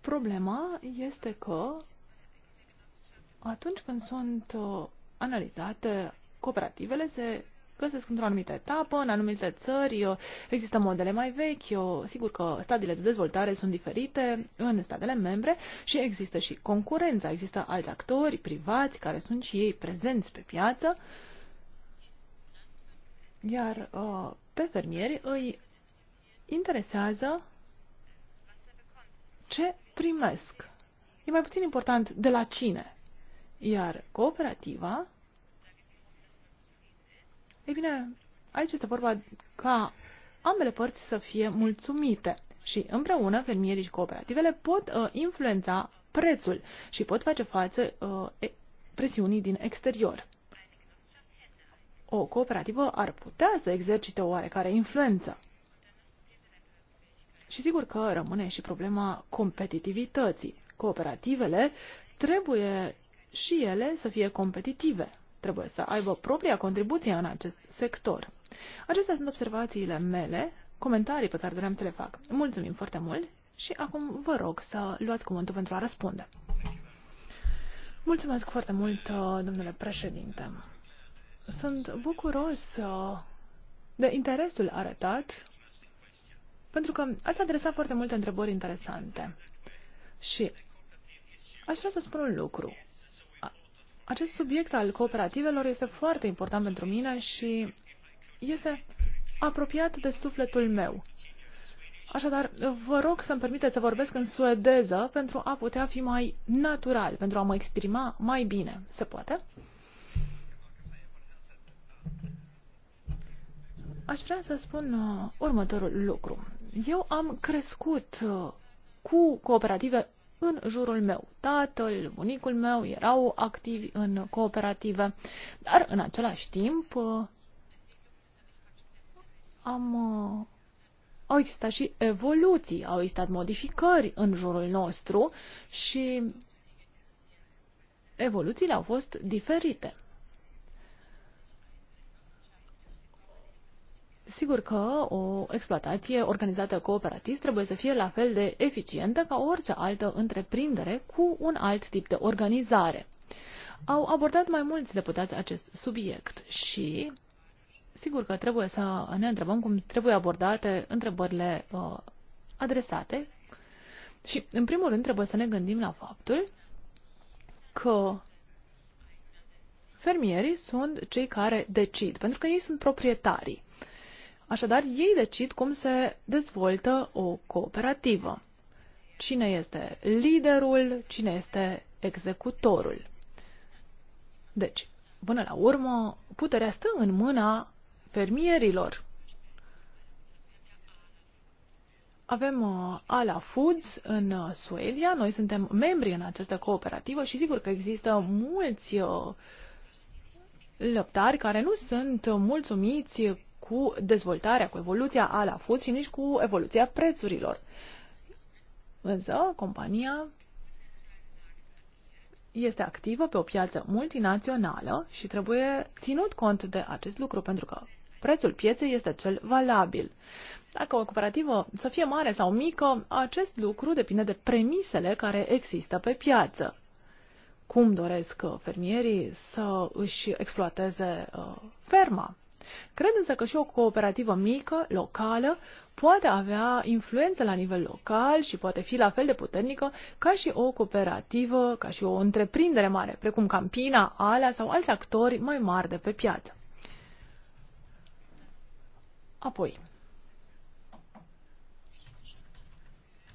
Problema este că atunci când sunt uh, analizate cooperativele, se găsesc într-o anumită etapă, în anumite țări există modele mai vechi, sigur că stadiile de dezvoltare sunt diferite în statele membre și există și concurența, există alți actori privați care sunt și ei prezenți pe piață, iar uh, pe fermieri îi interesează ce primesc. E mai puțin important de la cine. Iar cooperativa ei bine, aici este vorba ca ambele părți să fie mulțumite și împreună fermierii și cooperativele pot uh, influența prețul și pot face față uh, presiunii din exterior. O cooperativă ar putea să exercite o oarecare influență. Și sigur că rămâne și problema competitivității. Cooperativele trebuie și ele să fie competitive trebuie să aibă propria contribuție în acest sector. Acestea sunt observațiile mele, comentarii pe care doream să le fac. Mulțumim foarte mult și acum vă rog să luați cuvântul pentru a răspunde. Mulțumesc foarte mult, uh, domnule președinte. Sunt bucuros uh, de interesul arătat, pentru că ați adresat foarte multe întrebări interesante. Și aș vrea să spun un lucru. Acest subiect al cooperativelor este foarte important pentru mine și este apropiat de sufletul meu. Așadar, vă rog să-mi permiteți să vorbesc în suedeză pentru a putea fi mai natural, pentru a mă exprima mai bine. Se poate? Aș vrea să spun uh, următorul lucru. Eu am crescut uh, cu cooperative în jurul meu. Tatăl, bunicul meu erau activi în cooperative, dar în același timp uh, am, uh, au existat și evoluții, au existat modificări în jurul nostru și evoluțiile au fost diferite. Sigur că o exploatație organizată cooperativ trebuie să fie la fel de eficientă ca orice altă întreprindere cu un alt tip de organizare. Au abordat mai mulți deputați acest subiect și sigur că trebuie să ne întrebăm cum trebuie abordate întrebările uh, adresate. Și, în primul rând, trebuie să ne gândim la faptul că fermierii sunt cei care decid, pentru că ei sunt proprietarii. Așadar, ei decid cum se dezvoltă o cooperativă. Cine este liderul, cine este executorul. Deci, până la urmă, puterea stă în mâna fermierilor. Avem uh, Ala Foods în uh, Suedia, noi suntem membri în această cooperativă și sigur că există mulți uh, lăptari care nu sunt mulțumiți cu dezvoltarea, cu evoluția food și nici cu evoluția prețurilor. Însă, compania este activă pe o piață multinațională și trebuie ținut cont de acest lucru, pentru că prețul pieței este cel valabil. Dacă o cooperativă să fie mare sau mică, acest lucru depinde de premisele care există pe piață. Cum doresc fermierii să își exploateze uh, ferma? Cred însă că și o cooperativă mică, locală, poate avea influență la nivel local și poate fi la fel de puternică ca și o cooperativă, ca și o întreprindere mare, precum Campina, Ala sau alți actori mai mari de pe piață. Apoi,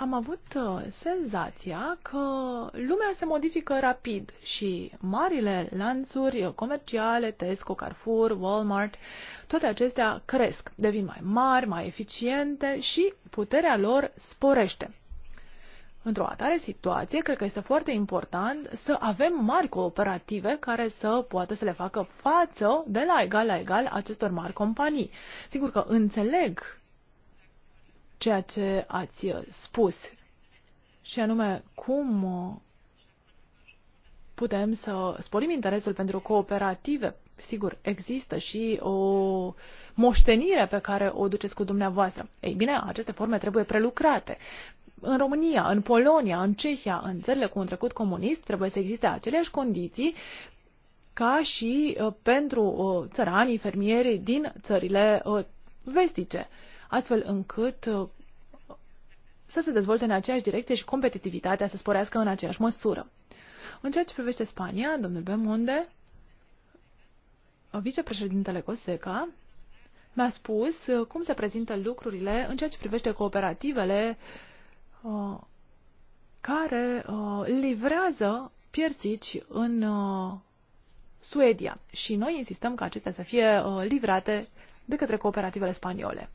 am avut uh, senzația că lumea se modifică rapid și marile lanțuri comerciale, Tesco, Carrefour, Walmart, toate acestea cresc, devin mai mari, mai eficiente și puterea lor sporește. Într-o atare situație, cred că este foarte important să avem mari cooperative care să poată să le facă față de la egal la egal acestor mari companii. Sigur că înțeleg ceea ce ați spus și anume cum putem să sporim interesul pentru cooperative. Sigur, există și o moștenire pe care o duceți cu dumneavoastră. Ei bine, aceste forme trebuie prelucrate. În România, în Polonia, în Cehia, în țările cu un trecut comunist, trebuie să existe aceleași condiții ca și uh, pentru uh, țăranii, fermierii din țările uh, vestice astfel încât uh, să se dezvolte în aceeași direcție și competitivitatea să sporească în aceeași măsură. În ceea ce privește Spania, domnul Bemonde, uh, vicepreședintele Coseca, mi-a spus uh, cum se prezintă lucrurile în ceea ce privește cooperativele uh, care uh, livrează piersici în uh, Suedia și noi insistăm ca acestea să fie livrate de către cooperativele spaniole.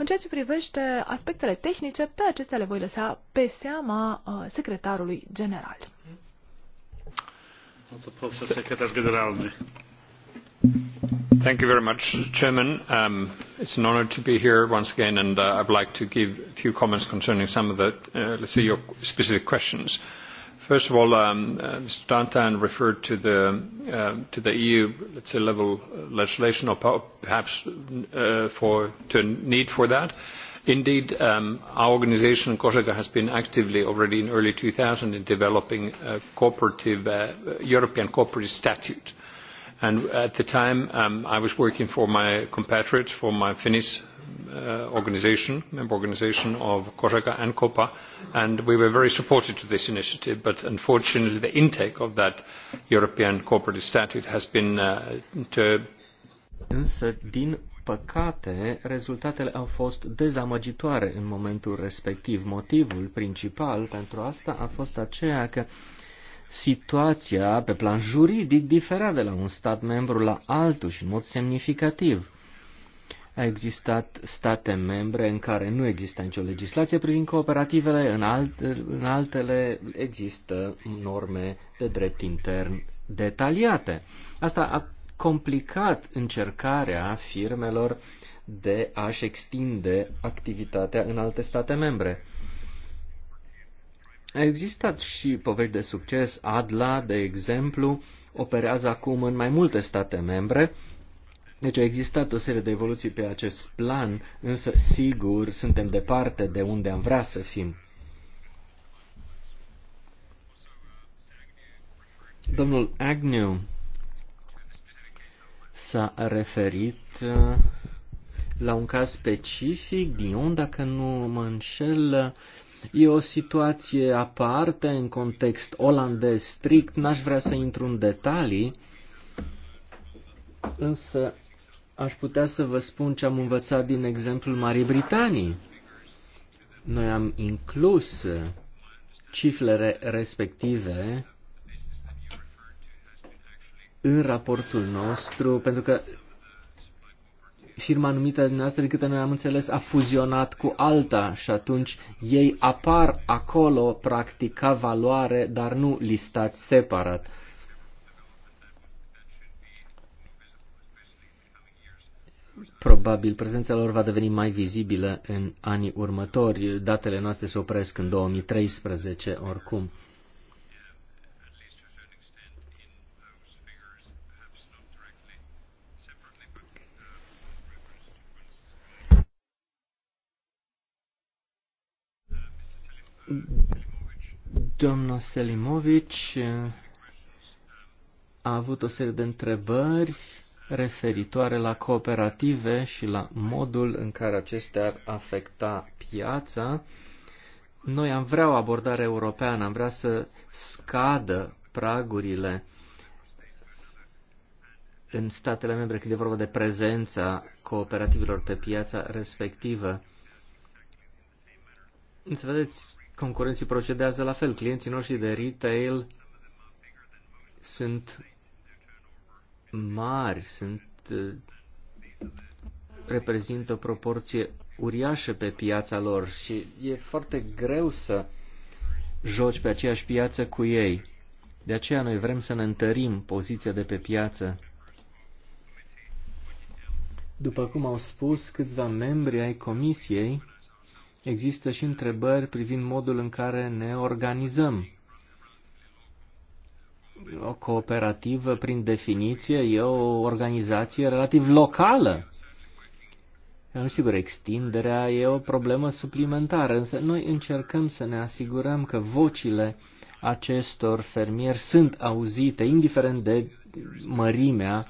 În ceea ce privește aspectele tehnice, pe acestea le voi lăsa pe seama uh, secretarului general. Thank you very much, Chairman. Um, it's an honor to be here once again, and uh, I'd like to give a few comments concerning some of the, uh, let's say, your specific questions. Uh, First of all, um, uh, Mr. Dantan referred to the, uh, to the EU, let's say, level legislation, or perhaps uh, for, to a need for that. Indeed, um, our organisation, COSAGA, has been actively already in early 2000 in developing a cooperative, uh, European cooperative statute. And at the time, um, I was working for my compatriot, for my Finnish uh, organization, member organisation of coreca and COPA, and we were very supportive of this initiative, but unfortunately the intake of that European Cooperative Statute has been... Uh, Însă, din păcate, rezultatele au fost dezamăgitoare în momentul respectiv. Motivul principal pentru asta a fost aceea că situația pe plan juridic diferea de la un stat membru la altul și în mod semnificativ. A existat state membre în care nu există nicio legislație privind cooperativele, în, alte, în altele există norme de drept intern detaliate. Asta a complicat încercarea firmelor de a-și extinde activitatea în alte state membre. A existat și povești de succes. Adla, de exemplu, operează acum în mai multe state membre deci a existat o serie de evoluții pe acest plan, însă sigur suntem departe de unde am vrea să fim. Domnul Agnew s-a referit uh, la un caz specific, Dion, dacă nu mă înșel, e o situație aparte în context olandez strict, n-aș vrea să intru în detalii, Însă aș putea să vă spun ce am învățat din exemplul Marii Britanii. Noi am inclus cifrele respective în raportul nostru, pentru că firma numită dumneavoastră, de câte noi am înțeles, a fuzionat cu alta și atunci ei apar acolo, practic, ca valoare, dar nu listați separat. Probabil prezența lor va deveni mai vizibilă în anii următori. Datele noastre se opresc în 2013 oricum. Domnul Selimovic uh, a avut o serie de întrebări referitoare la cooperative și la modul în care acestea ar afecta piața. Noi am vrea o abordare europeană, am vrea să scadă pragurile în statele membre când e vorba de prezența cooperativelor pe piața respectivă. Să vedeți, concurenții procedează la fel. Clienții noștri de retail sunt mari, sunt eh, reprezintă o proporție uriașă pe piața lor și e foarte greu să joci pe aceeași piață cu ei. De aceea noi vrem să ne întărim poziția de pe piață. După cum au spus câțiva membri ai comisiei, există și întrebări privind modul în care ne organizăm o cooperativă, prin definiție, e o organizație relativ locală. Nu sigur, extinderea e o problemă suplimentară, însă noi încercăm să ne asigurăm că vocile acestor fermieri sunt auzite, indiferent de mărimea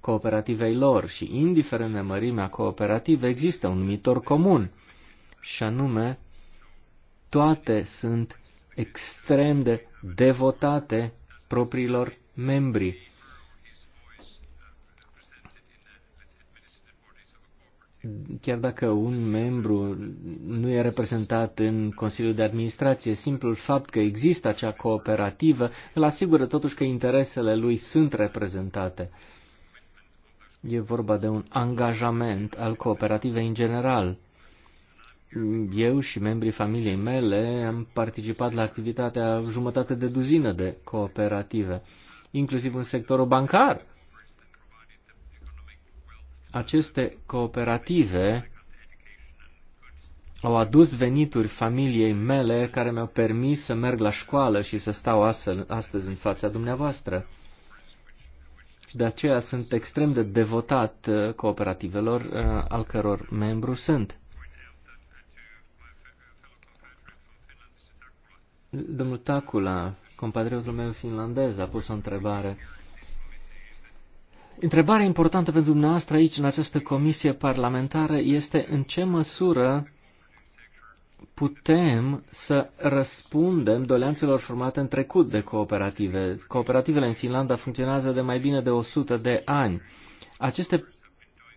cooperativei lor și indiferent de mărimea cooperativei există un numitor comun și anume toate sunt extrem de devotate propriilor membri. Chiar dacă un membru nu e reprezentat în Consiliul de Administrație, simplul fapt că există acea cooperativă îl asigură totuși că interesele lui sunt reprezentate. E vorba de un angajament al cooperativei în general eu și membrii familiei mele am participat la activitatea jumătate de duzină de cooperative, inclusiv în sectorul bancar. Aceste cooperative au adus venituri familiei mele care mi-au permis să merg la școală și să stau astfel, astăzi în fața dumneavoastră. Și de aceea sunt extrem de devotat uh, cooperativelor uh, al căror membru sunt. Domnul Tacula, compatriotul meu finlandez, a pus o întrebare. Întrebarea importantă pentru dumneavoastră aici, în această comisie parlamentară, este în ce măsură putem să răspundem doleanțelor formate în trecut de cooperative. Cooperativele în Finlanda funcționează de mai bine de 100 de ani. Aceste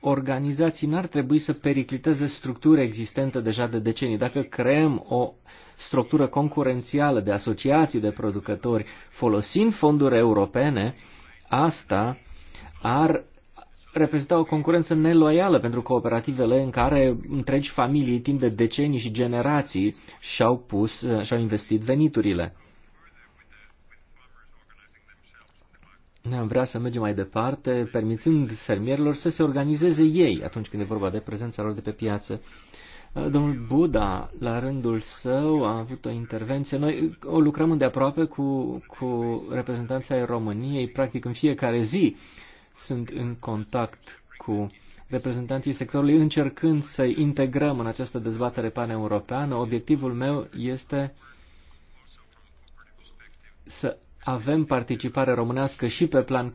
organizații n-ar trebui să pericliteze structuri existente deja de decenii. Dacă creăm o structură concurențială de asociații de producători folosind fonduri europene, asta ar reprezenta o concurență neloială pentru cooperativele în care întregi familii timp de decenii și generații și-au pus, și-au investit veniturile. ne-am vrea să mergem mai departe, permițând fermierilor să se organizeze ei atunci când e vorba de prezența lor de pe piață. Uh, domnul Buda, la rândul său, a avut o intervenție. Noi uh, o lucrăm îndeaproape cu, cu reprezentanța României, practic în fiecare zi sunt în contact cu reprezentanții sectorului, încercând să integrăm în această dezbatere paneuropeană. Obiectivul meu este să avem participare românească și pe plan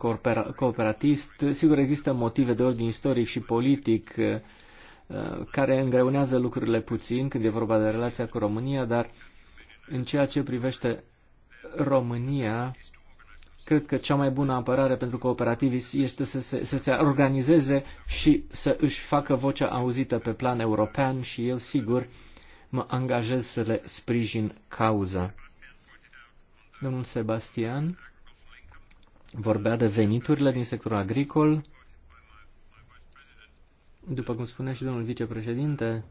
cooperativ. Sigur, există motive de ordin istoric și politic uh, care îngreunează lucrurile puțin când e vorba de relația cu România, dar în ceea ce privește România, cred că cea mai bună apărare pentru cooperativi este să se, să se organizeze și să își facă vocea auzită pe plan european și eu, sigur, mă angajez să le sprijin cauza. Domnul Sebastian vorbea de veniturile din sectorul agricol. După cum spune și domnul vicepreședinte,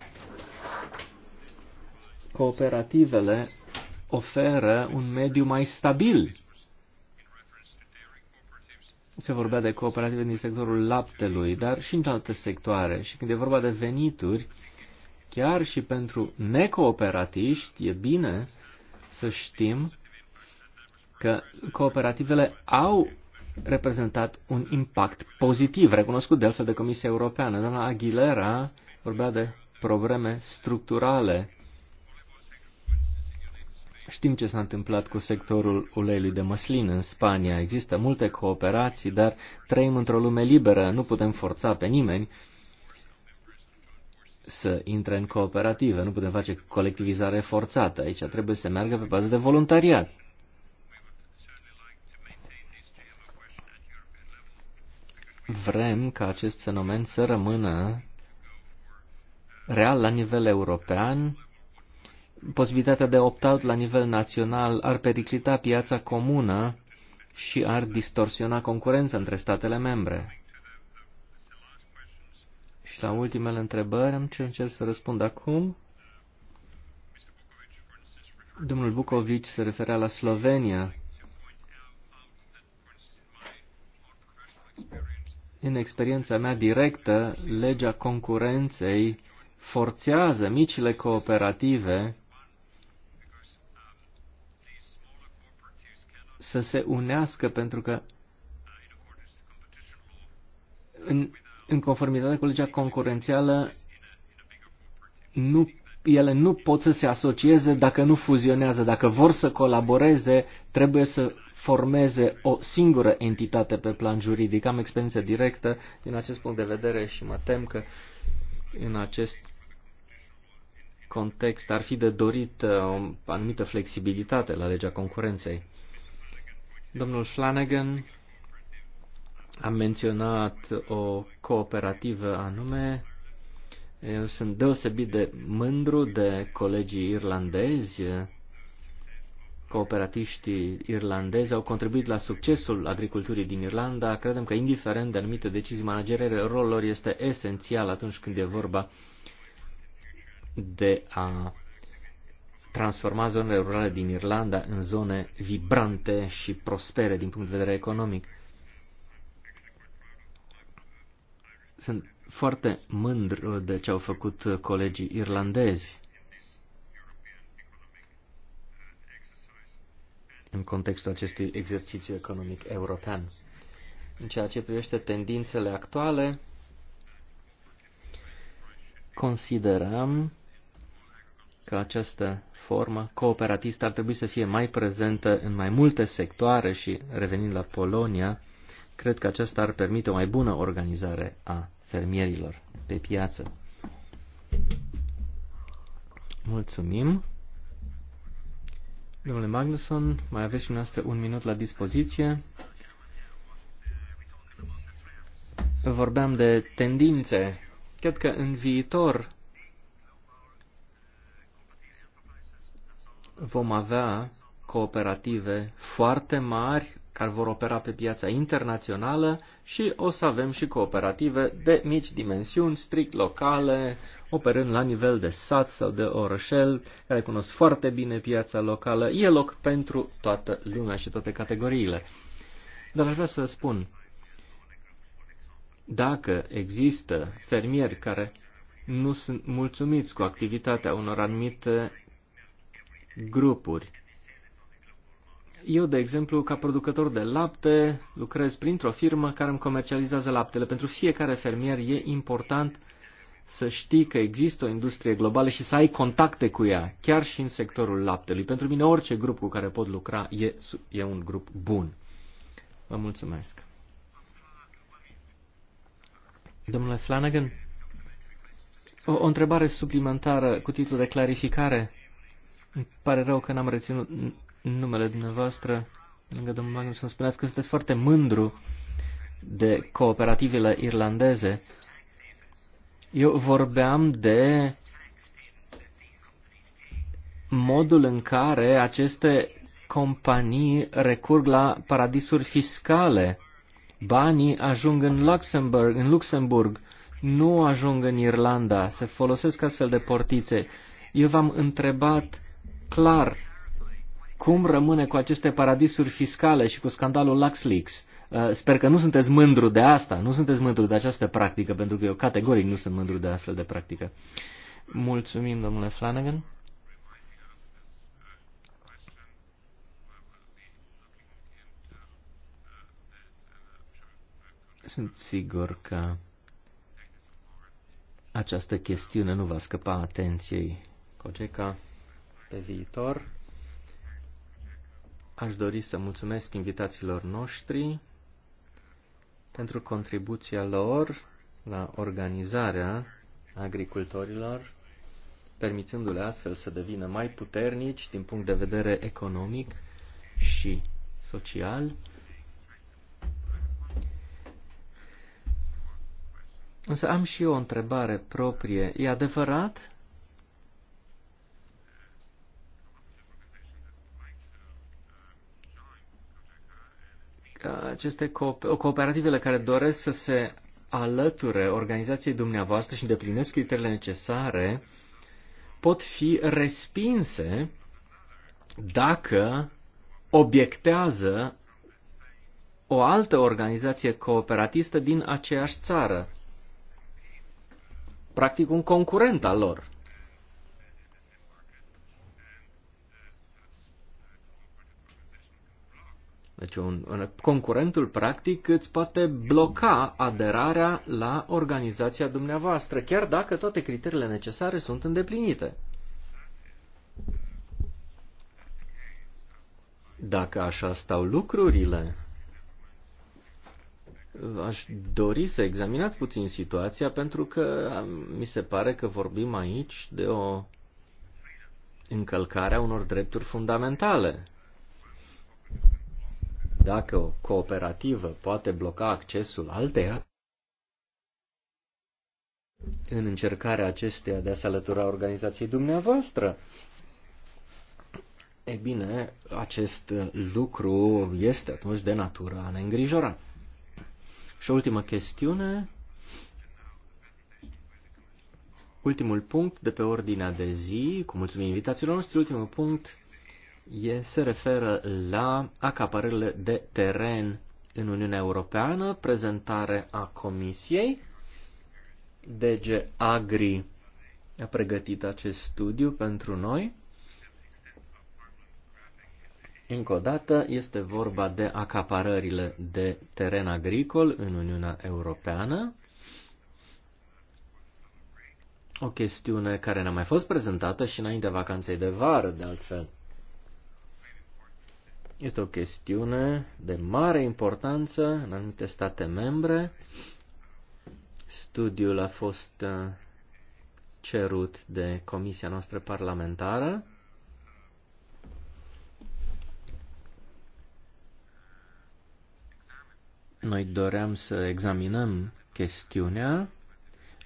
cooperativele oferă un mediu mai stabil. Se vorbea de cooperative din sectorul laptelui, dar și în alte sectoare. Și când e vorba de venituri, chiar și pentru necooperatiști, e bine să știm că cooperativele au reprezentat un impact pozitiv, recunoscut de altfel de Comisia Europeană. Doamna Aguilera vorbea de probleme structurale. Știm ce s-a întâmplat cu sectorul uleiului de măslin în Spania. Există multe cooperații, dar trăim într-o lume liberă, nu putem forța pe nimeni să intre în cooperative, nu putem face colectivizare forțată. Aici trebuie să meargă pe bază de voluntariat. vrem ca acest fenomen să rămână real la nivel european, posibilitatea de opt-out la nivel național ar periclita piața comună și ar distorsiona concurența între statele membre. Și la ultimele întrebări am ce încerc să răspund acum. Domnul Bucovici se referea la Slovenia. În experiența mea directă, legea concurenței forțează micile cooperative să se unească pentru că în, în conformitate cu legea concurențială nu, ele nu pot să se asocieze dacă nu fuzionează. Dacă vor să colaboreze, trebuie să formeze o singură entitate pe plan juridic. Am experiență directă din acest punct de vedere și mă tem că în acest context ar fi de dorit uh, o anumită flexibilitate la legea concurenței. Domnul Flanagan a menționat o cooperativă anume. Eu sunt deosebit de mândru de colegii irlandezi cooperatiștii irlandezi au contribuit la succesul agriculturii din Irlanda. Credem că, indiferent de anumite decizii manageriere, rolul lor este esențial atunci când e vorba de a transforma zonele rurale din Irlanda în zone vibrante și prospere din punct de vedere economic. Sunt foarte mândru de ce au făcut colegii irlandezi în contextul acestui exercițiu economic european. În ceea ce privește tendințele actuale, considerăm că această formă cooperatistă ar trebui să fie mai prezentă în mai multe sectoare și, revenind la Polonia, cred că aceasta ar permite o mai bună organizare a fermierilor pe piață. Mulțumim! Domnule Magnusson, mai aveți și noastră un minut la dispoziție. Vorbeam de tendințe. Cred că în viitor vom avea cooperative foarte mari care vor opera pe piața internațională și o să avem și cooperative de mici dimensiuni, strict locale, operând la nivel de sat sau de orășel, care cunosc foarte bine piața locală. E loc pentru toată lumea și toate categoriile. Dar aș vrea să spun, dacă există fermieri care nu sunt mulțumiți cu activitatea unor anumite grupuri. Eu, de exemplu, ca producător de lapte, lucrez printr-o firmă care îmi comercializează laptele. Pentru fiecare fermier e important să știi că există o industrie globală și să ai contacte cu ea, chiar și în sectorul laptelui. Pentru mine orice grup cu care pot lucra e, e un grup bun. Vă mulțumesc. Domnule Flanagan, o, o întrebare suplimentară cu titlu de clarificare. Îmi pare rău că n-am reținut numele dumneavoastră. Lângă domnul Magnus, îmi spuneați că sunteți foarte mândru de cooperativele irlandeze. Eu vorbeam de modul în care aceste companii recurg la paradisuri fiscale. Banii ajung în Luxemburg, în Luxemburg, nu ajung în Irlanda, se folosesc astfel de portițe. Eu v-am întrebat clar cum rămâne cu aceste paradisuri fiscale și cu scandalul LuxLeaks. Uh, sper că nu sunteți mândru de asta, nu sunteți mândru de această practică, pentru că eu categoric nu sunt mândru de astfel de practică. Mulțumim, domnule Flanagan. Sunt sigur că această chestiune nu va scăpa atenției Cogeca pe viitor. Aș dori să mulțumesc invitațiilor noștri pentru contribuția lor la organizarea agricultorilor, permițându-le astfel să devină mai puternici din punct de vedere economic și social. Însă am și eu o întrebare proprie. E adevărat aceste cooperativele care doresc să se alăture organizației dumneavoastră și îndeplinesc criteriile necesare, pot fi respinse dacă obiectează o altă organizație cooperatistă din aceeași țară, practic un concurent al lor. Deci un, un, concurentul practic îți poate bloca aderarea la organizația dumneavoastră, chiar dacă toate criteriile necesare sunt îndeplinite. Dacă așa stau lucrurile, aș dori să examinați puțin situația, pentru că mi se pare că vorbim aici de o încălcare a unor drepturi fundamentale. Dacă o cooperativă poate bloca accesul alteia, în încercarea acesteia de a se alătura organizației dumneavoastră, e bine, acest lucru este atunci de natură a ne îngrijora. Și ultima chestiune, ultimul punct de pe ordinea de zi, cu mulțumim invitațiilor noștri, ultimul punct e, se referă la acaparările de teren în Uniunea Europeană, prezentare a Comisiei. DG Agri a pregătit acest studiu pentru noi. Încă o dată, este vorba de acaparările de teren agricol în Uniunea Europeană. O chestiune care ne-a mai fost prezentată și înaintea vacanței de vară, de altfel. Este o chestiune de mare importanță în anumite state membre. Studiul a fost uh, cerut de comisia noastră parlamentară. Noi doream să examinăm chestiunea.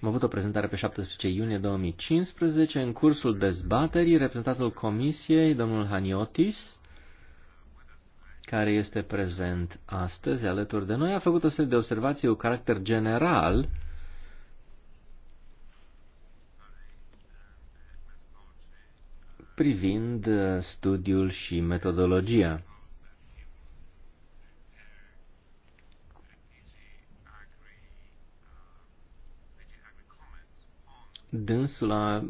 Am avut o prezentare pe 17 iunie 2015. În cursul dezbaterii, reprezentantul comisiei, domnul Haniotis, care este prezent astăzi alături de noi, a făcut o serie de observații cu caracter general privind uh, studiul și metodologia. dânsul a,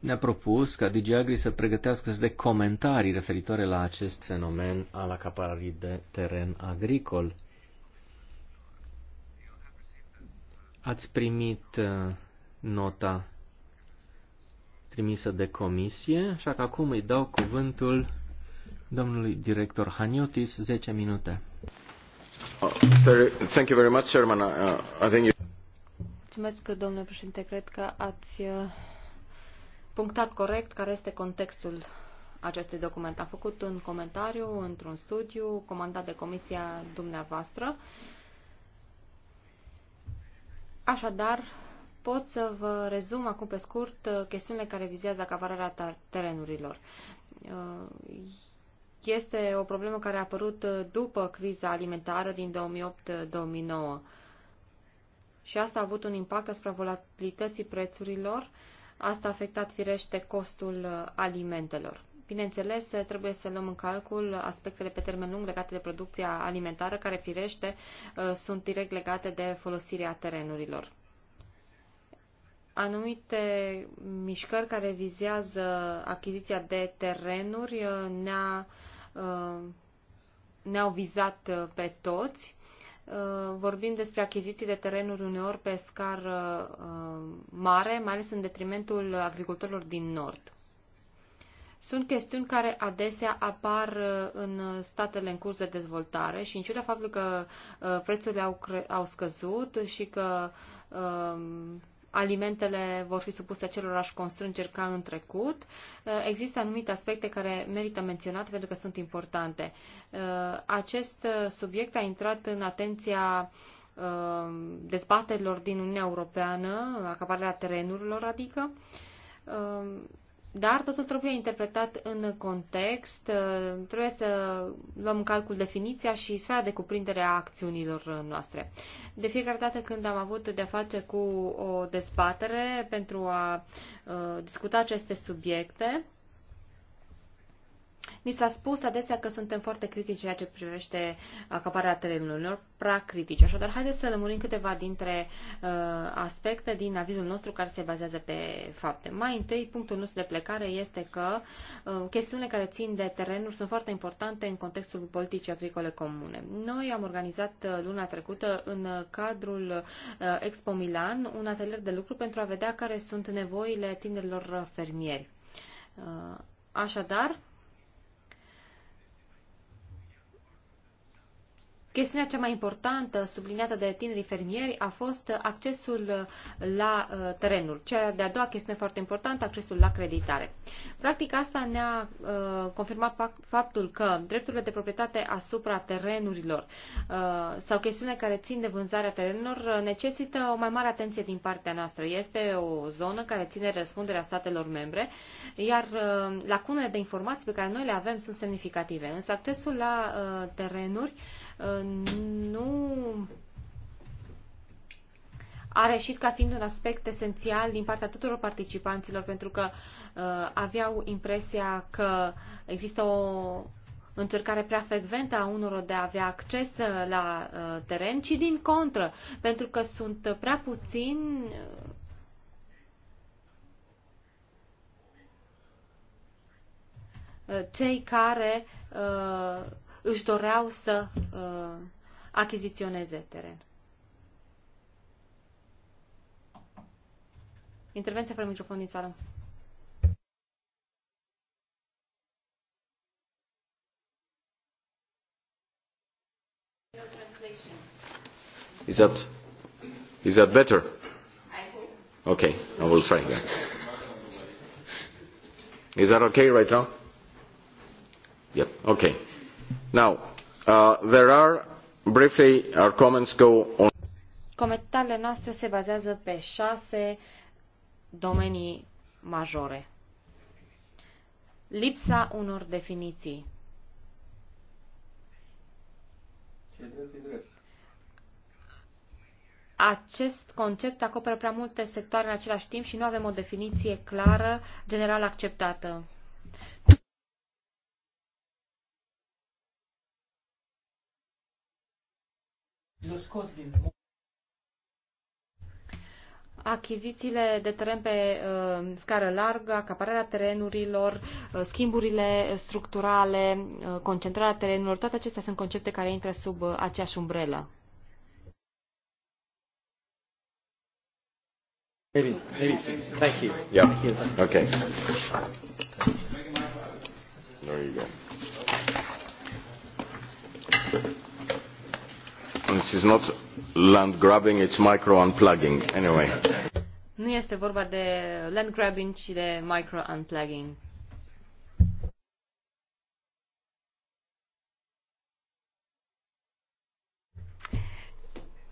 ne-a propus ca DigiAgri să pregătească să de comentarii referitoare la acest fenomen al acapararii de teren agricol. Ați primit uh, nota trimisă de comisie, așa că acum îi dau cuvântul domnului director Haniotis, 10 minute. Oh, thank you very much, Chairman. Uh, I think you... Mulțumesc, domnule președinte. Cred că ați uh, punctat corect care este contextul acestui document. A făcut un comentariu într-un studiu comandat de comisia dumneavoastră. Așadar, pot să vă rezum acum pe scurt uh, chestiunile care vizează acapararea terenurilor. Uh, este o problemă care a apărut după criza alimentară din 2008-2009 și asta a avut un impact asupra volatilității prețurilor, asta a afectat firește costul uh, alimentelor. Bineînțeles, uh, trebuie să luăm în calcul aspectele pe termen lung legate de producția alimentară, care firește uh, sunt direct legate de folosirea terenurilor. Anumite mișcări care vizează achiziția de terenuri ne au ne-au vizat pe toți Uh, vorbim despre achiziții de terenuri uneori pe scară uh, mare, mai ales în detrimentul agricultorilor din nord. Sunt chestiuni care adesea apar uh, în statele în curs de dezvoltare și în ciuda faptului că prețurile au, au scăzut și că alimentele vor fi supuse acelorași constrângeri ca în trecut. Eh, există anumite aspecte care merită menționate pentru că sunt importante. Eh, acest eh, subiect a intrat în atenția dezbaterilor din Uniunea Europeană, acaparea terenurilor, adică, dar totul trebuie interpretat în context, uh, trebuie să luăm în calcul definiția și sfera de cuprindere a acțiunilor noastre. De fiecare dată când am avut de-a face cu o dezbatere pentru a uh, discuta aceste subiecte, Ni s-a spus adesea că suntem foarte critici ceea ce privește acapararea terenurilor, prea critici. Așadar, haideți să lămurim câteva dintre uh, aspecte din avizul nostru care se bazează pe fapte. Mai întâi, punctul nostru de plecare este că uh, chestiunile care țin de terenuri sunt foarte importante în contextul politicii agricole comune. Noi am organizat uh, luna trecută în cadrul uh, Expo Milan un atelier de lucru pentru a vedea care sunt nevoile tinerilor fermieri. Uh, așadar, Chestiunea cea mai importantă subliniată de tinerii fermieri a fost accesul la uh, terenul. Cea de-a doua chestiune foarte importantă, accesul la creditare. Practic asta ne-a uh, confirmat faptul că drepturile de proprietate asupra terenurilor uh, sau chestiunile care țin de vânzarea terenurilor necesită o mai mare atenție din partea noastră. Este o zonă care ține răspunderea statelor membre, iar lacunele de informații pe care noi le avem sunt semnificative. Însă accesul la terenuri Uh, nu a reșit ca fiind un aspect esențial din partea tuturor participanților, pentru că uh, aveau impresia că există o încercare prea frecventă a unor de a avea acces la uh, teren, ci din contră, pentru că sunt prea puțini uh, cei care uh, își doreau să uh, achiziționeze teren. Intervenția fără microfon din sală. Is that is that better? Okay, I will try again. Is that okay right now? Yep. Okay. Now, uh, there are briefly our comments go on. Comentariile noastre se bazează pe șase domenii majore. Lipsa unor definiții. Acest concept acoperă prea multe sectoare în același timp și nu avem o definiție clară, general acceptată. achizițiile de teren pe uh, scară largă, acapararea terenurilor, uh, schimburile structurale, uh, concentrarea terenurilor, toate acestea sunt concepte care intră sub uh, aceeași umbrelă. Maybe, maybe. Thank you. Yeah. Thank you. Okay. There you go. Nu este vorba de land grabbing, ci de micro unplugging.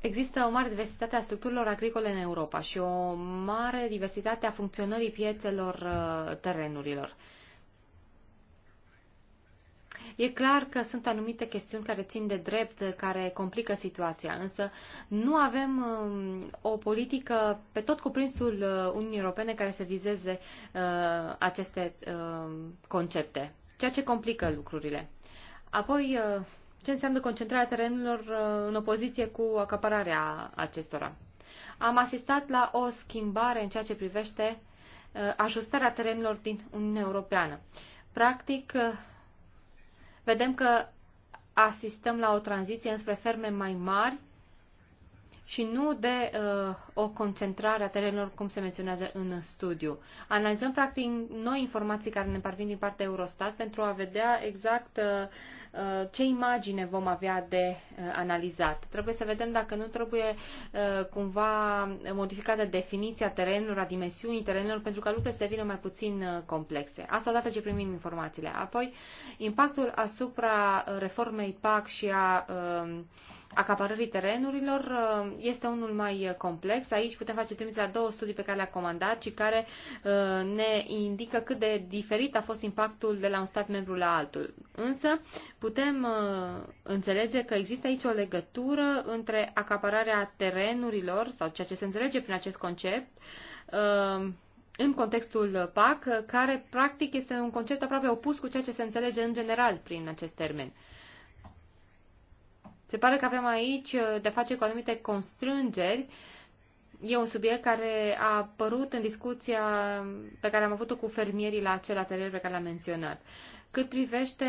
Există o mare diversitate a structurilor agricole în Europa și o mare diversitate a funcționării piețelor uh, terenurilor. E clar că sunt anumite chestiuni care țin de drept, care complică situația, însă nu avem um, o politică pe tot cuprinsul uh, Uniunii Europene care să vizeze uh, aceste um, concepte, ceea ce complică lucrurile. Apoi, uh, ce înseamnă concentrarea terenurilor în opoziție cu acapararea acestora. Am asistat la o schimbare în ceea ce privește ajustarea terenurilor din Uniunea Europeană. Practic, vedem că asistăm la o tranziție înspre ferme mai mari și nu de uh, o concentrare a terenurilor, cum se menționează în studiu. Analizăm, practic, noi informații care ne parvin din partea Eurostat pentru a vedea exact uh, uh ce imagine vom avea de uh, analizat. Trebuie să vedem dacă nu trebuie uh, cumva modificată definiția terenurilor, a dimensiunii terenurilor, pentru ca lucrurile să devină mai puțin uh, complexe. Asta odată ce primim informațiile. Apoi, impactul asupra uh, reformei PAC și a uh, acaparării terenurilor uh, este unul mai uh, complex. Aici putem face trimitere la două studii pe care le-a comandat și care uh, ne indică cât de diferit a fost impactul de la un stat membru la altul. Însă putem înțelege că există aici o legătură între acapararea terenurilor sau ceea ce se înțelege prin acest concept în contextul PAC, care practic este un concept aproape opus cu ceea ce se înțelege în general prin acest termen. Se pare că avem aici uh, de face cu anumite constrângeri. E un subiect care a apărut în discuția pe care am avut-o cu fermierii la acel atelier pe care l-am menționat. Cât privește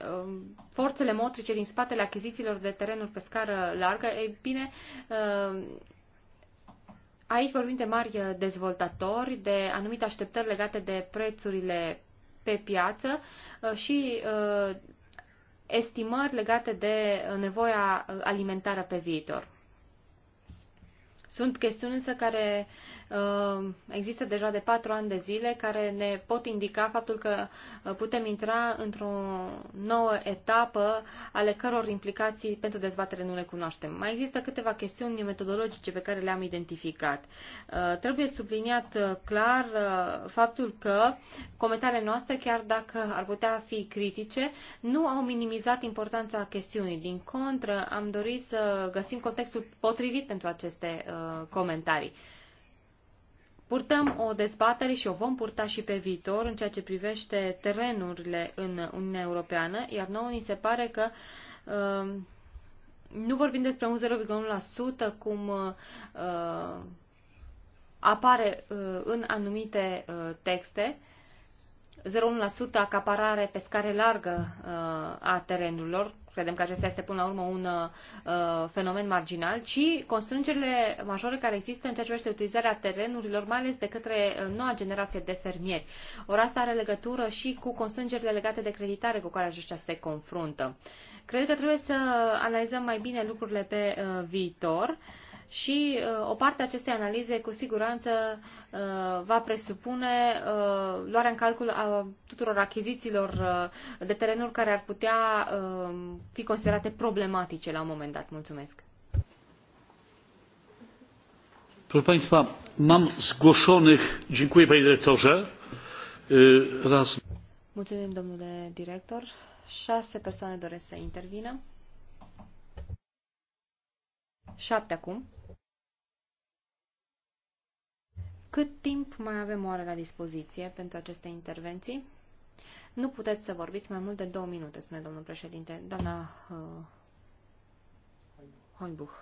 uh, forțele motrice din spatele achizițiilor de terenuri pe scară largă, ei bine, uh, aici vorbim de mari uh, dezvoltatori, de anumite așteptări legate de prețurile pe piață uh, și estimări legate de uh, nevoia uh, alimentară pe viitor. Sunt chestiuni însă care Uh, există deja de patru ani de zile care ne pot indica faptul că uh, putem intra într-o nouă etapă ale căror implicații pentru dezbatere nu le cunoaștem. Mai există câteva chestiuni metodologice pe care le-am identificat. Uh, trebuie subliniat clar faptul că comentariile noastre, chiar dacă ar putea fi critice, nu au minimizat importanța chestiunii. Din contră, am dorit să găsim contextul potrivit pentru aceste comentarii comentarii. Purtăm o dezbatere și o vom purta și pe viitor în ceea ce privește terenurile în Uniunea Europeană, iar nouă ni se pare că uh, nu vorbim despre un 0,1% cum uh, uh, apare uh, în anumite uh, texte, 0,1% acaparare pe scară largă uh, a terenurilor, credem că acesta este până la urmă un uh, fenomen marginal, ci constrângerile majore care există în ceea ce privește utilizarea terenurilor, mai ales de către uh, noua generație de fermieri. Ori asta are legătură și cu constrângerile legate de creditare cu care aceștia se confruntă. Cred că trebuie să analizăm mai bine lucrurile pe uh, viitor. Uh, și uh, o parte a acestei analize cu siguranță uh, va presupune uh, luarea în calcul a tuturor achizițiilor uh, de terenuri care ar putea uh, fi considerate problematice la un moment dat. Mulțumesc. Proszę Państwa, mam zgłoszonych, dziękuję Panie Dyrektorze, raz. Mulțumim, domnule director. Șase persoane doresc să intervină. Șapte acum. Cât timp mai avem oare la dispoziție pentru aceste intervenții? Nu puteți să vorbiți mai mult de două minute, spune domnul președinte. Doamna uh, Hoinbuch.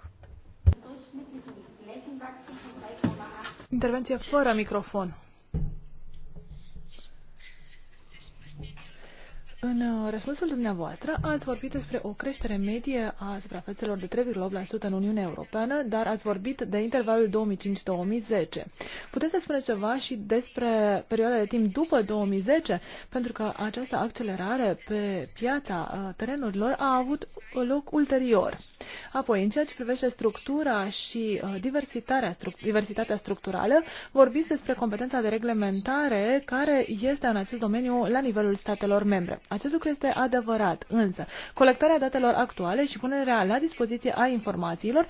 Intervenție fără microfon. În uh, răspunsul dumneavoastră ați vorbit despre o creștere medie a suprafețelor de 3,8% în Uniunea Europeană, dar ați vorbit de intervalul 2005-2010. Puteți să spuneți ceva și despre perioada de timp după 2010, pentru că această accelerare pe piața uh, terenurilor a avut loc ulterior. Apoi, în ceea ce privește structura și uh, diversitatea, diversitatea structurală, vorbiți despre competența de reglementare care este în acest domeniu la nivelul statelor membre. Acest lucru este adevărat, însă colectarea datelor actuale și punerea la dispoziție a informațiilor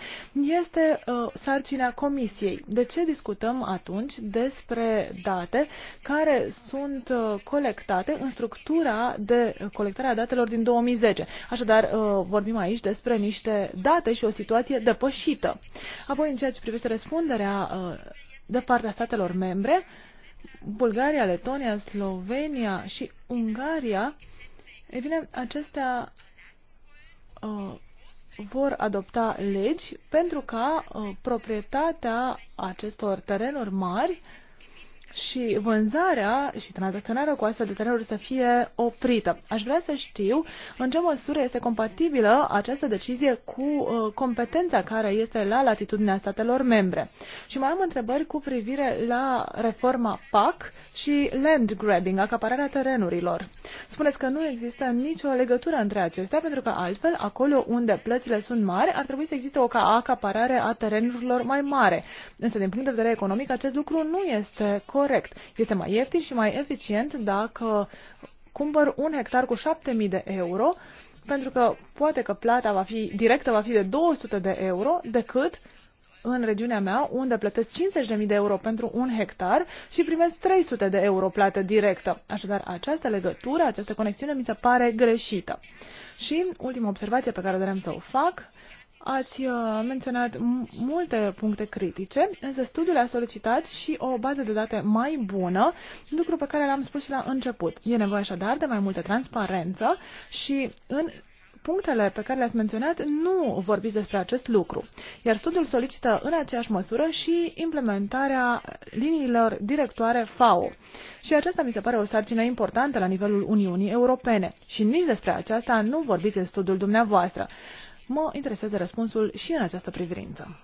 este uh, sarcina Comisiei. De ce discutăm atunci despre date care sunt uh, colectate în structura de colectare a datelor din 2010? Așadar, uh, vorbim aici despre niște date și o situație depășită. Apoi, în ceea ce privește răspunderea uh, de partea statelor membre, Bulgaria, Letonia, Slovenia și Ungaria, e bine, acestea uh, vor adopta legi pentru ca uh, proprietatea acestor terenuri mari și vânzarea și tranzacționarea cu astfel de terenuri să fie oprită. Aș vrea să știu în ce măsură este compatibilă această decizie cu uh, competența care este la latitudinea statelor membre. Și mai am întrebări cu privire la reforma PAC și land grabbing, acapararea terenurilor. Spuneți că nu există nicio legătură între acestea, pentru că altfel, acolo unde plățile sunt mari, ar trebui să existe o acaparare a terenurilor mai mare. Însă, din punct de vedere economic, acest lucru nu este corect corect. Este mai ieftin și mai eficient dacă cumpăr un hectar cu 7.000 de euro, pentru că poate că plata va fi directă va fi de 200 de euro, decât în regiunea mea, unde plătesc 50.000 de euro pentru un hectar și primesc 300 de euro plată directă. Așadar, această legătură, această conexiune mi se pare greșită. Și ultima observație pe care vrem să o fac Ați uh, menționat multe puncte critice, însă studiul a solicitat și o bază de date mai bună, lucru pe care l-am spus și la început. E nevoie așadar de mai multă transparență și în punctele pe care le-ați menționat nu vorbiți despre acest lucru, iar studiul solicită în aceeași măsură și implementarea liniilor directoare FAO. Și aceasta mi se pare o sarcină importantă la nivelul Uniunii Europene și nici despre aceasta nu vorbiți în studiul dumneavoastră. Mă interesează răspunsul și în această privință.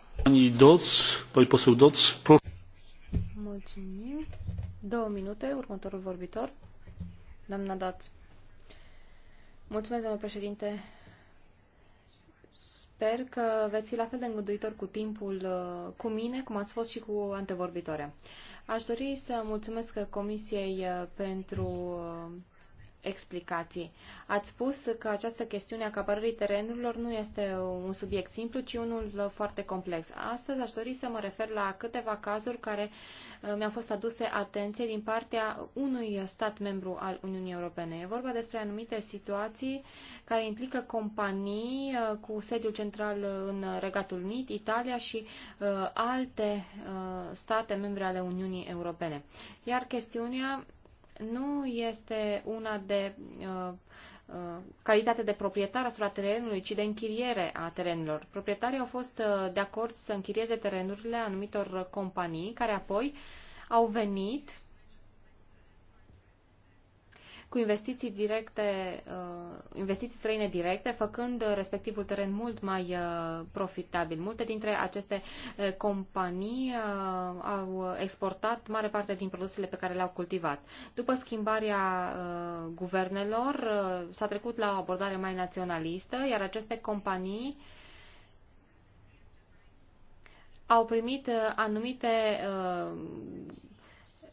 Mulțumim. Două minute, următorul vorbitor. Doamna Doț. Mulțumesc, domnul președinte. Sper că veți fi la fel de îngăduitor cu timpul uh, cu mine, cum ați fost și cu antevorbitoarea. Aș dori să mulțumesc Comisiei uh, pentru uh, explicații. Ați spus că această chestiune a acapărării terenurilor nu este un subiect simplu, ci unul uh, foarte complex. Astăzi aș dori să mă refer la câteva cazuri care uh, mi-au fost aduse atenție din partea unui stat membru al Uniunii Europene. E vorba despre anumite situații care implică companii uh, cu sediul central în Regatul Unit, Italia și alte state membre ale Uniunii Europene. Iar chestiunea nu este una de uh, uh, calitate de proprietar asupra terenului, ci de închiriere a terenurilor. Proprietarii au fost uh, de acord să închirieze terenurile anumitor companii care apoi au venit cu investiții directe, uh, investiții străine directe, făcând uh, respectivul teren mult mai uh, profitabil. Multe dintre aceste companii au exportat mare parte din produsele pe care le-au cultivat. După schimbarea guvernelor, s-a trecut la o abordare mai naționalistă, iar aceste companii au primit anumite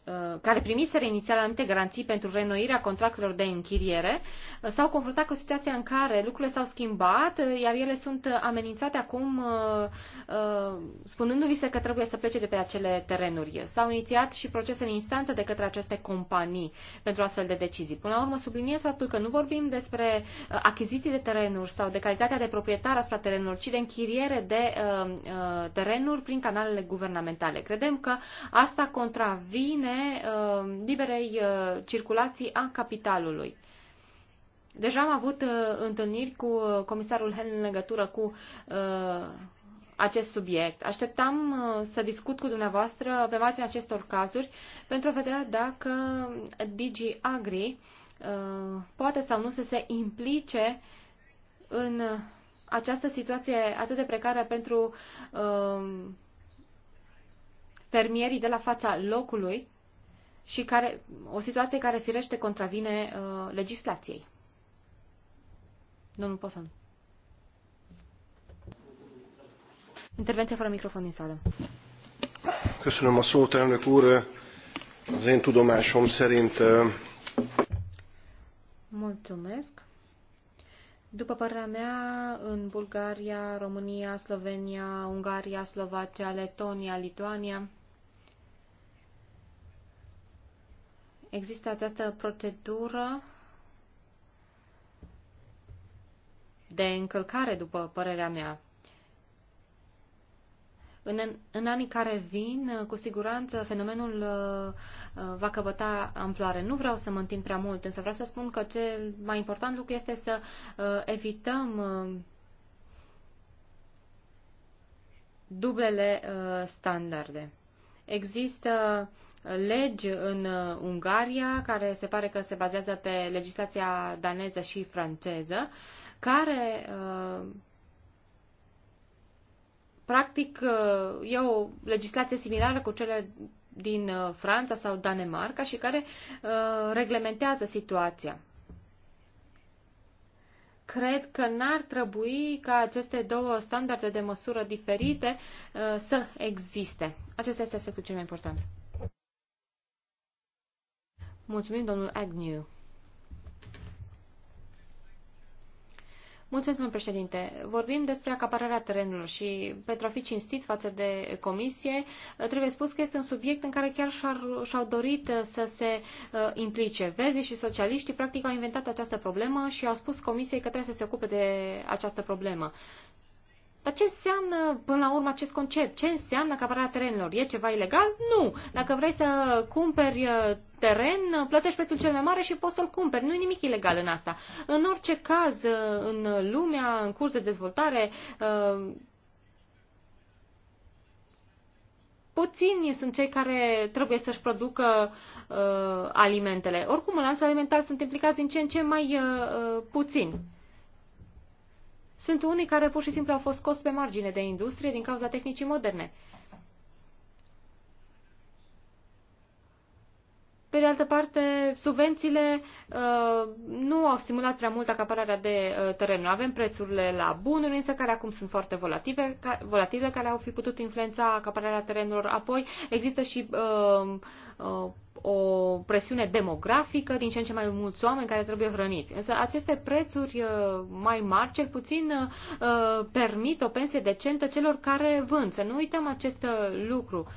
Uh, care primiseră inițial anumite garanții pentru renoirea contractelor de închiriere, uh, s-au confruntat cu situația în care lucrurile s-au schimbat, uh, iar ele sunt amenințate acum, spunându-vi se că trebuie să plece de pe acele terenuri. S-au inițiat și procese în instanță de către aceste companii pentru astfel de decizii. Până la urmă, subliniez faptul că nu vorbim despre achiziții de terenuri sau de calitatea de proprietar asupra terenurilor, ci de închiriere de terenuri prin canalele guvernamentale. Credem că asta contravine Uh, liberei uh, circulații a capitalului. Deja am avut uh, întâlniri cu comisarul Hen în legătură cu acest subiect. Așteptam să discut cu dumneavoastră pe marginea acestor cazuri pentru a vedea dacă Digi Agri poate sau nu să se implice în această situație atât de precară pentru fermierii de la fața locului și care, o situație care firește contravine uh, legislației. Domnul Poson. Intervenție fără microfon din sală. Köszönöm a szót, elnök úr. Az én tudomásom szerint... Uh, Mulțumesc. După părerea mea, în Bulgaria, România, Slovenia, Ungaria, Slovacia, Letonia, Lituania, Există această procedură de încălcare, după părerea mea. În, în anii care vin, cu siguranță, fenomenul uh, uh, va căpăta amploare. Nu vreau să mă întind prea mult, însă vreau să spun că cel mai important lucru este să uh, evităm uh, dublele uh, standarde. Există uh, legi în uh, Ungaria, care se pare că se bazează pe legislația daneză și franceză, care uh, practic uh, e o legislație similară cu cele din Franța sau Danemarca și care reglementează situația cred că n-ar trebui ca aceste două standarde de măsură diferite uh, să existe. Acesta este aspectul cel mai important. Mulțumim, domnul Agnew. Mulțumesc, domnul președinte. Vorbim despre acapararea terenurilor și, pentru a fi cinstit față de comisie, trebuie spus că este un subiect în care chiar și-au dorit uh, să se uh, implice. Verzii și socialiștii, practic, au inventat această problemă și au spus comisiei că trebuie să se ocupe de această problemă. Dar ce înseamnă, până la urmă, acest concept? Ce înseamnă acapararea terenilor? E ceva ilegal? Nu! Dacă vrei să cumperi uh, teren, plătești prețul cel mai mare și poți să-l cumperi. Nu e nimic ilegal în asta. În orice caz, uh, în lumea, în curs de dezvoltare, uh, puțini sunt cei care trebuie să-și producă alimentele. Oricum, în lanțul alimentar sunt implicați din ce în ce mai puțini. Sunt unii care pur și simplu au fost scoși pe margine de industrie din cauza tehnicii moderne. Pe de altă parte, subvențiile uh, nu au stimulat prea mult acapararea de uh, terenuri. Avem prețurile la bunuri, însă care acum sunt foarte volatile, ca, volatile care au fi putut influența acapararea terenurilor. Apoi există și uh, uh, o presiune demografică, din ce în ce mai mulți oameni care trebuie hrăniți. Însă aceste prețuri uh, mai mari, cel puțin, uh, permit o pensie decentă celor care vând. Să nu uităm acest uh, lucru. Uh,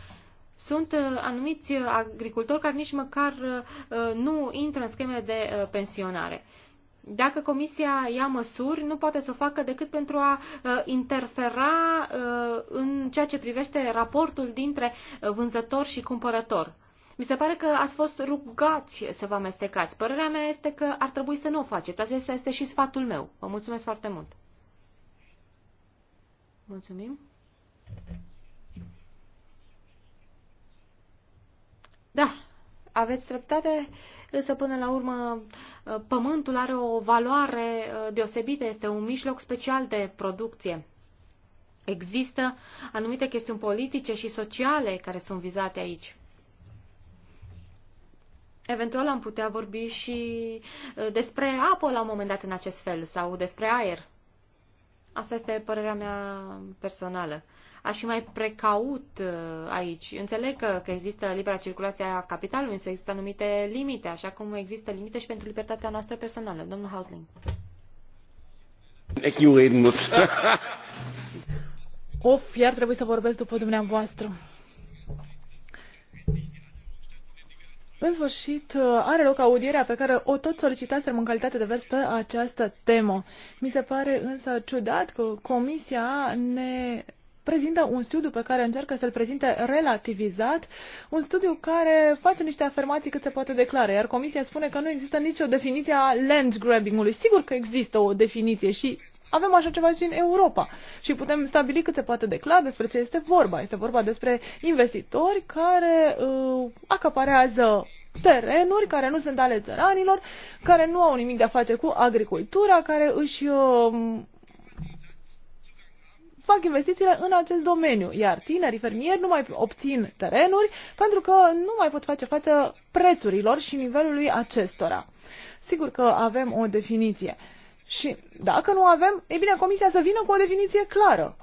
sunt uh, anumiți uh, agricultori care nici măcar uh, nu intră în scheme de pensionare. Dacă Comisia ia măsuri, nu poate să o facă decât pentru a interfera în ceea ce privește raportul dintre vânzător și cumpărător. Mi se pare că ați fost rugați să vă amestecați. Părerea mea este că ar trebui să nu o faceți. Acesta este și sfatul meu. Vă mulțumesc foarte mult. Mulțumim. Da, aveți dreptate, însă până la urmă ă, pământul are o valoare ă, deosebită, este un mijloc special de producție. Există anumite chestiuni politice și sociale care sunt vizate aici. Eventual am putea vorbi și ă, despre apă la un moment dat în acest fel sau despre aer. Asta este părerea mea personală aș fi mai precaut uh, aici. Înțeleg că, că există libera circulație a capitalului, însă există anumite limite, așa cum există limite și pentru libertatea noastră personală. Domnul Hausling. of, iar trebuie să vorbesc după dumneavoastră. În sfârșit, uh, are loc audierea pe care o tot solicitasem în calitate de vers pe această temă. Mi se pare însă ciudat că Comisia ne prezintă un studiu pe care încearcă să-l prezinte relativizat, un studiu care face niște afirmații cât se poate declara. iar Comisia spune că nu există nicio definiție a land grabbing-ului. Sigur că există o definiție și avem așa ceva și în Europa și putem stabili cât se poate declara despre ce este vorba. Este vorba despre investitori care uh, acaparează terenuri care nu sunt ale țăranilor, care nu au nimic de a face cu agricultura, care își uh, fac investițiile în acest domeniu, iar tinerii fermieri nu mai obțin terenuri pentru că nu mai pot face față prețurilor și nivelului acestora. Sigur că avem o definiție. Și dacă nu avem, e bine Comisia să vină cu o definiție clară.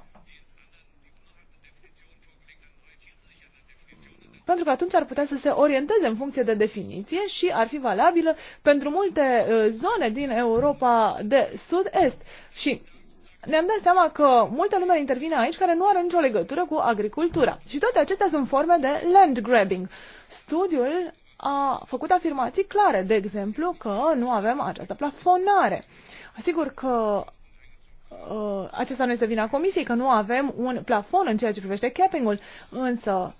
pentru că atunci ar putea să se orienteze în funcție de definiție și ar fi valabilă pentru multe uh, zone din Europa de sud-est. Și ne-am dat seama că multă lume intervine aici care nu are nicio legătură cu agricultura. Și toate acestea sunt forme de land grabbing. Studiul a făcut afirmații clare, de exemplu, că nu avem această plafonare. Asigur că uh, acesta nu este vina Comisiei, că nu avem un plafon în ceea ce privește capping-ul, însă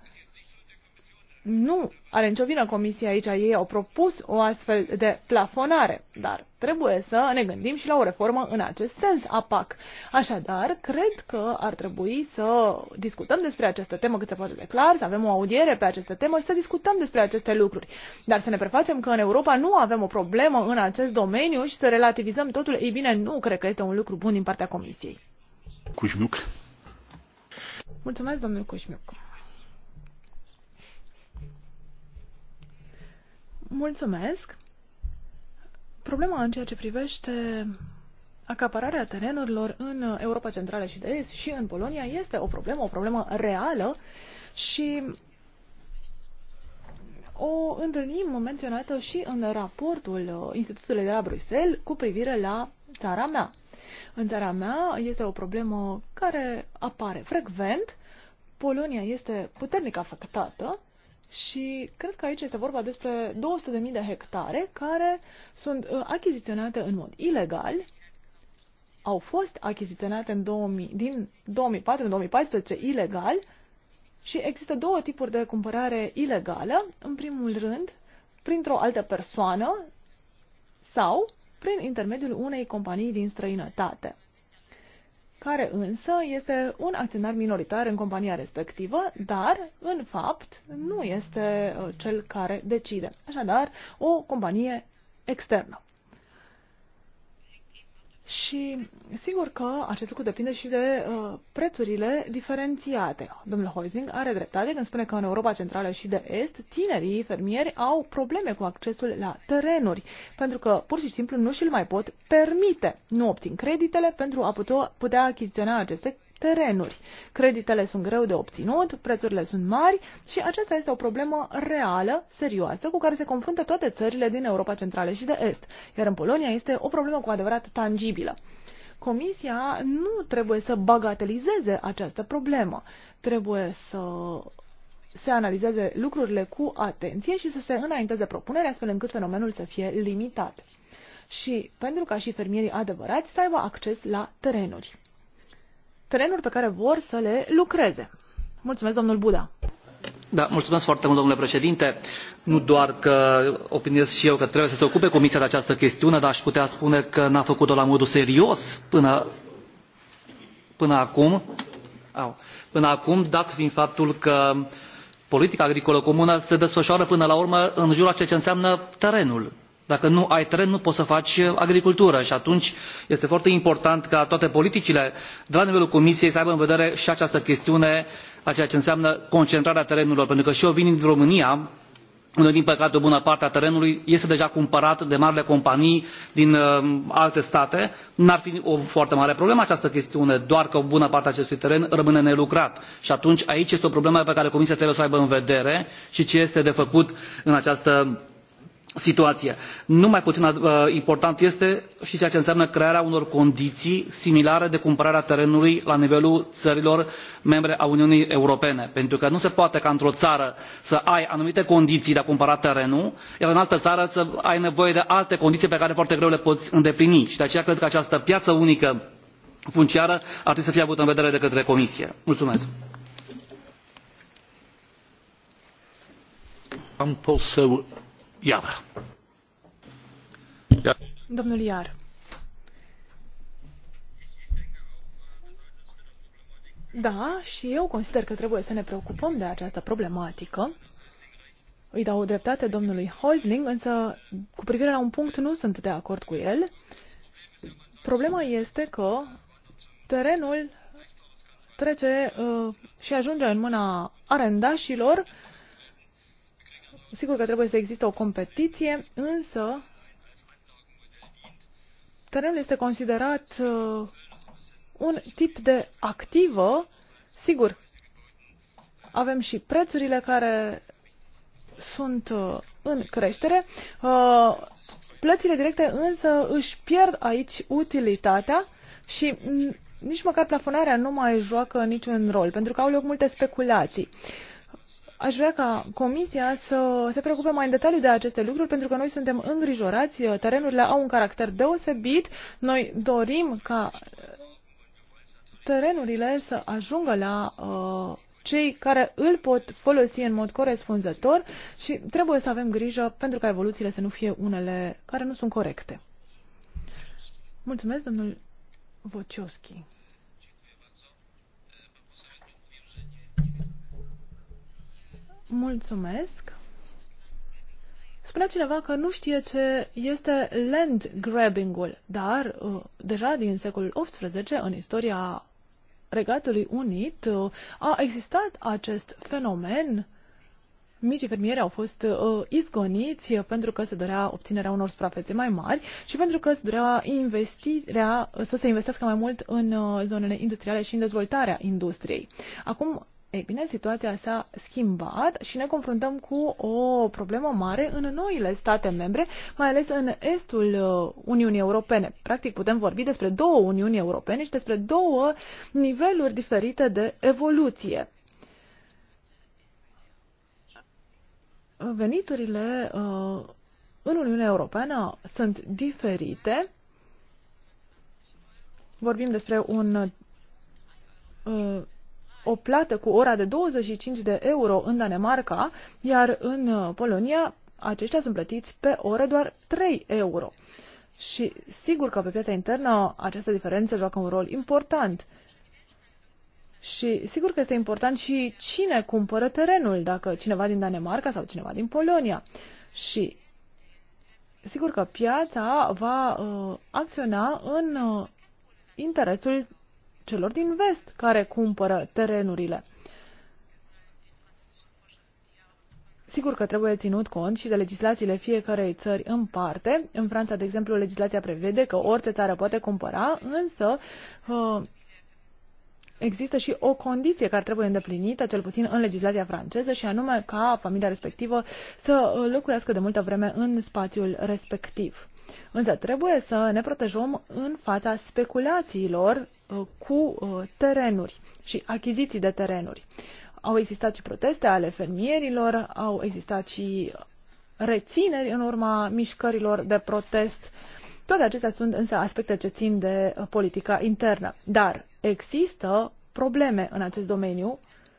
nu are nicio vină Comisia aici, ei au propus o astfel de plafonare, dar trebuie să ne gândim și la o reformă în acest sens a PAC. Așadar, cred că ar trebui să discutăm despre această temă cât se poate de clar, să avem o audiere pe această temă și să discutăm despre aceste lucruri. Dar să ne prefacem că în Europa nu avem o problemă în acest domeniu și să relativizăm totul, ei bine, nu cred că este un lucru bun din partea Comisiei. Cușmiuc. Mulțumesc, domnul Cușmiuc. Mulțumesc. Problema în ceea ce privește acapararea terenurilor în Europa Centrală și de Est și în Polonia este o problemă, o problemă reală și o întâlnim menționată și în raportul Institutului de la Bruxelles cu privire la țara mea. În țara mea este o problemă care apare frecvent. Polonia este puternic afectată și cred că aici este vorba despre 200.000 de hectare care sunt uh, achiziționate în mod ilegal, au fost achiziționate în 2000, din 2004 în 2014 ilegal și există două tipuri de cumpărare ilegală. În primul rând, printr-o altă persoană sau prin intermediul unei companii din străinătate care însă este un acționar minoritar în compania respectivă, dar, în fapt, nu este uh, cel care decide. Așadar, o companie externă. Și sigur că acest lucru depinde și de uh, prețurile diferențiate. Domnul Hoising are dreptate când spune că în Europa Centrală și de Est, tinerii fermieri au probleme cu accesul la terenuri, pentru că pur și simplu nu și-l mai pot permite. Nu obțin creditele pentru a putea, putea achiziționa aceste terenuri. Creditele sunt greu de obținut, prețurile sunt mari și aceasta este o problemă reală, serioasă, cu care se confruntă toate țările din Europa Centrală și de Est, iar în Polonia este o problemă cu adevărat tangibilă. Comisia nu trebuie să bagatelizeze această problemă. Trebuie să se analizeze lucrurile cu atenție și să se înainteze propuneri astfel încât fenomenul să fie limitat. Și pentru ca și fermierii adevărați să aibă acces la terenuri terenuri pe care vor să le lucreze. Mulțumesc, domnul Buda. Da, mulțumesc foarte mult, domnule președinte. Nu doar că opiniez și eu că trebuie să se ocupe Comisia de această chestiune, dar aș putea spune că n-a făcut-o la modul serios până, până acum. Au, până acum, dat fiind faptul că politica agricolă comună se desfășoară până la urmă în jurul ceea ce înseamnă terenul dacă nu ai teren nu poți să faci uh, agricultură și atunci este foarte important ca toate politicile de la nivelul comisiei să aibă în vedere și această chestiune a ceea ce înseamnă concentrarea terenurilor pentru că și eu vin din românia unde din păcate o bună parte a terenului este deja cumpărat de marile companii din uh, alte state nu ar fi o foarte mare problemă această chestiune doar că o bună parte a acestui teren rămâne nelucrat și atunci aici este o problemă pe care comisia trebuie să o aibă în vedere și ce este de făcut în această situație. nu mai puțin uh, important este și ceea ce înseamnă crearea unor condiții similare de cumpărare a terenului la nivelul țărilor membre ale uniunii europene pentru că nu se poate ca într o țară să ai anumite condiții de a cumpăra terenul iar în altă țară să ai nevoie de alte condiții pe care foarte greu le poți îndeplini și de aceea cred că această piață unică funciară ar trebui să fie avută în vedere de către comisie. mulțumesc. Am iar. Iar. Domnul Iar. Da, și eu consider că trebuie să ne preocupăm de această problematică. Îi dau o dreptate domnului Heusling, însă cu privire la un punct nu sunt de acord cu el. Problema este că terenul trece uh, și ajunge în mâna arendașilor Sigur că trebuie să existe o competiție, însă terenul este considerat uh, un tip de activă. Sigur, avem și prețurile care sunt uh, în creștere. Uh, plățile directe însă își pierd aici utilitatea și nici măcar plafonarea nu mai joacă niciun rol, pentru că au loc multe speculații. Uh, Aș vrea ca Comisia să se preocupe mai în detaliu de aceste lucruri, pentru că noi suntem îngrijorați, terenurile au un caracter deosebit, noi dorim ca terenurile să ajungă la uh, cei care îl pot folosi în mod corespunzător și trebuie să avem grijă pentru ca evoluțiile să nu fie unele care nu sunt corecte. Mulțumesc, domnul Vocioschi. Mulțumesc. Spunea cineva că nu știe ce este land grabbing-ul, dar uh, deja din secolul XVIII, în istoria Regatului Unit, uh, a existat acest fenomen. Micii fermieri au fost uh, izgoniți pentru că se dorea obținerea unor suprafețe mai mari și pentru că se dorea investirea, să se investească mai mult în uh, zonele industriale și în dezvoltarea industriei. Acum, ei bine, situația s-a schimbat și ne confruntăm cu o problemă mare în noile state membre, mai ales în estul uh, Uniunii Europene. Practic putem vorbi despre două Uniuni Europene și despre două niveluri diferite de evoluție. Veniturile uh, în Uniunea Europeană sunt diferite. Vorbim despre un uh, o plată cu ora de 25 de euro în Danemarca, iar în uh, Polonia aceștia sunt plătiți pe ore doar 3 euro. Și sigur că pe piața internă această diferență joacă un rol important. Și sigur că este important și cine cumpără terenul, dacă cineva din Danemarca sau cineva din Polonia. Și sigur că piața va uh, acționa în uh, interesul celor din vest care cumpără terenurile. Sigur că trebuie ținut cont și de legislațiile fiecarei țări în parte. În Franța, de exemplu, legislația prevede că orice țară poate cumpăra, însă uh, există și o condiție care trebuie îndeplinită, cel puțin în legislația franceză, și anume ca familia respectivă să locuiască de multă vreme în spațiul respectiv. Însă trebuie să ne protejăm în fața speculațiilor Uh, cu uh, terenuri și achiziții de terenuri. Au existat și proteste ale fermierilor, au existat și rețineri în urma mișcărilor de protest. Toate acestea sunt însă aspecte ce țin de uh, politica internă. Dar există probleme în acest domeniu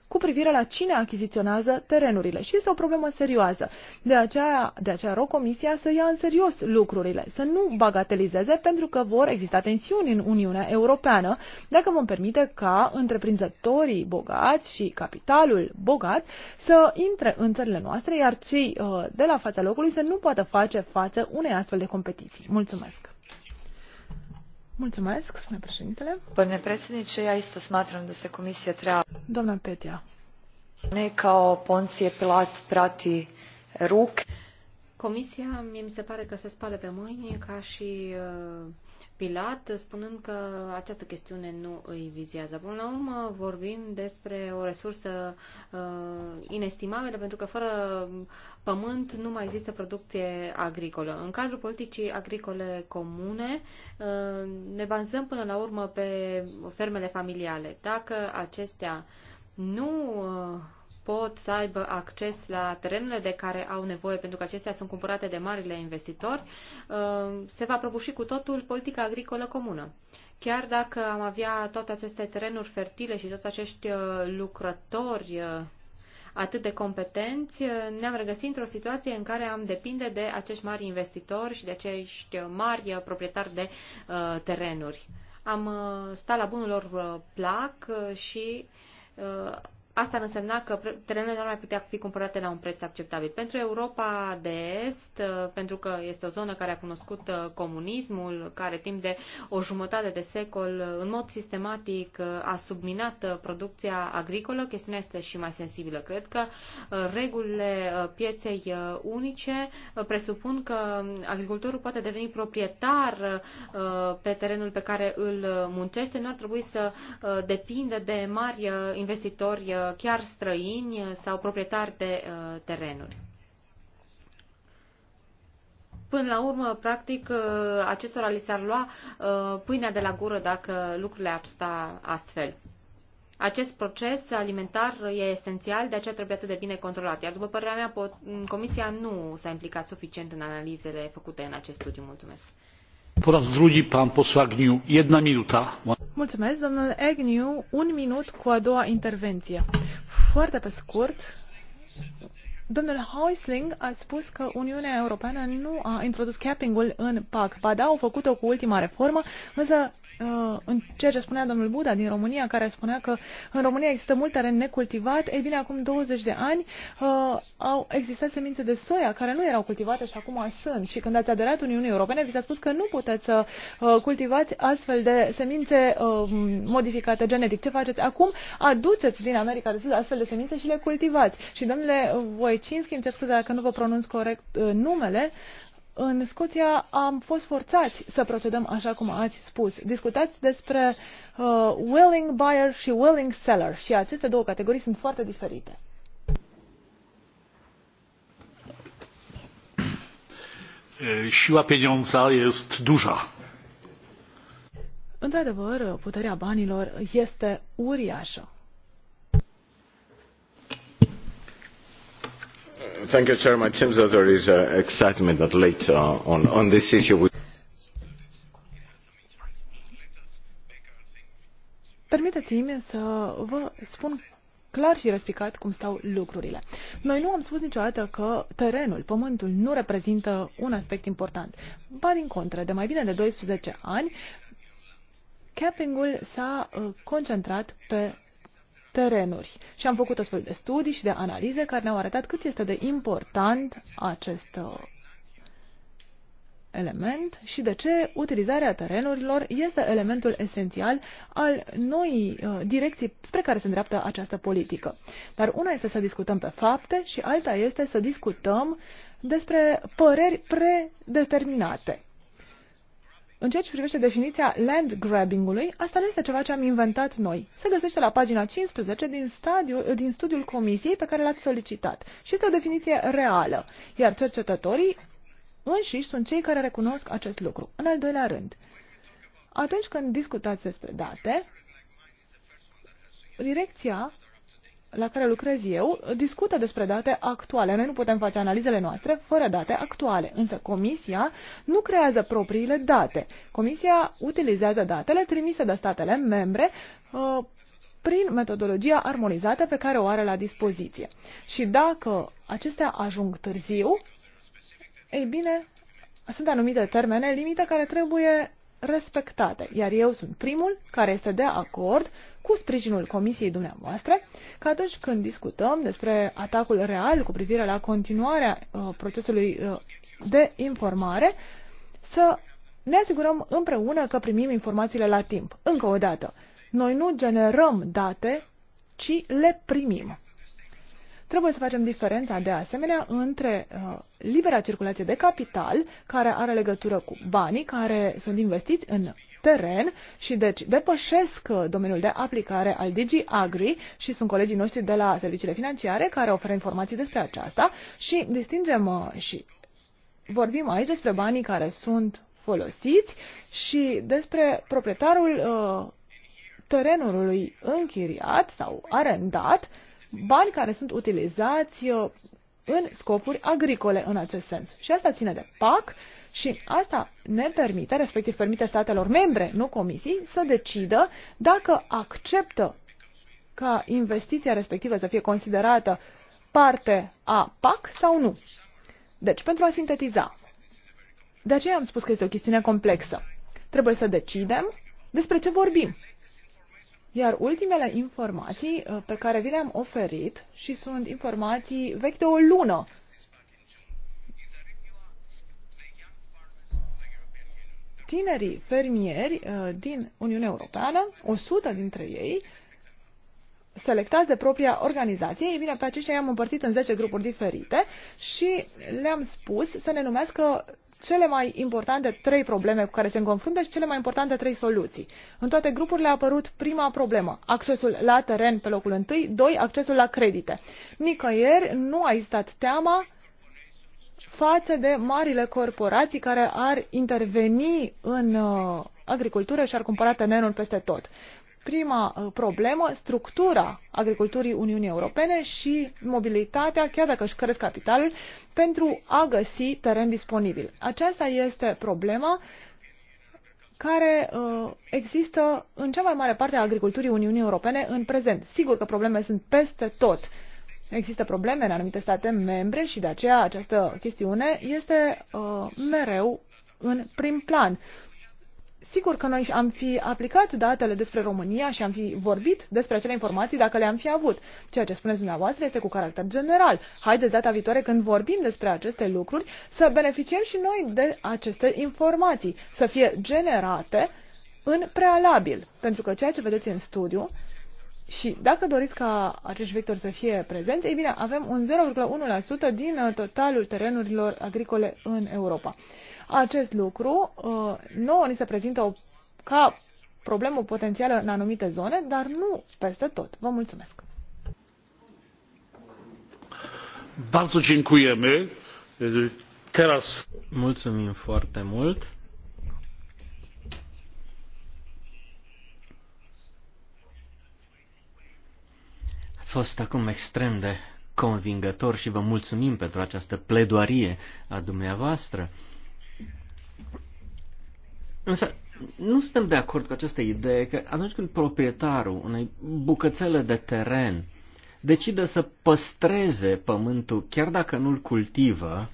cu privire la cine achiziționează terenurile. Și este o problemă serioasă. De aceea, de aceea rog Comisia să ia în serios lucrurile, să nu bagatelizeze, pentru că vor exista tensiuni în Uniunea Europeană dacă vom permite ca întreprinzătorii bogați și capitalul bogat să intre în țările noastre, iar cei uh, de la fața locului să nu poată face față unei astfel de competiții. Mulțumesc! Mulțumesc, spune președintele. Părne predsjednice, ja isto smatram da se komisija treba... Doamna Petia. Ne kao Ponție Pilat prati ruk. Comisia mie mi se pare că se spală pe mâini ca și uh, Pilat, spunând că această chestiune nu îi vizează. Până la urmă vorbim despre o resursă uh, inestimabilă, pentru că fără pământ nu mai există producție agricolă. În cadrul politicii agricole comune uh, ne bazăm până la urmă pe fermele familiale. Dacă acestea nu uh, pot să aibă acces la terenurile de care au nevoie, pentru că acestea sunt cumpărate de marile investitori, uh, se va prăbuși cu totul politica agricolă comună. Chiar dacă am avea toate aceste terenuri fertile și toți acești uh, lucrători uh, atât de competenți, ne-am regăsit într-o situație în care am depinde de acești mari investitori și de acești mari proprietari de terenuri. Am stat la bunul lor plac și Asta ar însemna că terenurile nu ar mai putea fi cumpărate la un preț acceptabil. Pentru Europa de Est, uh, pentru că este o zonă care a cunoscut uh, comunismul, care timp de o jumătate de secol, uh, în mod sistematic, a subminat producția agricolă, chestiunea este și mai sensibilă. Cred că regulile pieței unice presupun că um, agricultorul poate deveni proprietar pe terenul pe care îl muncește, nu ar trebui să depindă de mari investitori chiar străini sau proprietari de uh, terenuri. Până la urmă, practic, uh, acestora li s-ar lua uh, pâinea de la gură dacă lucrurile ar sta astfel. Acest proces alimentar e esențial, de aceea trebuie atât de bine controlat. Iar după părerea mea, Comisia nu s-a implicat suficient în analizele făcute în acest studiu. Mulțumesc! domnule agnew pan Mulțumesc, un minut cu a doua intervenție. Foarte pe scurt, Domnul husling a spus că Uniunea Europeană nu a introdus capping-ul în PAC. Ba da, au făcut-o cu ultima reformă, însă Uh, în ceea ce spunea domnul Buda din România, care spunea că în România există mult teren necultivat, ei bine, acum 20 de ani uh, au existat semințe de soia care nu erau cultivate și acum sunt. Și când ați aderat Uniunii Europene, vi s-a spus că nu puteți să uh, cultivați astfel de semințe uh, modificate genetic. Ce faceți acum? Aduceți din America de Sud astfel de semințe și le cultivați. Și domnule Voicinski, îmi cer scuze dacă nu vă pronunț corect uh, numele, uh, în Scoția am fost forțați să procedăm așa cum ați spus. Discutați despre uh, willing buyer și willing seller și aceste două categorii sunt foarte diferite. Siła pieniądza jest duża. Într-adevăr, puterea banilor este uriașă. thank you, It seems that there is uh, excitement late uh, on, on this issue. Permiteți-mi să vă spun clar și răspicat cum stau lucrurile. Noi nu am spus niciodată că terenul, pământul, nu reprezintă un aspect important. Ba din contră, de mai bine de 12 ani, capping-ul s-a uh, concentrat pe terenuri. Și am făcut o de studii și de analize care ne-au arătat cât este de important acest uh, element și de ce utilizarea terenurilor este elementul esențial al noii uh, direcții spre care se îndreaptă această politică. Dar una este să discutăm pe fapte și alta este să discutăm despre păreri predeterminate. În ceea ce privește definiția land grabbing-ului, asta nu este ceva ce am inventat noi. Se găsește la pagina 15 din, stadiu, din studiul comisiei pe care l-ați solicitat și este o definiție reală, iar cercetătorii înșiși sunt cei care recunosc acest lucru. În al doilea rând, atunci când discutați despre date, direcția la care lucrez eu discută despre date actuale. Noi nu putem face analizele noastre fără date actuale, însă Comisia nu creează propriile date. Comisia utilizează datele trimise de statele membre uh, prin metodologia armonizată pe care o are la dispoziție. Și dacă acestea ajung târziu, ei bine, sunt anumite termene limite care trebuie respectate, iar eu sunt primul care este de acord cu sprijinul comisiei dumneavoastră, că atunci când discutăm despre atacul real cu privire la continuarea uh, procesului uh, de informare, să ne asigurăm împreună că primim informațiile la timp. Încă o dată, noi nu generăm date, ci le primim. Trebuie să facem diferența de asemenea între uh, libera circulație de capital, care are legătură cu banii care sunt investiți în teren și deci depășesc uh, domeniul de aplicare al Digi Agri și sunt colegii noștri de la serviciile financiare care oferă informații despre aceasta și distingem uh, și vorbim aici despre banii care sunt folosiți și despre proprietarul uh, terenului închiriat sau arendat, bani care sunt utilizați în scopuri agricole în acest sens. Și asta ține de PAC și asta ne permite, respectiv permite statelor membre, nu comisii, să decidă dacă acceptă ca investiția respectivă să fie considerată parte a PAC sau nu. Deci, pentru a sintetiza, de aceea am spus că este o chestiune complexă. Trebuie să decidem despre ce vorbim. Iar ultimele informații uh, pe care vi le-am oferit și sunt informații vechi de o lună, tinerii fermieri uh, din Uniunea Europeană, 100 dintre ei, selectați de propria organizație. Ei bine, pe aceștia i-am împărțit în 10 grupuri diferite și le-am spus să ne numească cele mai importante trei probleme cu care se confruntă și cele mai importante trei soluții. În toate grupurile a apărut prima problemă, accesul la teren pe locul întâi, doi, accesul la credite. Nicăieri nu a existat teama față de marile corporații care ar interveni în uh, agricultură și ar cumpăra terenul peste tot. Prima uh, problemă, structura agriculturii Uniunii Europene și mobilitatea, chiar dacă își cresc capitalul, pentru a găsi teren disponibil. Aceasta este problema care uh, există în cea mai mare parte a agriculturii Uniunii Europene în prezent. Sigur că probleme sunt peste tot Există probleme în anumite state membre și de aceea această chestiune este uh, mereu în prim plan. Sigur că noi am fi aplicat datele despre România și am fi vorbit despre acele informații dacă le-am fi avut. Ceea ce spuneți dumneavoastră este cu caracter general. Haideți data viitoare când vorbim despre aceste lucruri să beneficiem și noi de aceste informații, să fie generate în prealabil. Pentru că ceea ce vedeți în studiu și dacă doriți ca acești vectori să fie prezenți, ei bine, avem un 0,1% din uh, totalul terenurilor agricole în Europa. Acest lucru uh, nouă ni se prezintă ca problemă potențială în anumite zone, dar nu peste tot. Vă mulțumesc! Mulțumim foarte mult. Ați fost acum extrem de convingător și vă mulțumim pentru această pledoarie a dumneavoastră. Însă, nu suntem de acord cu această idee că atunci când proprietarul unei bucățele de teren decide să păstreze pământul, chiar dacă nu-l cultivă,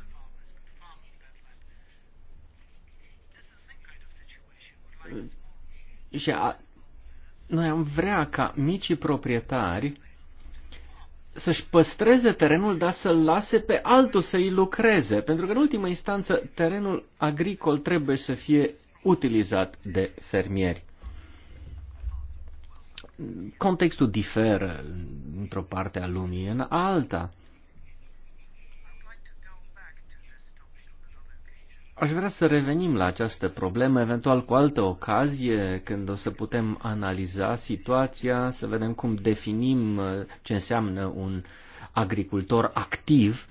și a, noi am vrea ca micii proprietari să-și păstreze terenul, dar să-l lase pe altul să-i lucreze, pentru că în ultima instanță terenul agricol trebuie să fie utilizat de fermieri. Contextul diferă într-o parte a lumii, în alta. Aș vrea să revenim la această problemă, eventual cu altă ocazie, când o să putem analiza situația, să vedem cum definim uh, ce înseamnă un agricultor activ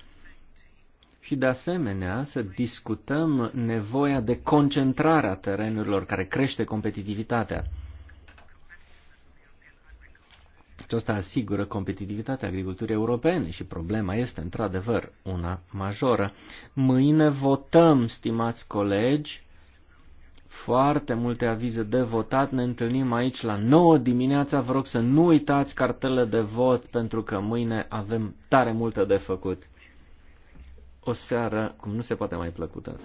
și, de asemenea, să discutăm nevoia de concentrare a terenurilor care crește competitivitatea. Aceasta asigură competitivitatea agriculturii europene și problema este într-adevăr una majoră. Mâine votăm, stimați colegi, foarte multe avize de votat. Ne întâlnim aici la 9 dimineața. Vă rog să nu uitați cartele de vot pentru că mâine avem tare multe de făcut. O seară cum nu se poate mai plăcută.